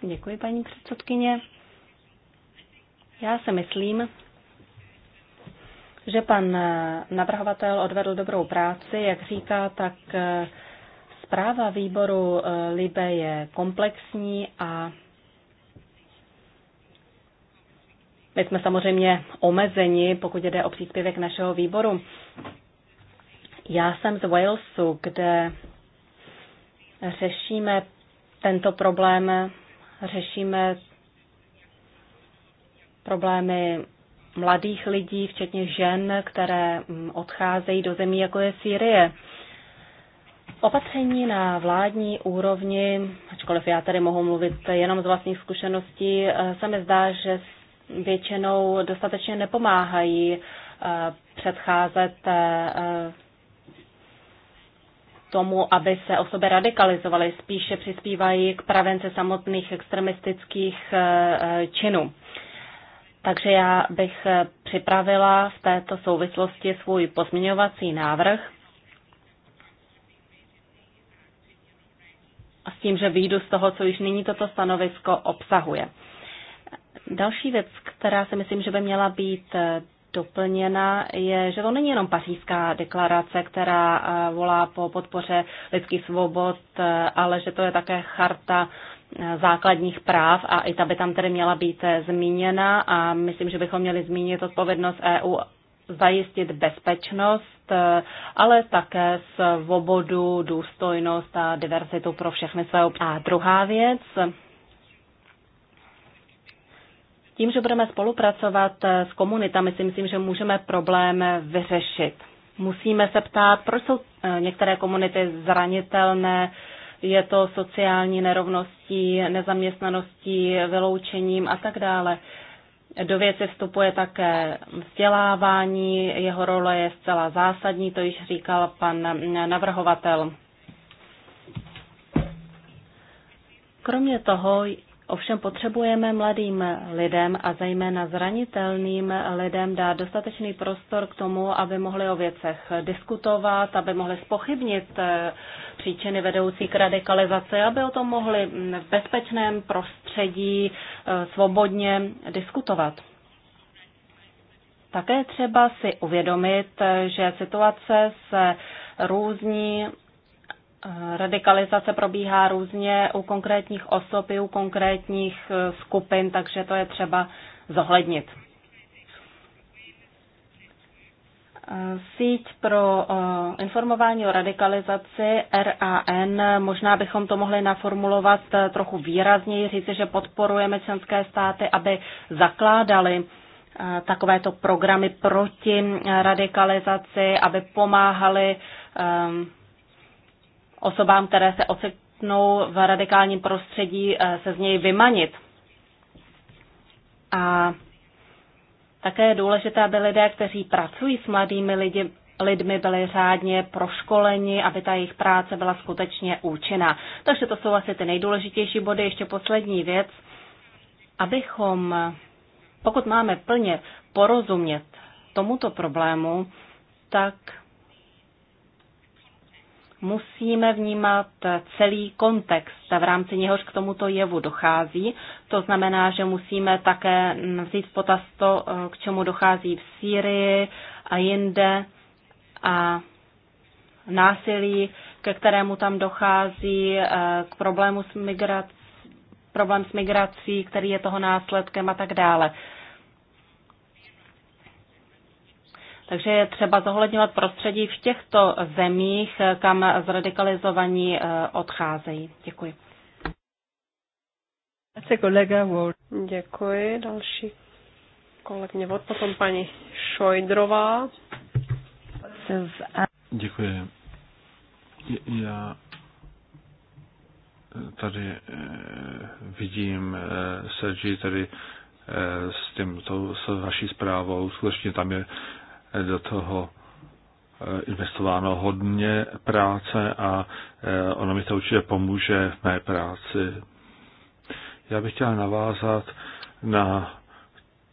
Děkuji, paní předsedkyně. Já se myslím, že pan eh, navrhovatel odvedl dobrou práci, jak říká, tak eh, zpráva výboru eh, Libe je komplexní a my jsme samozřejmě omezeni, pokud jde o příspěvek našeho výboru. Já jsem z Walesu, kde řešíme tento problém, řešíme problémy mladých lidí, včetně žen, které mm, odcházejí do zemí, jako je Sýrie. Opatření na vládní úrovni, ačkoliv já tady mohu mluvit jenom z vlastních zkušeností, eh, se mi zdá, že většinou dostatečně nepomáhají eh, předcházet eh, tomu, aby se osoby radikalizovaly, spíše přispívají k prevenci samotných extremistických činů. Takže já bych eh, připravila v této souvislosti svůj pozměňovací návrh a s tím, že výjdu z toho, co již nyní toto stanovisko obsahuje. Další věc, která si myslím, že by měla být eh, doplněna, je, že to není jenom pařížská deklarace, která eh, volá po podpoře lidských svobod, ale že to je také charta základních práv a i ta by tam tedy měla být eh, zmíněna a myslím, že bychom měli zmínit odpovědnost EU zajistit bezpečnost, eh, ale také svobodu, důstojnost a diverzitu pro všechny své občany. A druhá věc, tím, že budeme spolupracovat eh, s komunitami, si myslím, že můžeme problém vyřešit. Musíme se ptát, proč jsou některé komunity zranitelné, je to sociální nerovností, nezaměstnaností, vyloučením a tak dále. Do věci vstupuje také vzdělávání, jeho role je zcela zásadní, to již říkal pan navrhovatel. Kromě toho Ovšem potřebujeme mladým lidem a zejména zranitelným lidem dát dostatečný prostor k tomu, aby mohli o věcech diskutovat, aby mohli spochybnit eh, příčiny vedoucí k radikalizaci, aby o tom mohli mm, v bezpečném prostředí eh, svobodně diskutovat. Také třeba si uvědomit, eh, že situace se různí radikalizace probíhá různě u konkrétních osob i u konkrétních e, skupin, takže to je třeba zohlednit. E, síť pro e, informování o radikalizaci RAN, možná bychom to mohli naformulovat trochu výrazněji, říci, že podporujeme členské státy, aby zakládali takovéto programy proti radikalizaci, aby pomáhali osobám, které se ocitnou v radikálním prostředí, eh, se z něj vymanit. A také je důležité, aby lidé, kteří pracují s mladými lidi, lidmi, byli řádně proškoleni, aby ta jejich práce byla skutečně účinná. Takže to jsou asi ty nejdůležitější body. Ještě poslední věc, abychom, pokud máme plně porozumět tomuto problému, tak musíme vnímat celý kontext, v rámci něhož k tomuto jevu dochází. To znamená, že musíme také vzít potaz to, k čemu dochází v Sýrii a jinde a násilí, ke kterému tam dochází, k problému s migrací, problém s migrací, který je toho následkem a tak dále. Takže je třeba zohledňovat prostředí v těchto zemích, kam zradikalizovaní eh, odcházejí. Děkuji. Kolega Ward. Děkuji. Další kolegně Vod, potom paní Šojdrová. Děkuji. Já tady eh, vidím eh, Sergi tady s tím, to, s vaší zprávou. Skutečně tam je do toho eh, investováno hodně práce a eh, ono mi to určitě pomůže v mé práci. Já bych chtěl navázat na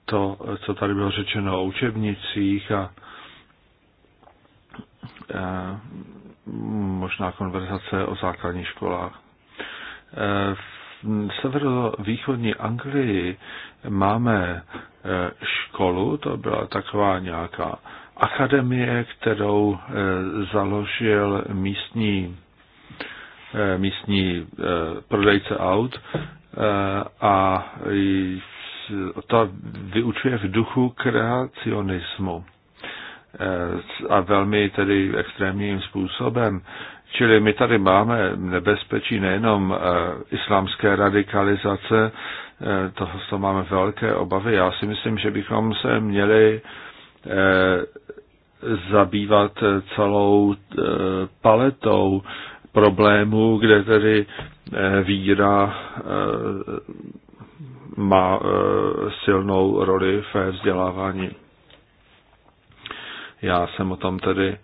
to, co tady bylo řečeno o učebnicích a eh, možná konverzace o základních školách severovýchodní Anglii máme eh, školu, to byla taková nějaká akademie, kterou eh, založil místní, eh, místní prodejce aut a ta vyučuje v duchu kreacionismu a velmi tedy extrémním způsobem. Čili my tady máme nebezpečí nejenom eh, islámské radikalizace, eh, toho to máme velké obavy. Já si myslím, že bychom se měli eh, zabývat celou paletou problémů, kde tedy víra má silnou roli ve vzdělávání. Já jsem o tom tedy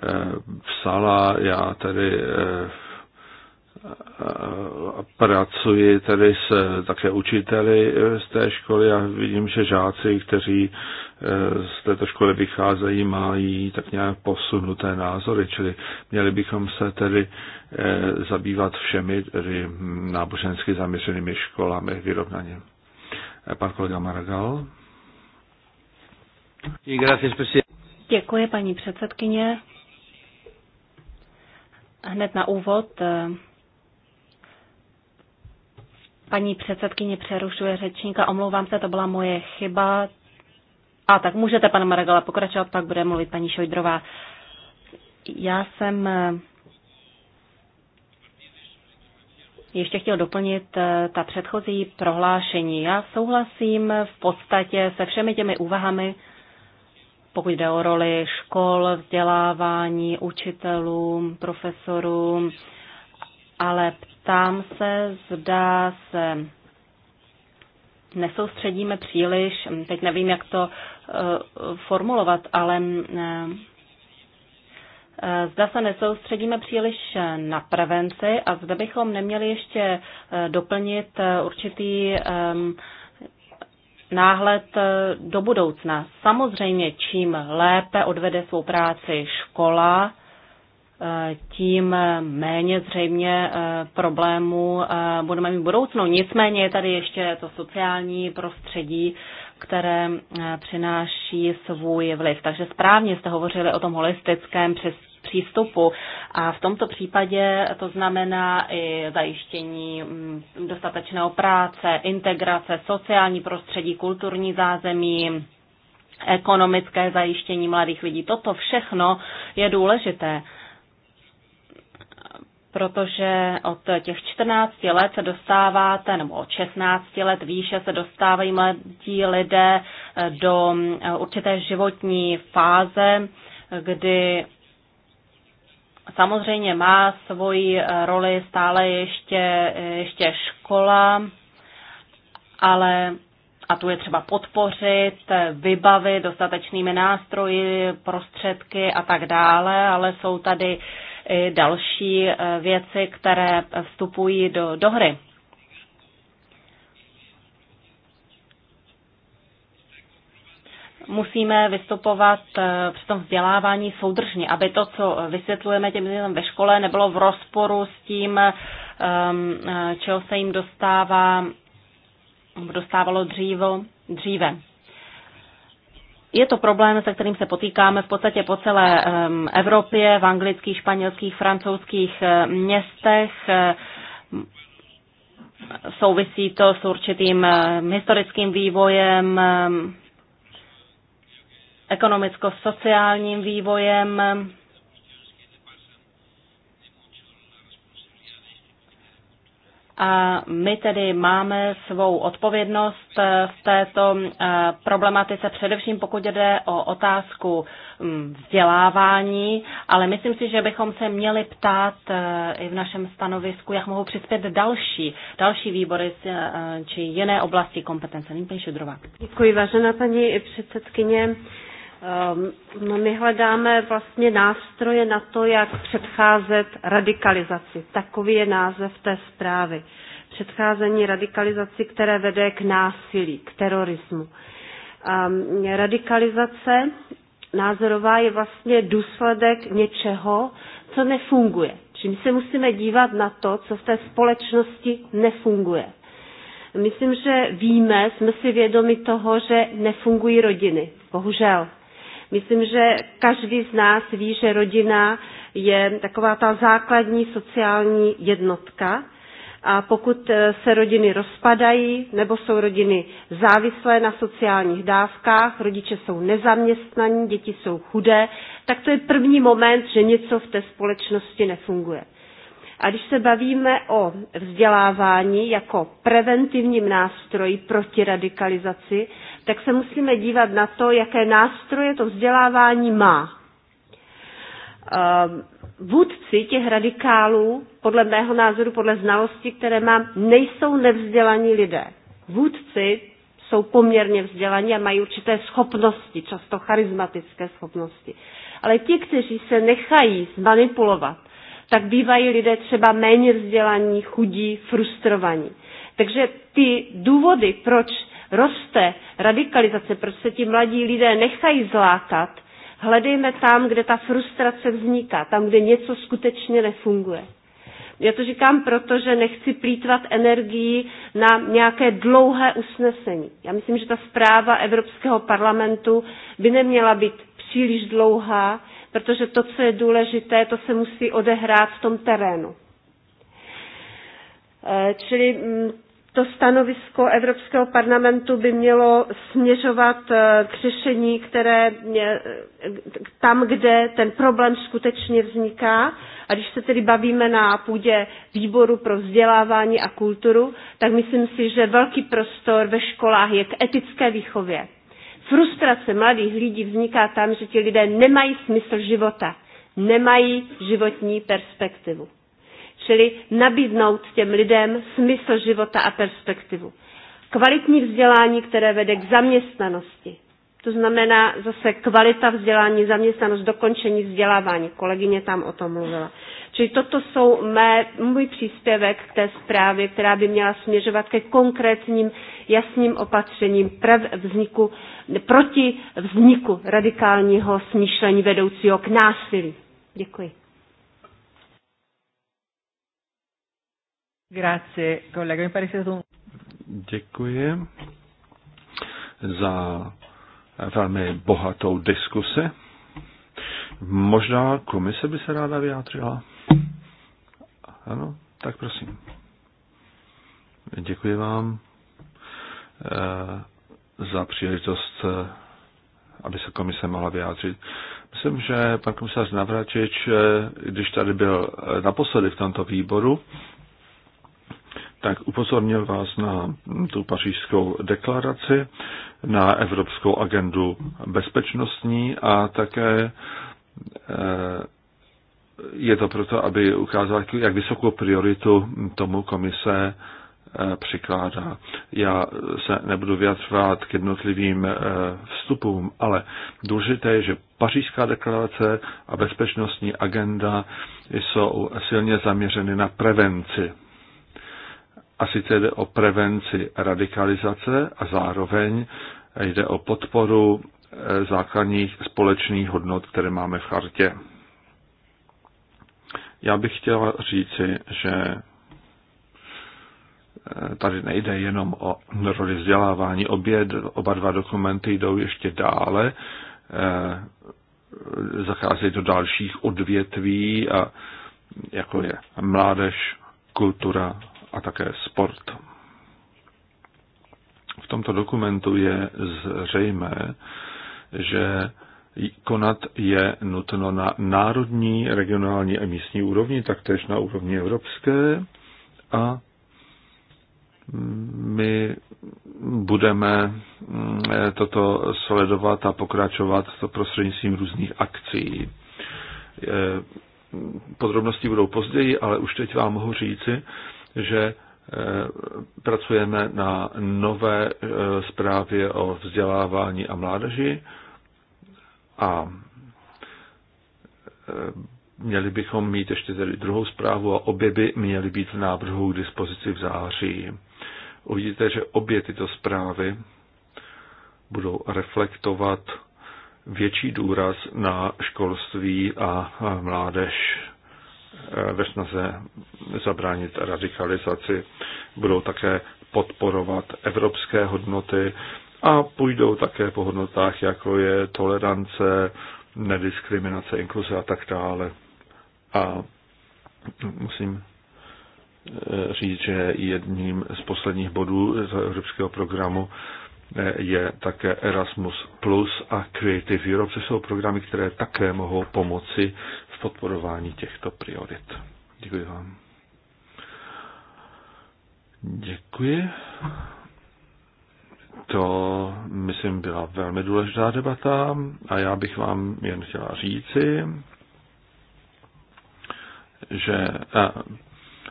Eh, psala, já tady eh, pracuji tady s také učiteli eh, z té školy a vidím, že žáci, kteří z této školy vycházejí, mají tak nějak posunuté názory, čili měli bychom se tedy zabývat všemi tedy nábožensky zaměřenými školami vyrovnaně. Pan kolega Maragal. Děkuji, paní předsedkyně hned na úvod eh, paní předsedkyně přerušuje řečníka. Omlouvám se, to byla moje chyba. A tak můžete, pane Maragala, pokračovat, pak bude mluvit paní Šojdrová. Já jsem eh, ještě chtěl doplnit eh, ta předchozí prohlášení. Já souhlasím v podstatě se všemi těmi úvahami, pokud jde o roli škol, vzdělávání, učitelů, profesorů, ale ptám se, zda se nesoustředíme příliš, teď nevím, jak to eh, formulovat, ale eh, Zda se nesoustředíme příliš na prevenci a zda bychom neměli ještě eh, doplnit určitý náhled eh, do budoucna. Samozřejmě, čím lépe odvede svou práci škola, eh, tím méně zřejmě eh, problémů budeme mít v budoucnu. Nicméně je tady ještě to sociální prostředí, které přináší svůj vliv. Takže správně jste hovořili o tom holistickém přes přístupu. A v tomto případě to znamená i zajištění mm, dostatečného práce, integrace, sociální prostředí, kulturní zázemí, ekonomické zajištění mladých lidí. Toto všechno je důležité protože od těch 14 let se dostáváte, nebo od 16 let výše se dostávají mladí lidé eh, do eh, určité životní fáze, kdy Samozřejmě má svoji eh, roli stále ještě, eh, ještě škola, ale a tu je třeba podpořit, eh, vybavit dostatečnými nástroji, prostředky a tak dále, ale jsou tady i další věci, které vstupují do, do hry. musíme vystupovat eh, při tom vzdělávání soudržně, aby to, co vysvětlujeme těm dětem ve škole, nebylo v rozporu s tím, eh, eh, čeho se jim dostává, dostávalo dřívo, dříve. Je to problém, se kterým se potýkáme v podstatě po celé Evropě, v anglických, španělských, francouzských městech. Souvisí to s určitým historickým vývojem, ekonomicko-sociálním vývojem. A my tedy máme svou odpovědnost v této eh, problematice, především pokud jde o otázku hm, vzdělávání, ale myslím si, že bychom se měli ptát eh, i v našem stanovisku, jak mohou přispět další, další výbory eh, či jiné oblasti kompetence. Nyní paní Šudrova. Děkuji, vážená paní předsedkyně. Ehm, my hledáme vlastně nástroje na to, jak předcházet radikalizaci. Takový je název té zprávy. Předcházení radikalizaci, které vede k násilí, k terorismu. Um, radikalizace názorová je vlastně důsledek něčeho, co nefunguje. Čím se musíme dívat na to, co v té společnosti nefunguje. Myslím, že víme, jsme si vědomi toho, že nefungují rodiny. Bohužel, Myslím, že každý z nás ví, že rodina je taková ta základní sociální jednotka, a pokud eh, se rodiny rozpadají nebo jsou rodiny závislé na sociálních dávkách, rodiče jsou nezaměstnaní, děti jsou chudé, tak to je první moment, že něco v té společnosti nefunguje. A když se bavíme o vzdělávání jako preventivním nástroji proti radikalizaci, tak se musíme dívat na to, jaké nástroje to vzdělávání má. Ehm, vůdci těch radikálů, podle mého názoru, podle znalosti, které mám, nejsou nevzdělaní lidé. Vůdci jsou poměrně vzdělaní a mají určité schopnosti, často charismatické schopnosti. Ale ti, kteří se nechají zmanipulovat, tak bývají lidé třeba méně vzdělaní, chudí, frustrovaní. Takže ty důvody, proč roste radikalizace, proč se ti mladí lidé nechají zlákat, hledejme tam, kde ta frustrace vzniká, tam, kde něco skutečně nefunguje. Já to říkám proto, že nechci plítvat energii na nějaké dlouhé usnesení. Já myslím, že ta zpráva Evropského parlamentu by neměla být příliš dlouhá, protože to, co je důležité, to se musí odehrát v tom terénu. Eh, čili mm, to stanovisko Evropského parlamentu by mělo směřovat eh, k řešení, které eh, tam, kde ten problém skutečně vzniká. A když se tedy bavíme na půdě výboru pro vzdělávání a kulturu, tak myslím si, že velký prostor ve školách je k etické výchově. Frustrace mladých lidí vzniká tam, že ti lidé nemají smysl života, nemají životní perspektivu čili nabídnout těm lidem smysl života a perspektivu. Kvalitní vzdělání, které vede k zaměstnanosti. To znamená zase kvalita vzdělání, zaměstnanost, dokončení vzdělávání. Kolegyně tam o tom mluvila. Čili toto jsou mé, můj příspěvek k té zprávě, která by měla směřovat ke konkrétním jasným opatřením prav vzniku, proti vzniku radikálního smýšlení vedoucího k násilí. Děkuji. Grazie, kolego. Děkuji za velmi bohatou diskusi. Možná komise by se ráda vyjádřila. Ano, tak prosím. Děkuji vám eh, za příležitost, eh, aby se komise mohla vyjádřit. Myslím, že pan komisař Navračič, eh, když tady byl naposledy v tomto výboru, tak upozornil vás na tu pařížskou deklaraci, na evropskou agendu bezpečnostní a také eh, je to proto, aby ukázal, jak vysokou prioritu tomu komise eh, přikládá. Já se nebudu vyjadřovat k jednotlivým eh, vstupům, ale důležité je, že Pařížská deklarace a bezpečnostní agenda jsou silně zaměřeny na prevenci a sice jde o prevenci radikalizace a zároveň jde o podporu eh, základních společných hodnot, které máme v chartě. Já bych chtěla říci, že eh, tady nejde jenom o roli vzdělávání. Obě, oba dva dokumenty jdou ještě dále, eh, zacházejí do dalších odvětví, a jako je mládež, kultura, a také sport. V tomto dokumentu je zřejmé, že konat je nutno na národní, regionální a místní úrovni, taktéž na úrovni evropské a my budeme mm, toto sledovat a pokračovat to prostřednictvím různých akcí. Mm, podrobnosti budou později, ale už teď vám mohu říci, že eh, pracujeme na nové eh, zprávě o vzdělávání a mládeži a eh, měli bychom mít ještě tedy druhou zprávu a obě by měly být v návrhu k dispozici v září. Uvidíte, že obě tyto zprávy budou reflektovat větší důraz na školství a mládež Eh, ve snaze zabránit radikalizaci. Budou také podporovat evropské hodnoty a půjdou také po hodnotách, jako je tolerance, nediskriminace, inkluze a tak dále. A musím eh, říct, že jedním z posledních bodů z evropského programu eh, je také Erasmus Plus a Creative Europe, což jsou programy, které také mohou pomoci podporování těchto priorit. Děkuji vám. Děkuji. To, myslím, byla velmi důležitá debata a já bych vám jen chtěla říci, že a,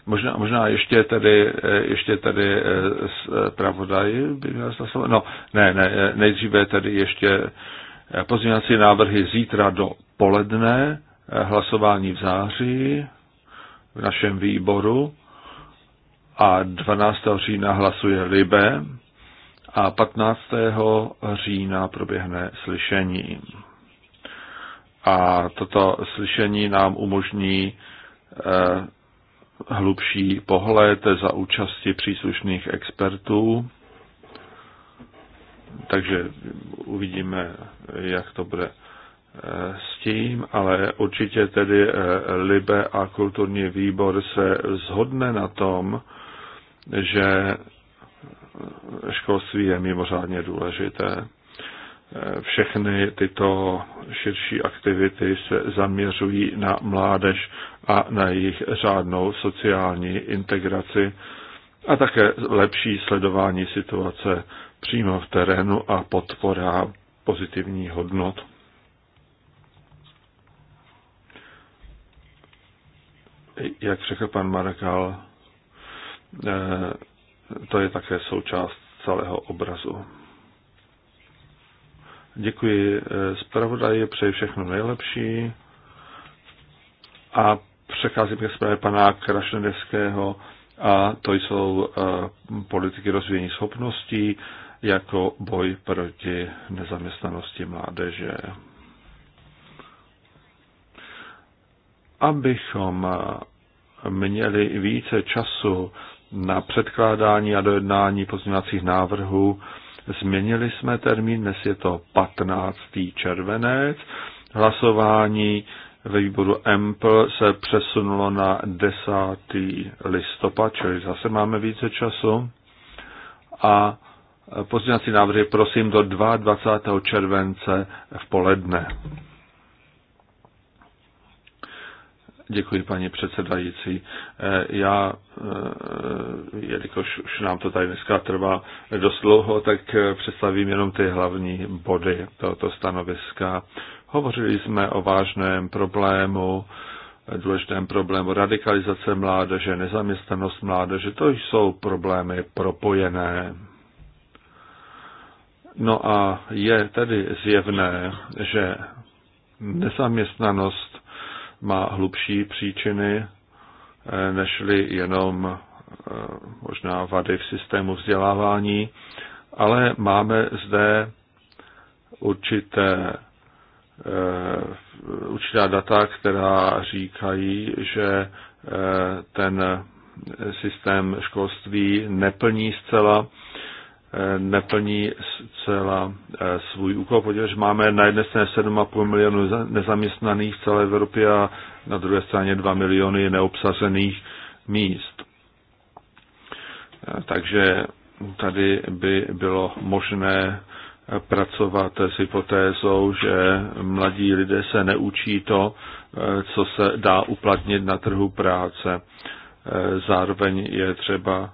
možná, možná ještě tady, ještě tady eh, eh, pravodají by měl slovo. No, ne, ne, eh, nejdříve tady ještě pozměňovací návrhy zítra do poledne hlasování v září v našem výboru a 12. října hlasuje Libe a 15. října proběhne slyšení. A toto slyšení nám umožní eh, hlubší pohled za účasti příslušných expertů. Takže uvidíme, jak to bude s tím, ale určitě tedy eh, Libe a kulturní výbor se zhodne na tom, že školství je mimořádně důležité. Eh, všechny tyto širší aktivity se zaměřují na mládež a na jejich řádnou sociální integraci a také lepší sledování situace přímo v terénu a podpora pozitivních hodnot. jak řekl pan Marekal, eh, to je také součást celého obrazu. Děkuji eh, zpravodaji, přeji všechno nejlepší a přecházím ke zprávě pana Krašnedeského a to jsou eh, politiky rozvíjení schopností jako boj proti nezaměstnanosti mládeže. Abychom měli více času na předkládání a dojednání pozměňovacích návrhů, změnili jsme termín, dnes je to 15. červenec. Hlasování ve výboru EMPL se přesunulo na 10. listopad, čili zase máme více času. A pozměňovací návrhy prosím do 22. července v poledne. Děkuji, paní předsedající. Eh, já, eh, jelikož už nám to tady dneska trvá dost dlouho, tak eh, představím jenom ty hlavní body tohoto stanoviska. Hovořili jsme o vážném problému, důležitém problému radikalizace mládeže, nezaměstnanost mládeže. To jsou problémy propojené. No a je tedy zjevné, že nezaměstnanost má hlubší příčiny, eh, nežli jenom eh, možná vady v systému vzdělávání, ale máme zde určité, eh, určitá data, která říkají, že ten systém školství neplní zcela neplní zcela eh, svůj úkol, protože máme na jedné straně 7,5 milionu nezaměstnaných v celé Evropě a na druhé straně 2 miliony neobsazených míst. Eh, takže tady by bylo možné eh, pracovat s hypotézou, že mladí lidé se neučí to, co se dá uplatnit na trhu práce. Zároveň je třeba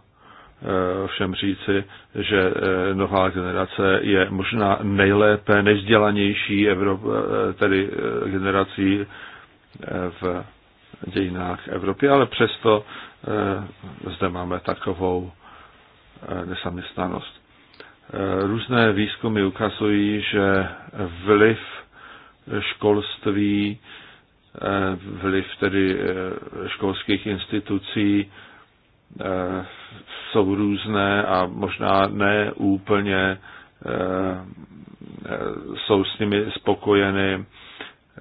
všem říci, že eh, nová generace je možná nejlépe, nejvzdělanější Evrop, eh, tedy eh, generací v dějinách Evropy, ale přesto zde máme takovou nesaměstnanost. Různé výzkumy ukazují, že vliv školství, vliv tedy školských institucí Eh, jsou různé a možná ne úplně eh, eh, jsou s nimi spokojeny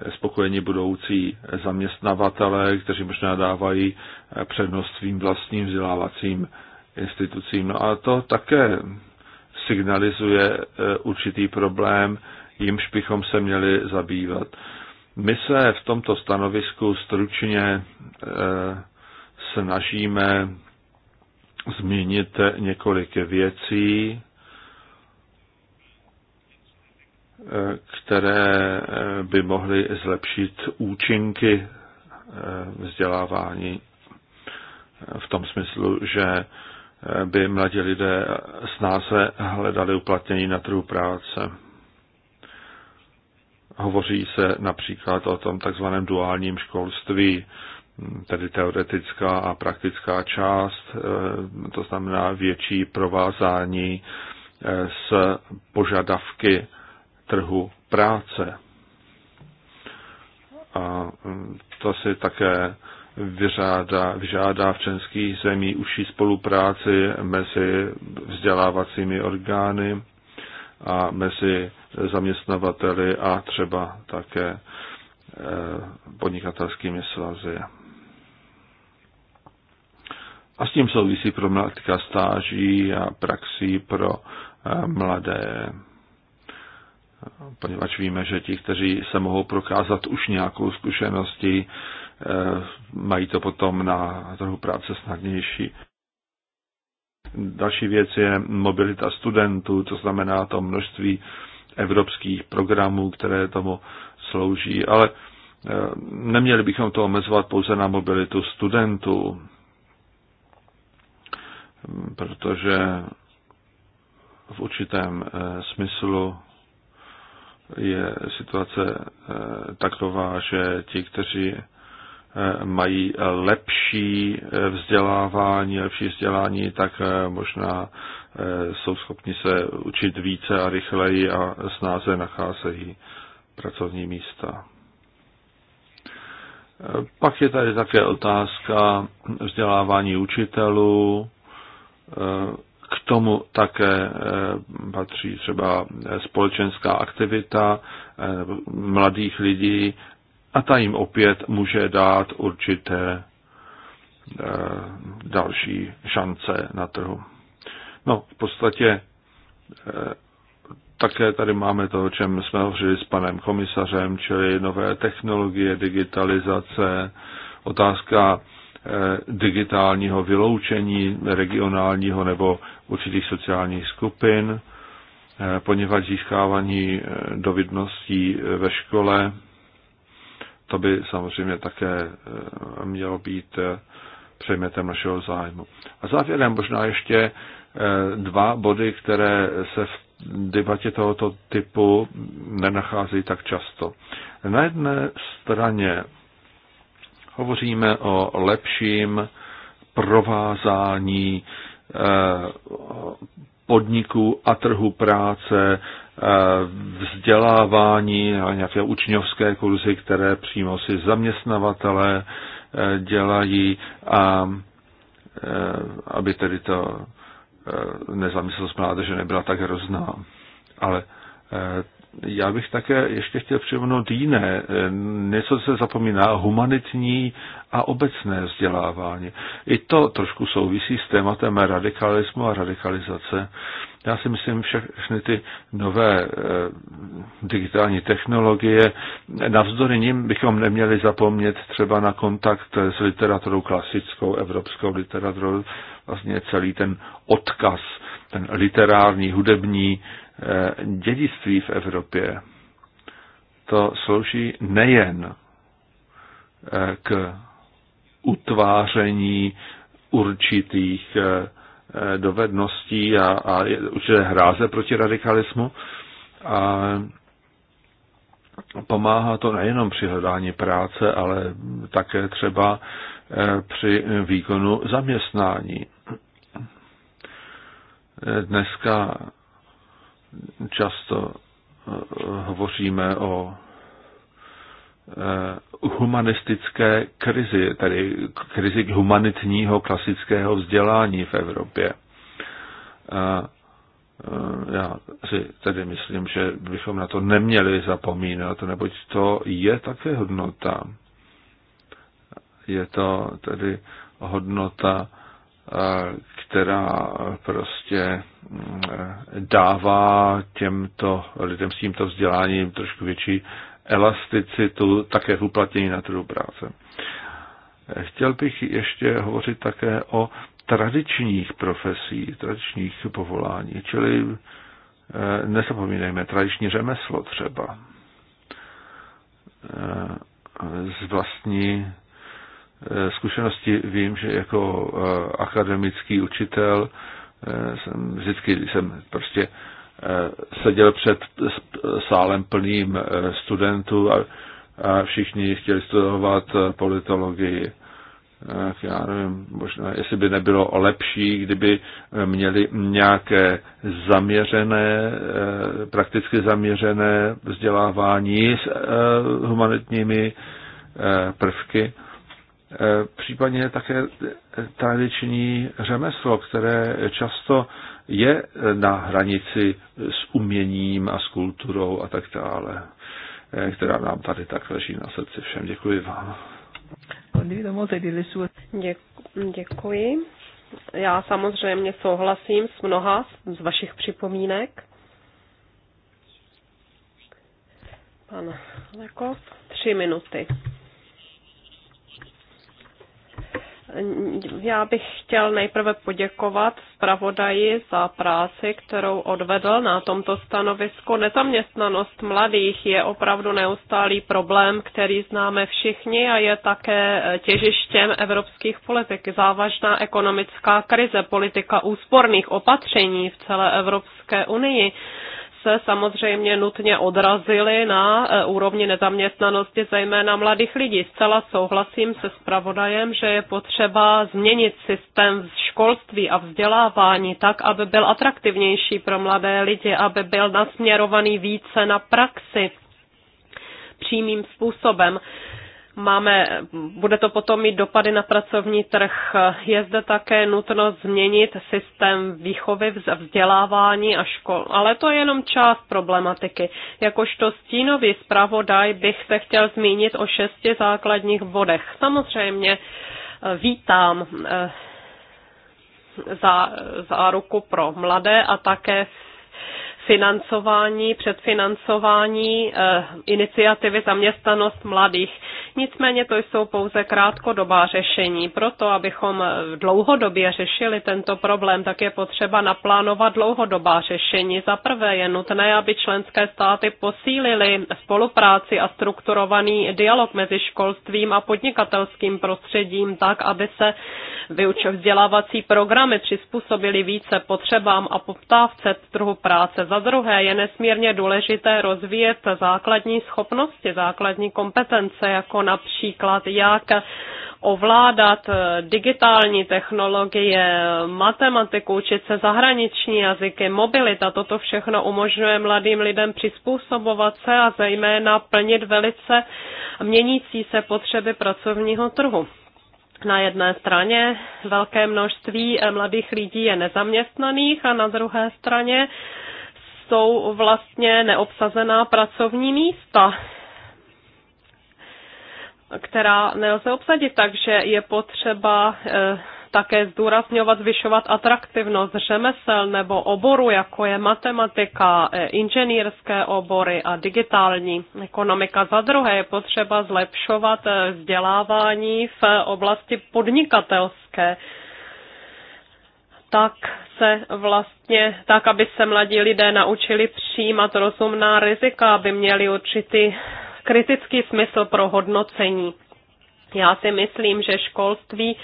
spokojení budoucí zaměstnavatele, kteří možná dávají přednost svým vlastním vzdělávacím institucím. No a to také signalizuje určitý problém, jimž bychom se měli zabývat. My se v tomto stanovisku stručně snažíme zmínit několik věcí, které by mohly zlepšit účinky eh, vzdělávání v tom smyslu, že eh, by mladí lidé snáze hledali uplatnění na trhu práce. Hovoří se například o tom takzvaném duálním školství, tedy teoretická a praktická část, eh, to znamená větší provázání eh, s požadavky trhu práce. A mm, to si také vyřádá, vyžádá v členských zemí užší spolupráci mezi vzdělávacími orgány a mezi zaměstnavateli a třeba také eh, podnikatelskými svazy. A s tím souvisí problematika stáží a praxí pro eh, mladé. Poněvadž víme, že ti, kteří se mohou prokázat už nějakou zkušeností, eh, mají to potom na trhu práce snadnější. Další věc je mobilita studentů, to znamená to množství evropských programů, které tomu slouží, ale eh, neměli bychom to omezovat pouze na mobilitu studentů protože v určitém eh, smyslu je situace eh, taková, že ti, kteří eh, mají lepší vzdělávání, lepší vzdělání, tak možná jsou schopni se učit více a rychleji a snáze nacházejí pracovní místa. Pak je tady také otázka vzdělávání učitelů, k tomu také eh, patří třeba společenská aktivita eh, mladých lidí a ta jim opět může dát určité eh, další šance na trhu. No, v podstatě také tady máme to, o čem jsme hovořili s panem komisařem, čili nové technologie, digitalizace, otázka Eh, digitálního vyloučení regionálního nebo určitých sociálních skupin, eh, poněvadž získávání eh, dovedností ve škole, to by samozřejmě také mělo být předmětem našeho zájmu. A závěrem možná ještě dva body, které se v debatě tohoto typu nenacházejí tak často. Na jedné straně Hovoříme o lepším provázání eh, podniků a trhu práce, eh, vzdělávání a nějaké učňovské kurzy, které přímo si zaměstnavatele eh, dělají a aby tedy to nezamyslost mládeže nebyla tak hrozná. Ale já bych také ještě chtěl připomenout jiné, eh, něco se zapomíná, humanitní a obecné vzdělávání. I to trošku souvisí s tématem radikalismu a radikalizace. Já si myslím, všechny ty nové eh, digitální technologie, navzdory nim bychom neměli zapomnět třeba na kontakt s literaturou klasickou, evropskou literaturou, vlastně celý ten odkaz, ten literární, hudební, Eh, dědictví v Evropě, to slouží nejen eh, k utváření určitých eh, dovedností a, a určité hráze proti radikalismu. A pomáhá to nejenom při hledání práce, ale také třeba při výkonu zaměstnání. Dneska často eh, hovoříme o eh, humanistické krizi, tedy krizi humanitního klasického vzdělání v Evropě. A eh, já si tedy myslím, že bychom na to neměli zapomínat, neboť to je také hodnota. Je to tedy hodnota, která prostě dává těmto lidem s tímto vzděláním trošku větší elasticitu také v uplatnění na trhu práce. Chtěl bych ještě hovořit také o tradičních profesí, tradičních povolání, čili eh, nezapomínejme, tradiční řemeslo třeba eh, z vlastní eh, zkušenosti vím, že jako akademický učitel Eh, jsem, vždycky jsem prostě eh, seděl před sálem plným eh, studentů a, a všichni chtěli studovat politologii. Já nevím, možná, jestli by nebylo lepší, kdyby měli nějaké zaměřené, prakticky zaměřené vzdělávání s humanitními prvky případně také tradiční řemeslo, které často je na hranici s uměním a s kulturou a tak dále, eh, která nám tady tak leží na srdci všem. Děkuji vám. Děkuji. Já samozřejmě souhlasím s mnoha z vašich připomínek. Pan Lekov, tři minuty. Já bych chtěl nejprve poděkovat zpravodaji za práci, kterou odvedl na tomto stanovisku. Nezaměstnanost mladých je opravdu neustálý problém, který známe všichni a je také těžištěm evropských politik. Závažná ekonomická krize, politika úsporných opatření v celé Evropské unii se samozřejmě nutně odrazily na eh, úrovni nezaměstnanosti, zejména mladých lidí. Zcela souhlasím se spravodajem, že je potřeba změnit systém školství a vzdělávání tak, aby byl atraktivnější pro mladé lidi, aby byl nasměrovaný více na praxi přímým způsobem. Máme, bude to potom mít dopady na pracovní trh. Je zde také nutno změnit systém výchovy, vzdělávání a škol. Ale to je jenom část problematiky. Jakožto stínový zpravodaj bych se chtěl zmínit o šesti základních bodech. Samozřejmě eh, vítám eh, za záruku pro mladé a také financování, předfinancování eh, iniciativy zaměstnanost mladých. Nicméně to jsou pouze krátkodobá řešení. Proto, abychom eh, dlouhodobě řešili tento problém, tak je potřeba naplánovat dlouhodobá řešení. Za prvé je nutné, aby členské státy posílily spolupráci a strukturovaný dialog mezi školstvím a podnikatelským prostředím tak, aby se vzdělávací programy přizpůsobily více potřebám a poptávce trhu práce. Za druhé je nesmírně důležité rozvíjet základní schopnosti, základní kompetence, jako například jak ovládat digitální technologie, matematiku, učit se zahraniční jazyky, mobilita. Toto všechno umožňuje mladým lidem přizpůsobovat se a zejména plnit velice měnící se potřeby pracovního trhu. Na jedné straně velké množství mladých lidí je nezaměstnaných a na druhé straně jsou vlastně neobsazená pracovní místa která nelze obsadit, takže je potřeba eh, také zdůrazňovat, zvyšovat atraktivnost řemesel nebo oboru, jako je matematika, eh, inženýrské obory a digitální ekonomika. Za druhé je potřeba zlepšovat eh, vzdělávání v oblasti podnikatelské tak se vlastně, tak aby se mladí lidé naučili přijímat rozumná rizika, aby měli určitý kritický smysl pro hodnocení. Já si myslím, že školství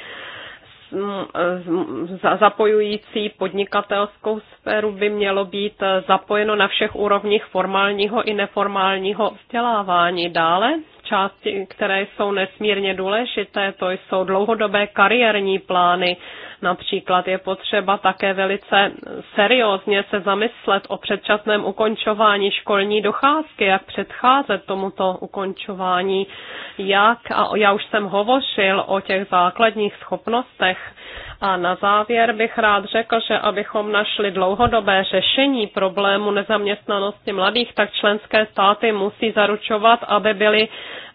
zapojující podnikatelskou sféru by mělo být zapojeno na všech úrovních formálního i neformálního vzdělávání. Dále části, které jsou nesmírně důležité, to jsou dlouhodobé kariérní plány. Například je potřeba také velice seriózně se zamyslet o předčasném ukončování školní docházky, jak předcházet tomuto ukončování, jak, a já už jsem hovořil o těch základních schopnostech, a na závěr bych rád řekl, že abychom našli dlouhodobé řešení problému nezaměstnanosti mladých, tak členské státy musí zaručovat, aby byly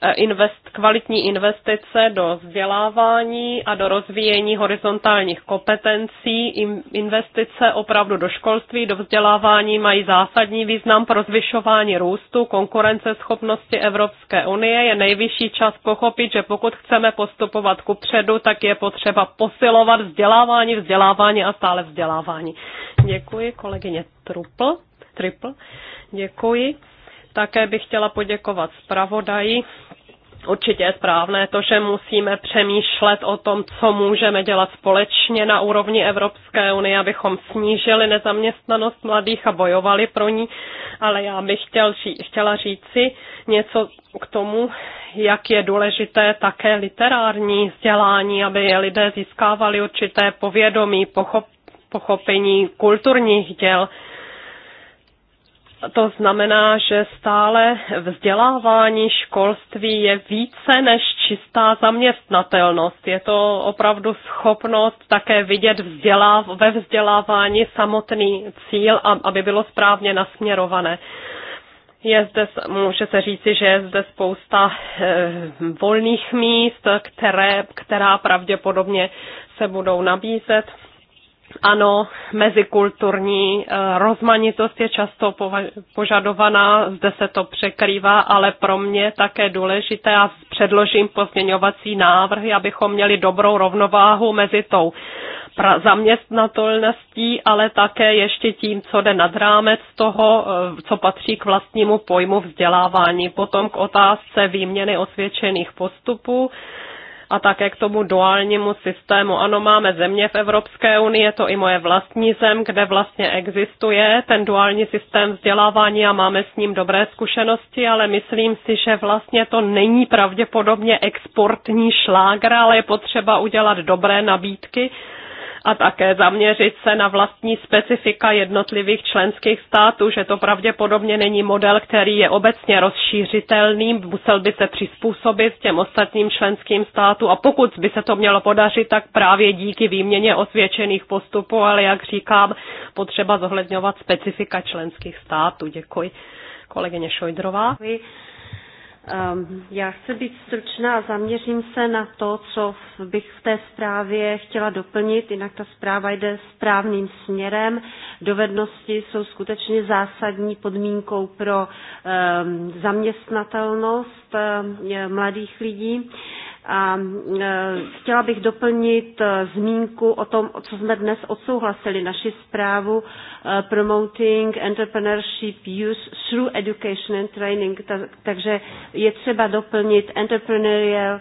eh, invest, kvalitní investice do vzdělávání a do rozvíjení horizontálních kompetencí. Investice opravdu do školství, do vzdělávání mají zásadní význam pro zvyšování růstu, konkurenceschopnosti Evropské unie. Je nejvyšší čas pochopit, že pokud chceme postupovat ku předu, tak je potřeba posilovat podporovat vzdělávání, vzdělávání a stále vzdělávání. Děkuji kolegyně Trupl, Triple. Děkuji. Také bych chtěla poděkovat zpravodaji Určitě je správné to, že musíme přemýšlet o tom, co můžeme dělat společně na úrovni Evropské unie, abychom snížili nezaměstnanost mladých a bojovali pro ní, ale já bych chtěl, chtěla říci něco k tomu, jak je důležité také literární vzdělání, aby lidé získávali určité povědomí, pochop, pochopení kulturních děl to znamená, že stále vzdělávání školství je více než čistá zaměstnatelnost. Je to opravdu schopnost také vidět vzděláv, ve vzdělávání samotný cíl, aby bylo správně nasměrované. Je zde, může se říci, že je zde spousta e, volných míst, které, která pravděpodobně se budou nabízet ano, mezikulturní eh, rozmanitost je často požadovaná, zde se to překrývá, ale pro mě také důležité a předložím pozměňovací návrhy, abychom měli dobrou rovnováhu mezi tou zaměstnatelností, ale také ještě tím, co jde nad rámec toho, eh, co patří k vlastnímu pojmu vzdělávání. Potom k otázce výměny osvědčených postupů a také k tomu duálnímu systému. Ano, máme země v Evropské unii, je to i moje vlastní zem, kde vlastně existuje ten duální systém vzdělávání a máme s ním dobré zkušenosti, ale myslím si, že vlastně to není pravděpodobně exportní šlágr, ale je potřeba udělat dobré nabídky a také zaměřit se na vlastní specifika jednotlivých členských států, že to pravděpodobně není model, který je obecně rozšířitelný, musel by se přizpůsobit těm ostatním členským státům a pokud by se to mělo podařit, tak právě díky výměně osvědčených postupů, ale jak říkám, potřeba zohledňovat specifika členských států. Děkuji. Kolegyně Šojdrová. Děkuji. Ehm, já chci být stručná a zaměřím se na to, co bych v té zprávě chtěla doplnit, jinak ta zpráva jde správným směrem. Dovednosti jsou skutečně zásadní podmínkou pro ehm, zaměstnatelnost ehm, mladých lidí. A e, chtěla bych doplnit e, zmínku o tom, co jsme dnes odsouhlasili, naši zprávu e, Promoting Entrepreneurship Use Through Education and Training. Takže je třeba doplnit Entrepreneurial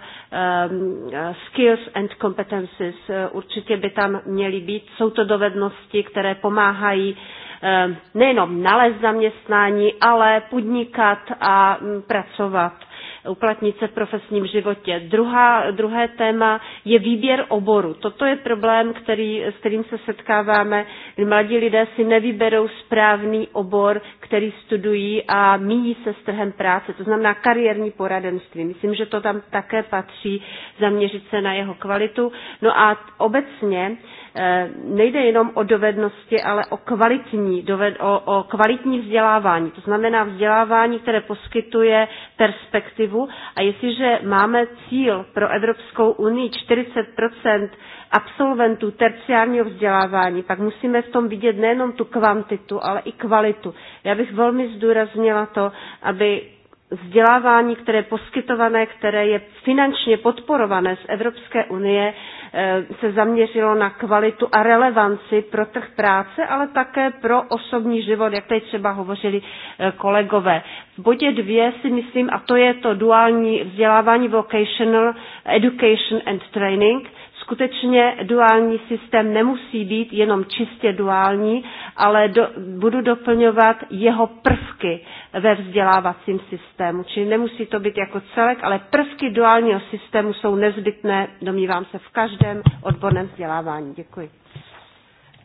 Skills and Competences. Určitě by tam měly být. Jsou to dovednosti, které pomáhají nejenom nalézt zaměstnání, ale podnikat a pracovat uplatnit se v profesním životě. Druhá, druhé téma je výběr oboru. Toto je problém, který, s kterým se setkáváme, kdy mladí lidé si nevyberou správný obor, který studují a míjí se s trhem práce, to znamená kariérní poradenství. Myslím, že to tam také patří, zaměřit se na jeho kvalitu. No a obecně Eh, nejde jenom o dovednosti, ale o kvalitní, doved, o, o kvalitní vzdělávání. To znamená vzdělávání, které poskytuje perspektivu. A jestliže máme cíl pro Evropskou unii 40 absolventů terciárního vzdělávání, pak musíme v tom vidět nejenom tu kvantitu, ale i kvalitu. Já bych velmi zdůraznila to, aby vzdělávání, které je poskytované, které je finančně podporované z Evropské unie, Eh, se zaměřilo na kvalitu a relevanci pro trh práce, ale také pro osobní život, jak tady třeba hovořili eh, kolegové. V bodě dvě si myslím, a to je to duální vzdělávání vocational education and training, skutečně duální systém nemusí být jenom čistě duální, ale do, budu doplňovat jeho prvky ve vzdělávacím systému. Čili nemusí to být jako celek, ale prvky duálního systému jsou nezbytné, domnívám se, v každém odborném vzdělávání. Děkuji.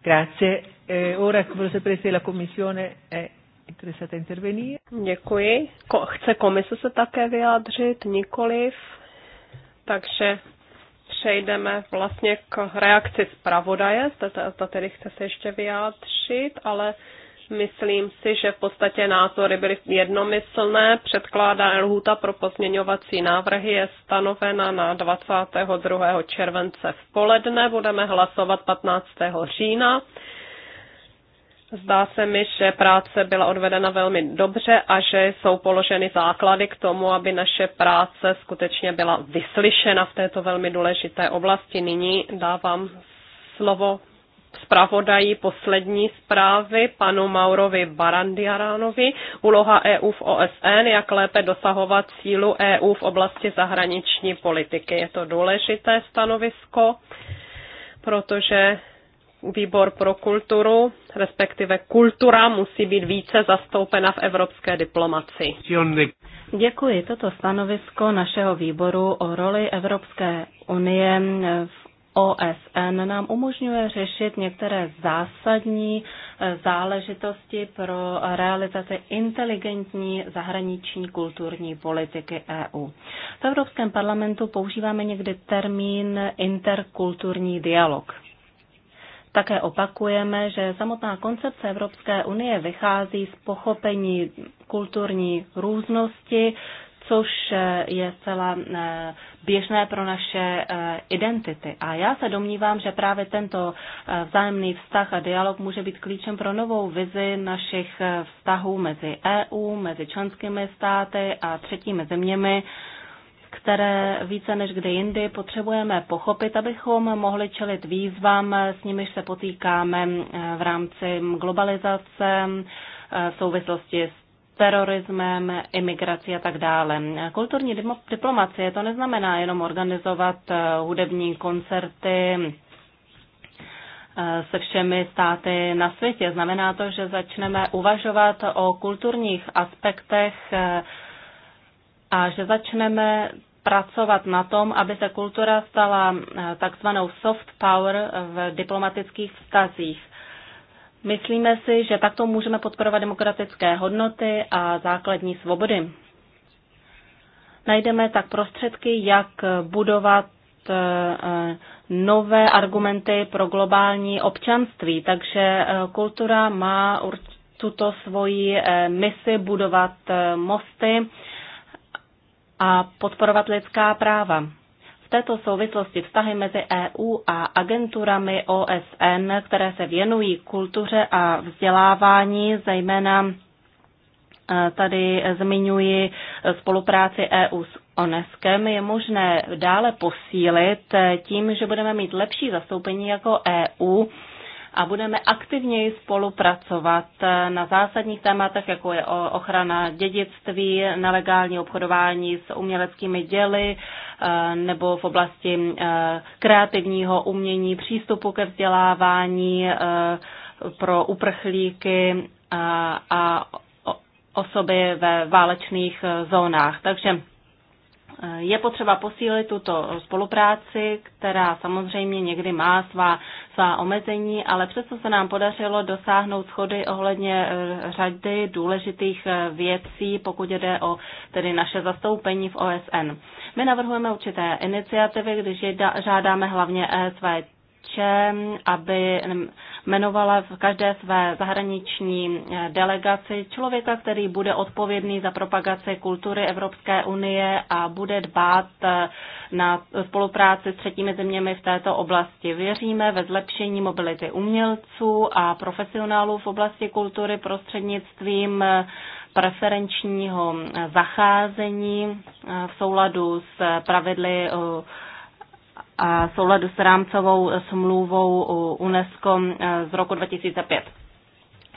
Grazie. Eh, ora, come lo saprete, la Commissione è interessata a intervenire. Děkuji. Ko- chce komise se také vyjádřit? Nikoliv. Takže přejdeme vlastně k reakci zpravodaje, zda tedy chce se ještě vyjádřit, ale myslím si, že v podstatě názory byly jednomyslné. Předkládá lhůta pro pozměňovací návrhy je stanovena na 22. července v poledne, budeme hlasovat 15. října Zdá se mi, že práce byla odvedena velmi dobře a že jsou položeny základy k tomu, aby naše práce skutečně byla vyslyšena v této velmi důležité oblasti. Nyní dávám slovo zpravodají poslední zprávy panu Maurovi Barandiaránovi. Úloha EU v OSN, jak lépe dosahovat cílu EU v oblasti zahraniční politiky. Je to důležité stanovisko, protože výbor pro kulturu, respektive kultura musí být více zastoupena v evropské diplomaci. Děkuji. Toto stanovisko našeho výboru o roli Evropské unie v OSN nám umožňuje řešit některé zásadní eh, záležitosti pro realizaci inteligentní zahraniční kulturní politiky EU. V Evropském parlamentu používáme někdy termín interkulturní dialog. Také opakujeme, že samotná koncepce Evropské unie vychází z pochopení kulturní různosti, což eh, je zcela eh, běžné pro naše eh, identity. A já se domnívám, že právě tento vzájemný vztah a dialog může být klíčem pro novou vizi našich vztahů mezi EU, mezi členskými státy a třetími zeměmi, které více než kdy jindy potřebujeme pochopit, abychom mohli čelit výzvám, s nimiž se potýkáme eh, v rámci globalizace, eh, v souvislosti s terorismem, imigrací a tak dále. Kulturní diplomacie to neznamená jenom organizovat eh, hudební koncerty se všemi státy na světě. Znamená to, že začneme uvažovat o kulturních aspektech a že začneme pracovat na tom, aby se kultura stala eh, takzvanou soft power v diplomatických vztazích. Myslíme si, že takto můžeme podporovat demokratické hodnoty a základní svobody. Najdeme tak prostředky, jak budovat eh, eh, nové argumenty pro globální občanství, takže kultura má tuto svoji misi budovat mosty a podporovat lidská práva. V této souvislosti vztahy mezi EU a agenturami OSN, které se věnují kultuře a vzdělávání, zejména eh, tady zmiňuji spolupráci EU s ONESKem, je možné dále posílit eh, tím, že budeme mít lepší zastoupení jako EU a budeme aktivněji spolupracovat na zásadních tématech, jako je ochrana dědictví, nelegální obchodování s uměleckými děly eh, nebo v oblasti eh, kreativního umění, přístupu ke vzdělávání eh, pro uprchlíky a osoby ve válečných zónách. Takže je potřeba posílit tuto spolupráci, která samozřejmě někdy má svá, svá omezení, ale přesto se nám podařilo dosáhnout schody ohledně eh, řady důležitých eh, věcí, pokud jde o tedy naše zastoupení v OSN. My navrhujeme určité iniciativy, když žádáme hlavně ESVČ, aby jmenovala v každé své zahraniční eh, delegaci člověka, který bude odpovědný za propagaci kultury Evropské unie a bude dbát eh, na spolupráci s třetími zeměmi v této oblasti. Věříme ve zlepšení mobility umělců a profesionálů v oblasti kultury prostřednictvím eh, preferenčního zacházení v souladu s pravidly souladu s rámcovou smlouvou UNESCO eh, z roku 2005.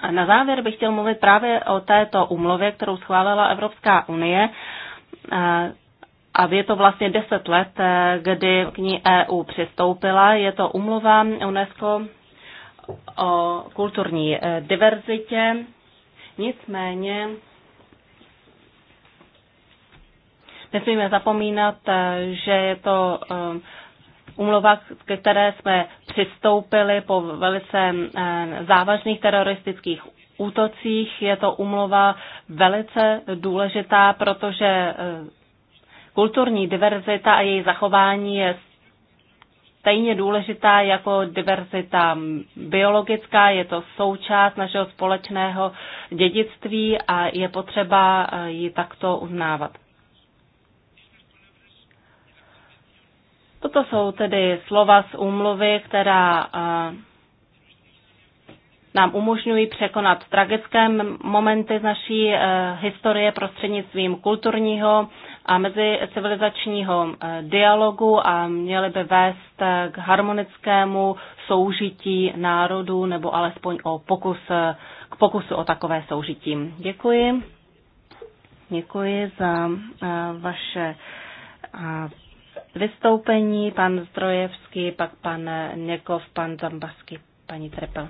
A na závěr bych chtěl mluvit právě o této umluvě, kterou schválila Evropská unie. Eh, a je to vlastně 10 let, eh, kdy k ní EU přistoupila. Je to umluva UNESCO o kulturní diverzitě. Nicméně nesmíme zapomínat, že je to umluvách, ke které jsme přistoupili po velice eh, závažných teroristických útocích. Je to umlova velice důležitá, protože eh, kulturní diverzita a její zachování je stejně důležitá jako diverzita biologická, je to součást našeho společného dědictví a je potřeba eh, ji takto uznávat. Toto jsou tedy slova z úmluvy, která eh, nám umožňují překonat tragické momenty z naší eh, historie prostřednictvím kulturního a mezicivilizačního eh, dialogu a měly by vést k harmonickému soužití národů nebo alespoň o pokus, k pokusu o takové soužití. Děkuji. Děkuji za vaše vystoupení, pan Zdrojevský, pak pan Někov, pan Zambasky, paní Trepel.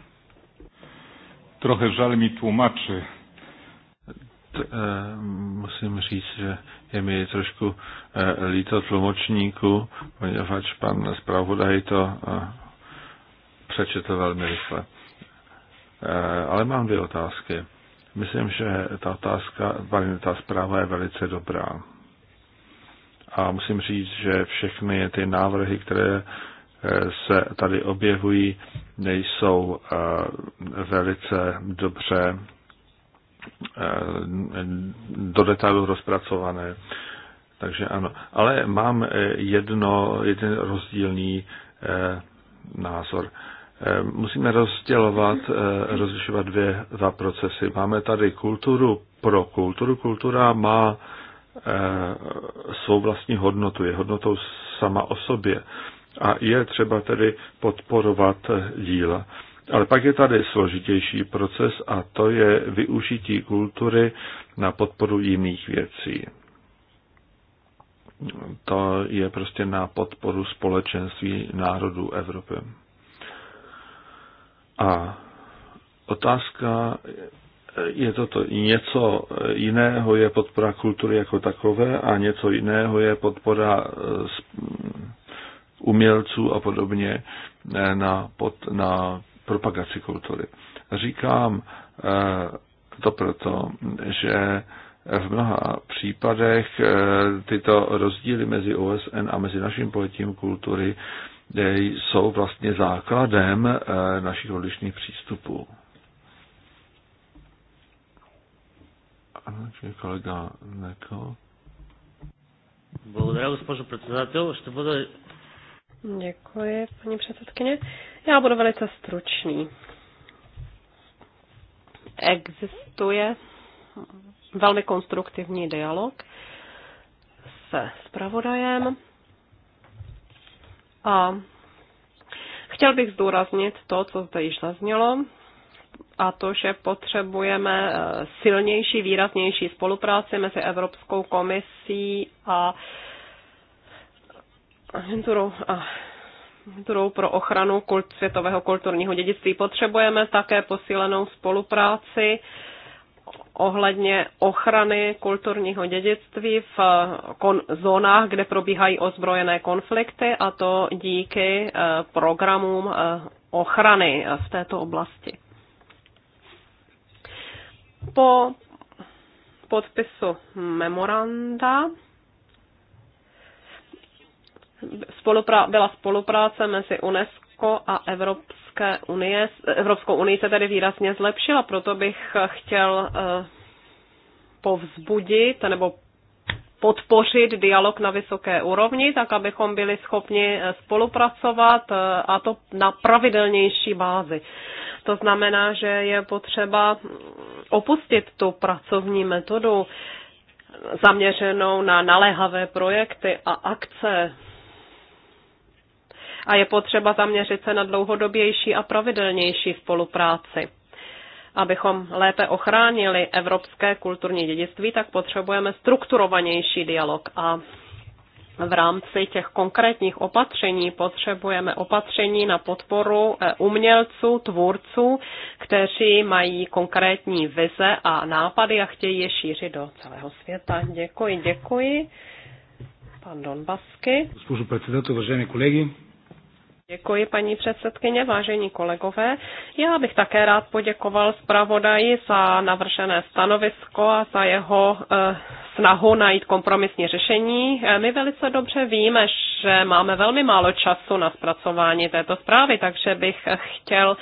Trochu žal mi tlumači. Eh, musím říct, že je mi trošku eh, líto tlumočníku, poněvadž pan zpravodaj to eh, přečetl velmi rychle. Ale mám dvě otázky. Myslím, že ta otázka, ta zpráva je velice dobrá a musím říct, že všechny ty návrhy, které eh, se tady objevují, nejsou eh, velice dobře eh, do detailu rozpracované. Takže ano. Ale mám jedno, jeden rozdílný názor. Musíme rozdělovat, rozlišovat dvě, dva procesy. Máme tady kulturu pro kulturu. Kultura má Eh, svou vlastní hodnotu, je hodnotou sama o sobě. A je třeba tedy podporovat díla. Ale pak je tady složitější proces a to je využití kultury na podporu jiných věcí. To je prostě na podporu společenství národů Evropy. A otázka je to, to něco jiného je podpora kultury jako takové a něco jiného je podpora eh, umělců a podobně eh, na, pod, na propagaci kultury. Říkám eh, to proto, že v mnoha případech tyto rozdíly mezi OSN a mezi naším pojetím kultury jsou vlastně základem našich odlišných přístupů. Ano, či kolega Neko. Благодаря, госпожо председател. Ще бъда... Děkuji, paní předsedkyně. Já budu velice stručný. Existuje velmi konstruktivní dialog se spravodajem a chtěl bych zdůraznit to, co zde již zaznělo, a to, že potřebujeme eh, silnější, výraznější spolupráci mezi Evropskou komisí a agenturou, a pro ochranu kult, světového kulturního dědictví. Potřebujeme také posílenou spolupráci ohledně ochrany kulturního dědictví v eh, kon- zónách, kde probíhají ozbrojené konflikty, a to díky eh, programům ochrany v této oblasti. Po podpisu memoranda byla spolupráce mezi UNESCO a Evropské unie. Evropskou unii se tedy výrazně zlepšila, proto bych chtěl eh, povzbudit nebo podpořit dialog na vysoké úrovni, tak abychom byli schopni eh, spolupracovat eh, a to na pravidelnější bázi. To znamená, že je potřeba opustit tu pracovní metodu zaměřenou na naléhavé projekty a akce. A je potřeba zaměřit se na dlouhodobější a pravidelnější spolupráci. Abychom lépe ochránili evropské kulturní dědictví, tak potřebujeme strukturovanější dialog a v rámci těch konkrétních opatření potřebujeme opatření na podporu eh, umělců, tvůrců, kteří mají konkrétní vize a nápady a chtějí je šířit do celého světa. Děkuji, děkuji. Pan Donbasky. Spůžu předsedatel, vážení kolegy. Děkuji, paní předsedkyně, vážení kolegové. Já bych také rád poděkoval zpravodaji za navržené stanovisko a za jeho eh, snahu najít kompromisní řešení. Eh, my velice dobře víme, že máme velmi málo času na zpracování této zprávy, takže bych eh, chtěl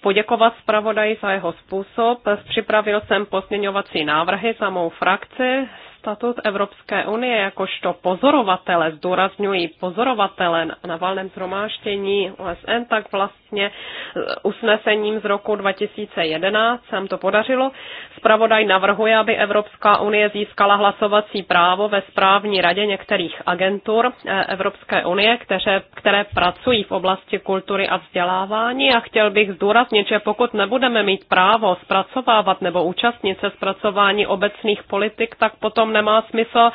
poděkovat zpravodaji za jeho způsob. Připravil jsem pozměňovací návrhy za mou frakci statut Evropské unie jakožto pozorovatele, zdůrazňují pozorovatele na valném zhromáštění OSN, tak vlastně usnesením z roku 2011 se to podařilo. Spravodaj navrhuje, aby Evropská unie získala hlasovací právo ve správní radě některých agentur eh, Evropské unie, které, které pracují v oblasti kultury a vzdělávání a chtěl bych zdůraznit, že pokud nebudeme mít právo zpracovávat nebo účastnit se zpracování obecných politik, tak potom potom nemá smysl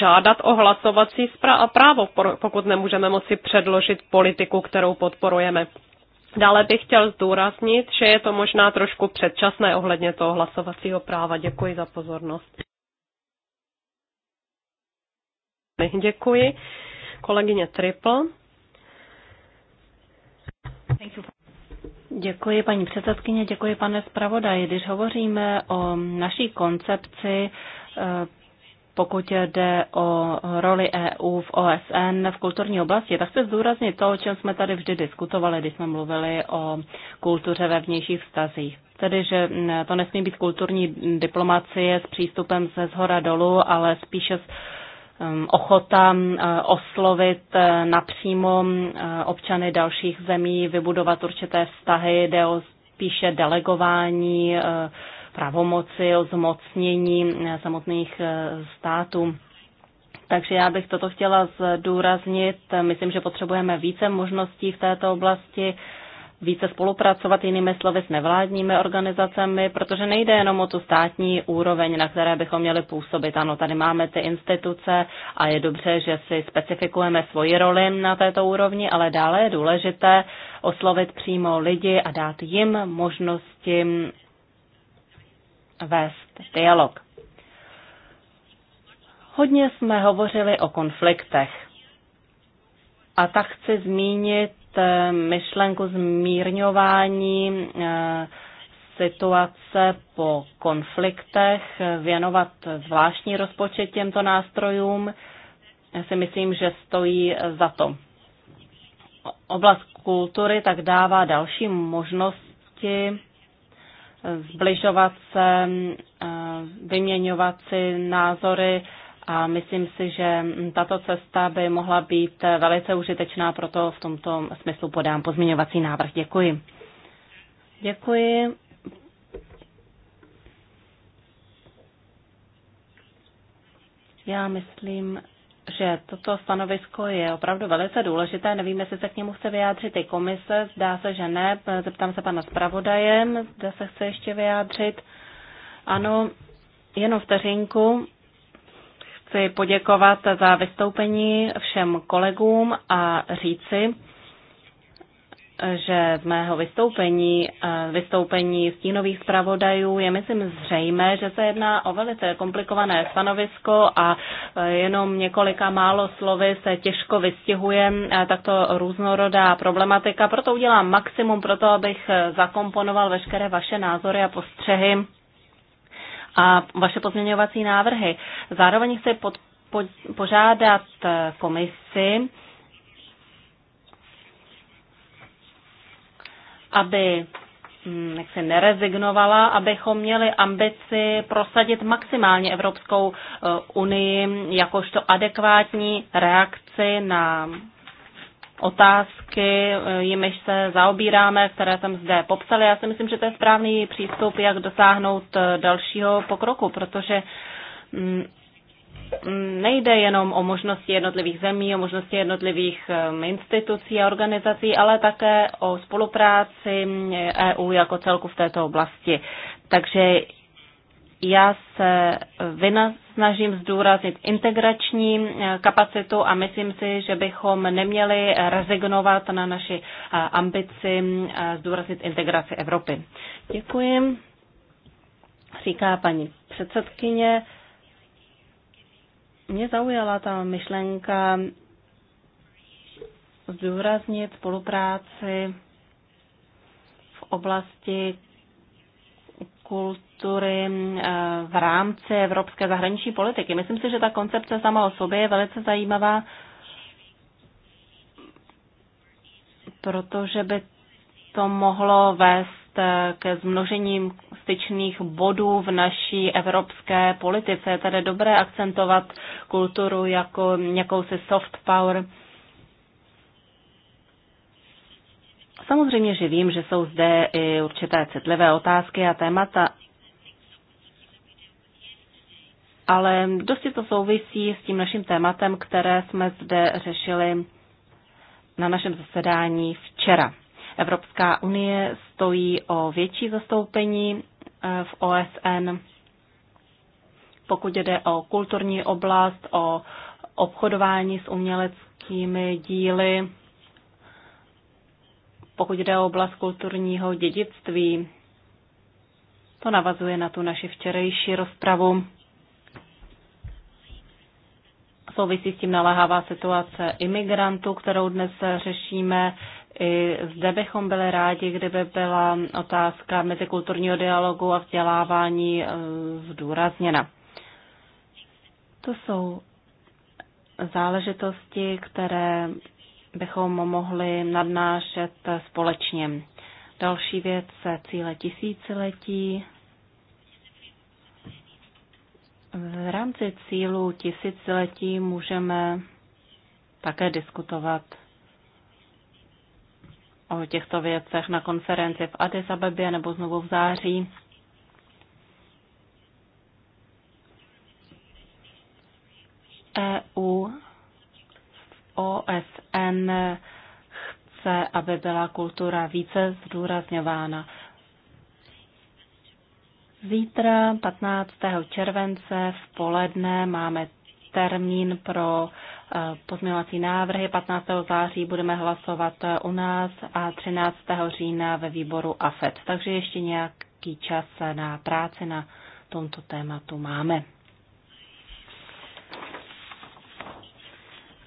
žádat o hlasovací právo, pokud nemůžeme moci předložit politiku, kterou podporujeme. Dále bych chtěl zdůraznit, že je to možná trošku předčasné ohledně toho hlasovacího práva. Děkuji za pozornost. Děkuji. Kolegyně Triple. Děkuji, paní předsedkyně, děkuji, pane zpravodaji. Když hovoříme o naší koncepci eh, pokud jde o roli EU v OSN v kulturní oblasti, tak chci zdůraznit to, o čem jsme tady vždy diskutovali, když jsme mluvili o kultuře ve vnějších vztazích. Tedy, že mm, to nesmí být kulturní diplomacie s přístupem ze zhora dolů, ale spíše s mm, ochota mm, oslovit e, napřímo občany dalších zemí, vybudovat určité vztahy, jde o spíše delegování e, pravomoci, o zmocnění eh, samotných eh, států. Takže já bych toto chtěla zdůraznit. Myslím, že potřebujeme více možností v této oblasti, více spolupracovat jinými slovy s nevládními organizacemi, protože nejde jenom o tu státní úroveň, na které bychom měli působit. Ano, tady máme ty instituce a je dobře, že si specifikujeme svoji roli na této úrovni, ale dále je důležité oslovit přímo lidi a dát jim možnosti vést dialog. Hodně jsme hovořili o konfliktech. A tak chci zmínit eh, myšlenku zmírňování eh, situace po konfliktech, věnovat zvláštní rozpočet těmto nástrojům. Já si myslím, že stojí za to. Oblast kultury tak dává další možnosti zbližovat se, eh, vyměňovat si názory a myslím si, že tato cesta by mohla být velice užitečná, proto v tomto smyslu podám pozměňovací návrh. Děkuji. Děkuji. Já myslím, že toto stanovisko je opravdu velice důležité. Nevíme, jestli se k němu chce vyjádřit i komise. Zdá se, že ne. Zeptám se pana zpravodaje, zda se chce ještě vyjádřit. Ano, jenom vteřinku. Chci poděkovat za vystoupení všem kolegům a říci, že z mého vystoupení, eh, vystoupení stínových zpravodajů je myslím zřejmé, že se jedná o velice komplikované stanovisko a eh, jenom několika málo slovy se těžko vystihuje eh, takto různorodá problematika. Proto udělám maximum pro to, abych zakomponoval veškeré vaše názory a postřehy a vaše pozměňovací návrhy. Zároveň chci pod, po, požádat komisi, aby hm, jak se nerezignovala, abychom měli ambici prosadit maximálně Evropskou eh, unii jakožto adekvátní reakci na otázky, eh, jimiž se zaobíráme, které jsem zde popsali. Já si myslím, že to je správný přístup, jak dosáhnout eh, dalšího pokroku, protože hm, nejde jenom o možnosti jednotlivých zemí, o možnosti jednotlivých institucí a organizací, ale také o spolupráci EU eh, e jako celku v této oblasti. Takže já se snažím zdůraznit integrační eh, kapacitu a myslím si, že bychom neměli rezignovat na naši eh, ambici zdůraznit integraci Evropy. Děkuji, říká paní předsedkyně. Mě zaujala ta myšlenka zdůraznit spolupráci v oblasti kultury eh, v rámci evropské zahraniční politiky. Myslím si, že ta koncepce sama o sobě je velice zajímavá, protože by to mohlo vést ke zmnožením styčných bodů v naší evropské politice. Je tady dobré akcentovat kulturu jako jakousi soft power. Samozřejmě, že vím, že jsou zde i určité citlivé otázky a témata, ale dosti to souvisí s tím naším tématem, které jsme zde řešili na našem zasedání včera. Evropská unie stojí o větší zastoupení eh, v OSN, pokud jde o kulturní oblast, o obchodování s uměleckými díly, pokud jde o oblast kulturního dědictví. To navazuje na tu naši včerejší rozpravu. Souvisí s tím naléhavá situace imigrantů, kterou dnes řešíme i zde bychom byli rádi, kdyby byla otázka mezikulturního dialogu a vzdělávání eh, zdůrazněna. To jsou záležitosti, které bychom mohli nadnášet společně. Další věc se cíle tisíciletí. V rámci cílu tisíciletí můžeme také diskutovat o těchto věcech na konferenci v Addis Abebě nebo znovu v září. EU OSN chce, aby byla kultura více zdůrazňována. Zítra, 15. července v poledne, máme termín pro eh, pozměňovací návrhy. 15. září budeme hlasovat eh, u nás a 13. října ve výboru AFED. Takže ještě nějaký čas eh, na práci na tomto tématu máme.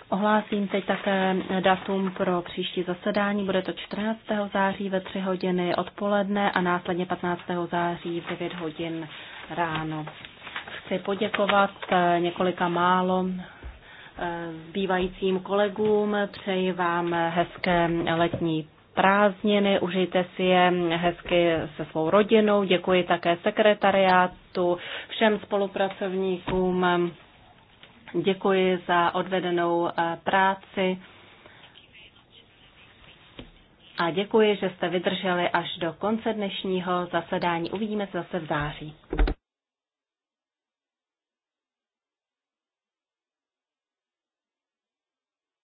Ohlásím teď také datum pro příští zasedání. Bude to 14. září ve 3 hodiny odpoledne a následně 15. září v 9 hodin ráno chci poděkovat eh, několika málo zbývajícím eh, kolegům. Přeji vám hezké letní prázdniny, užijte si je hezky se svou rodinou. Děkuji také sekretariátu, všem spolupracovníkům. Děkuji za odvedenou eh, práci a děkuji, že jste vydrželi až do konce dnešního zasedání. Uvidíme se zase v září.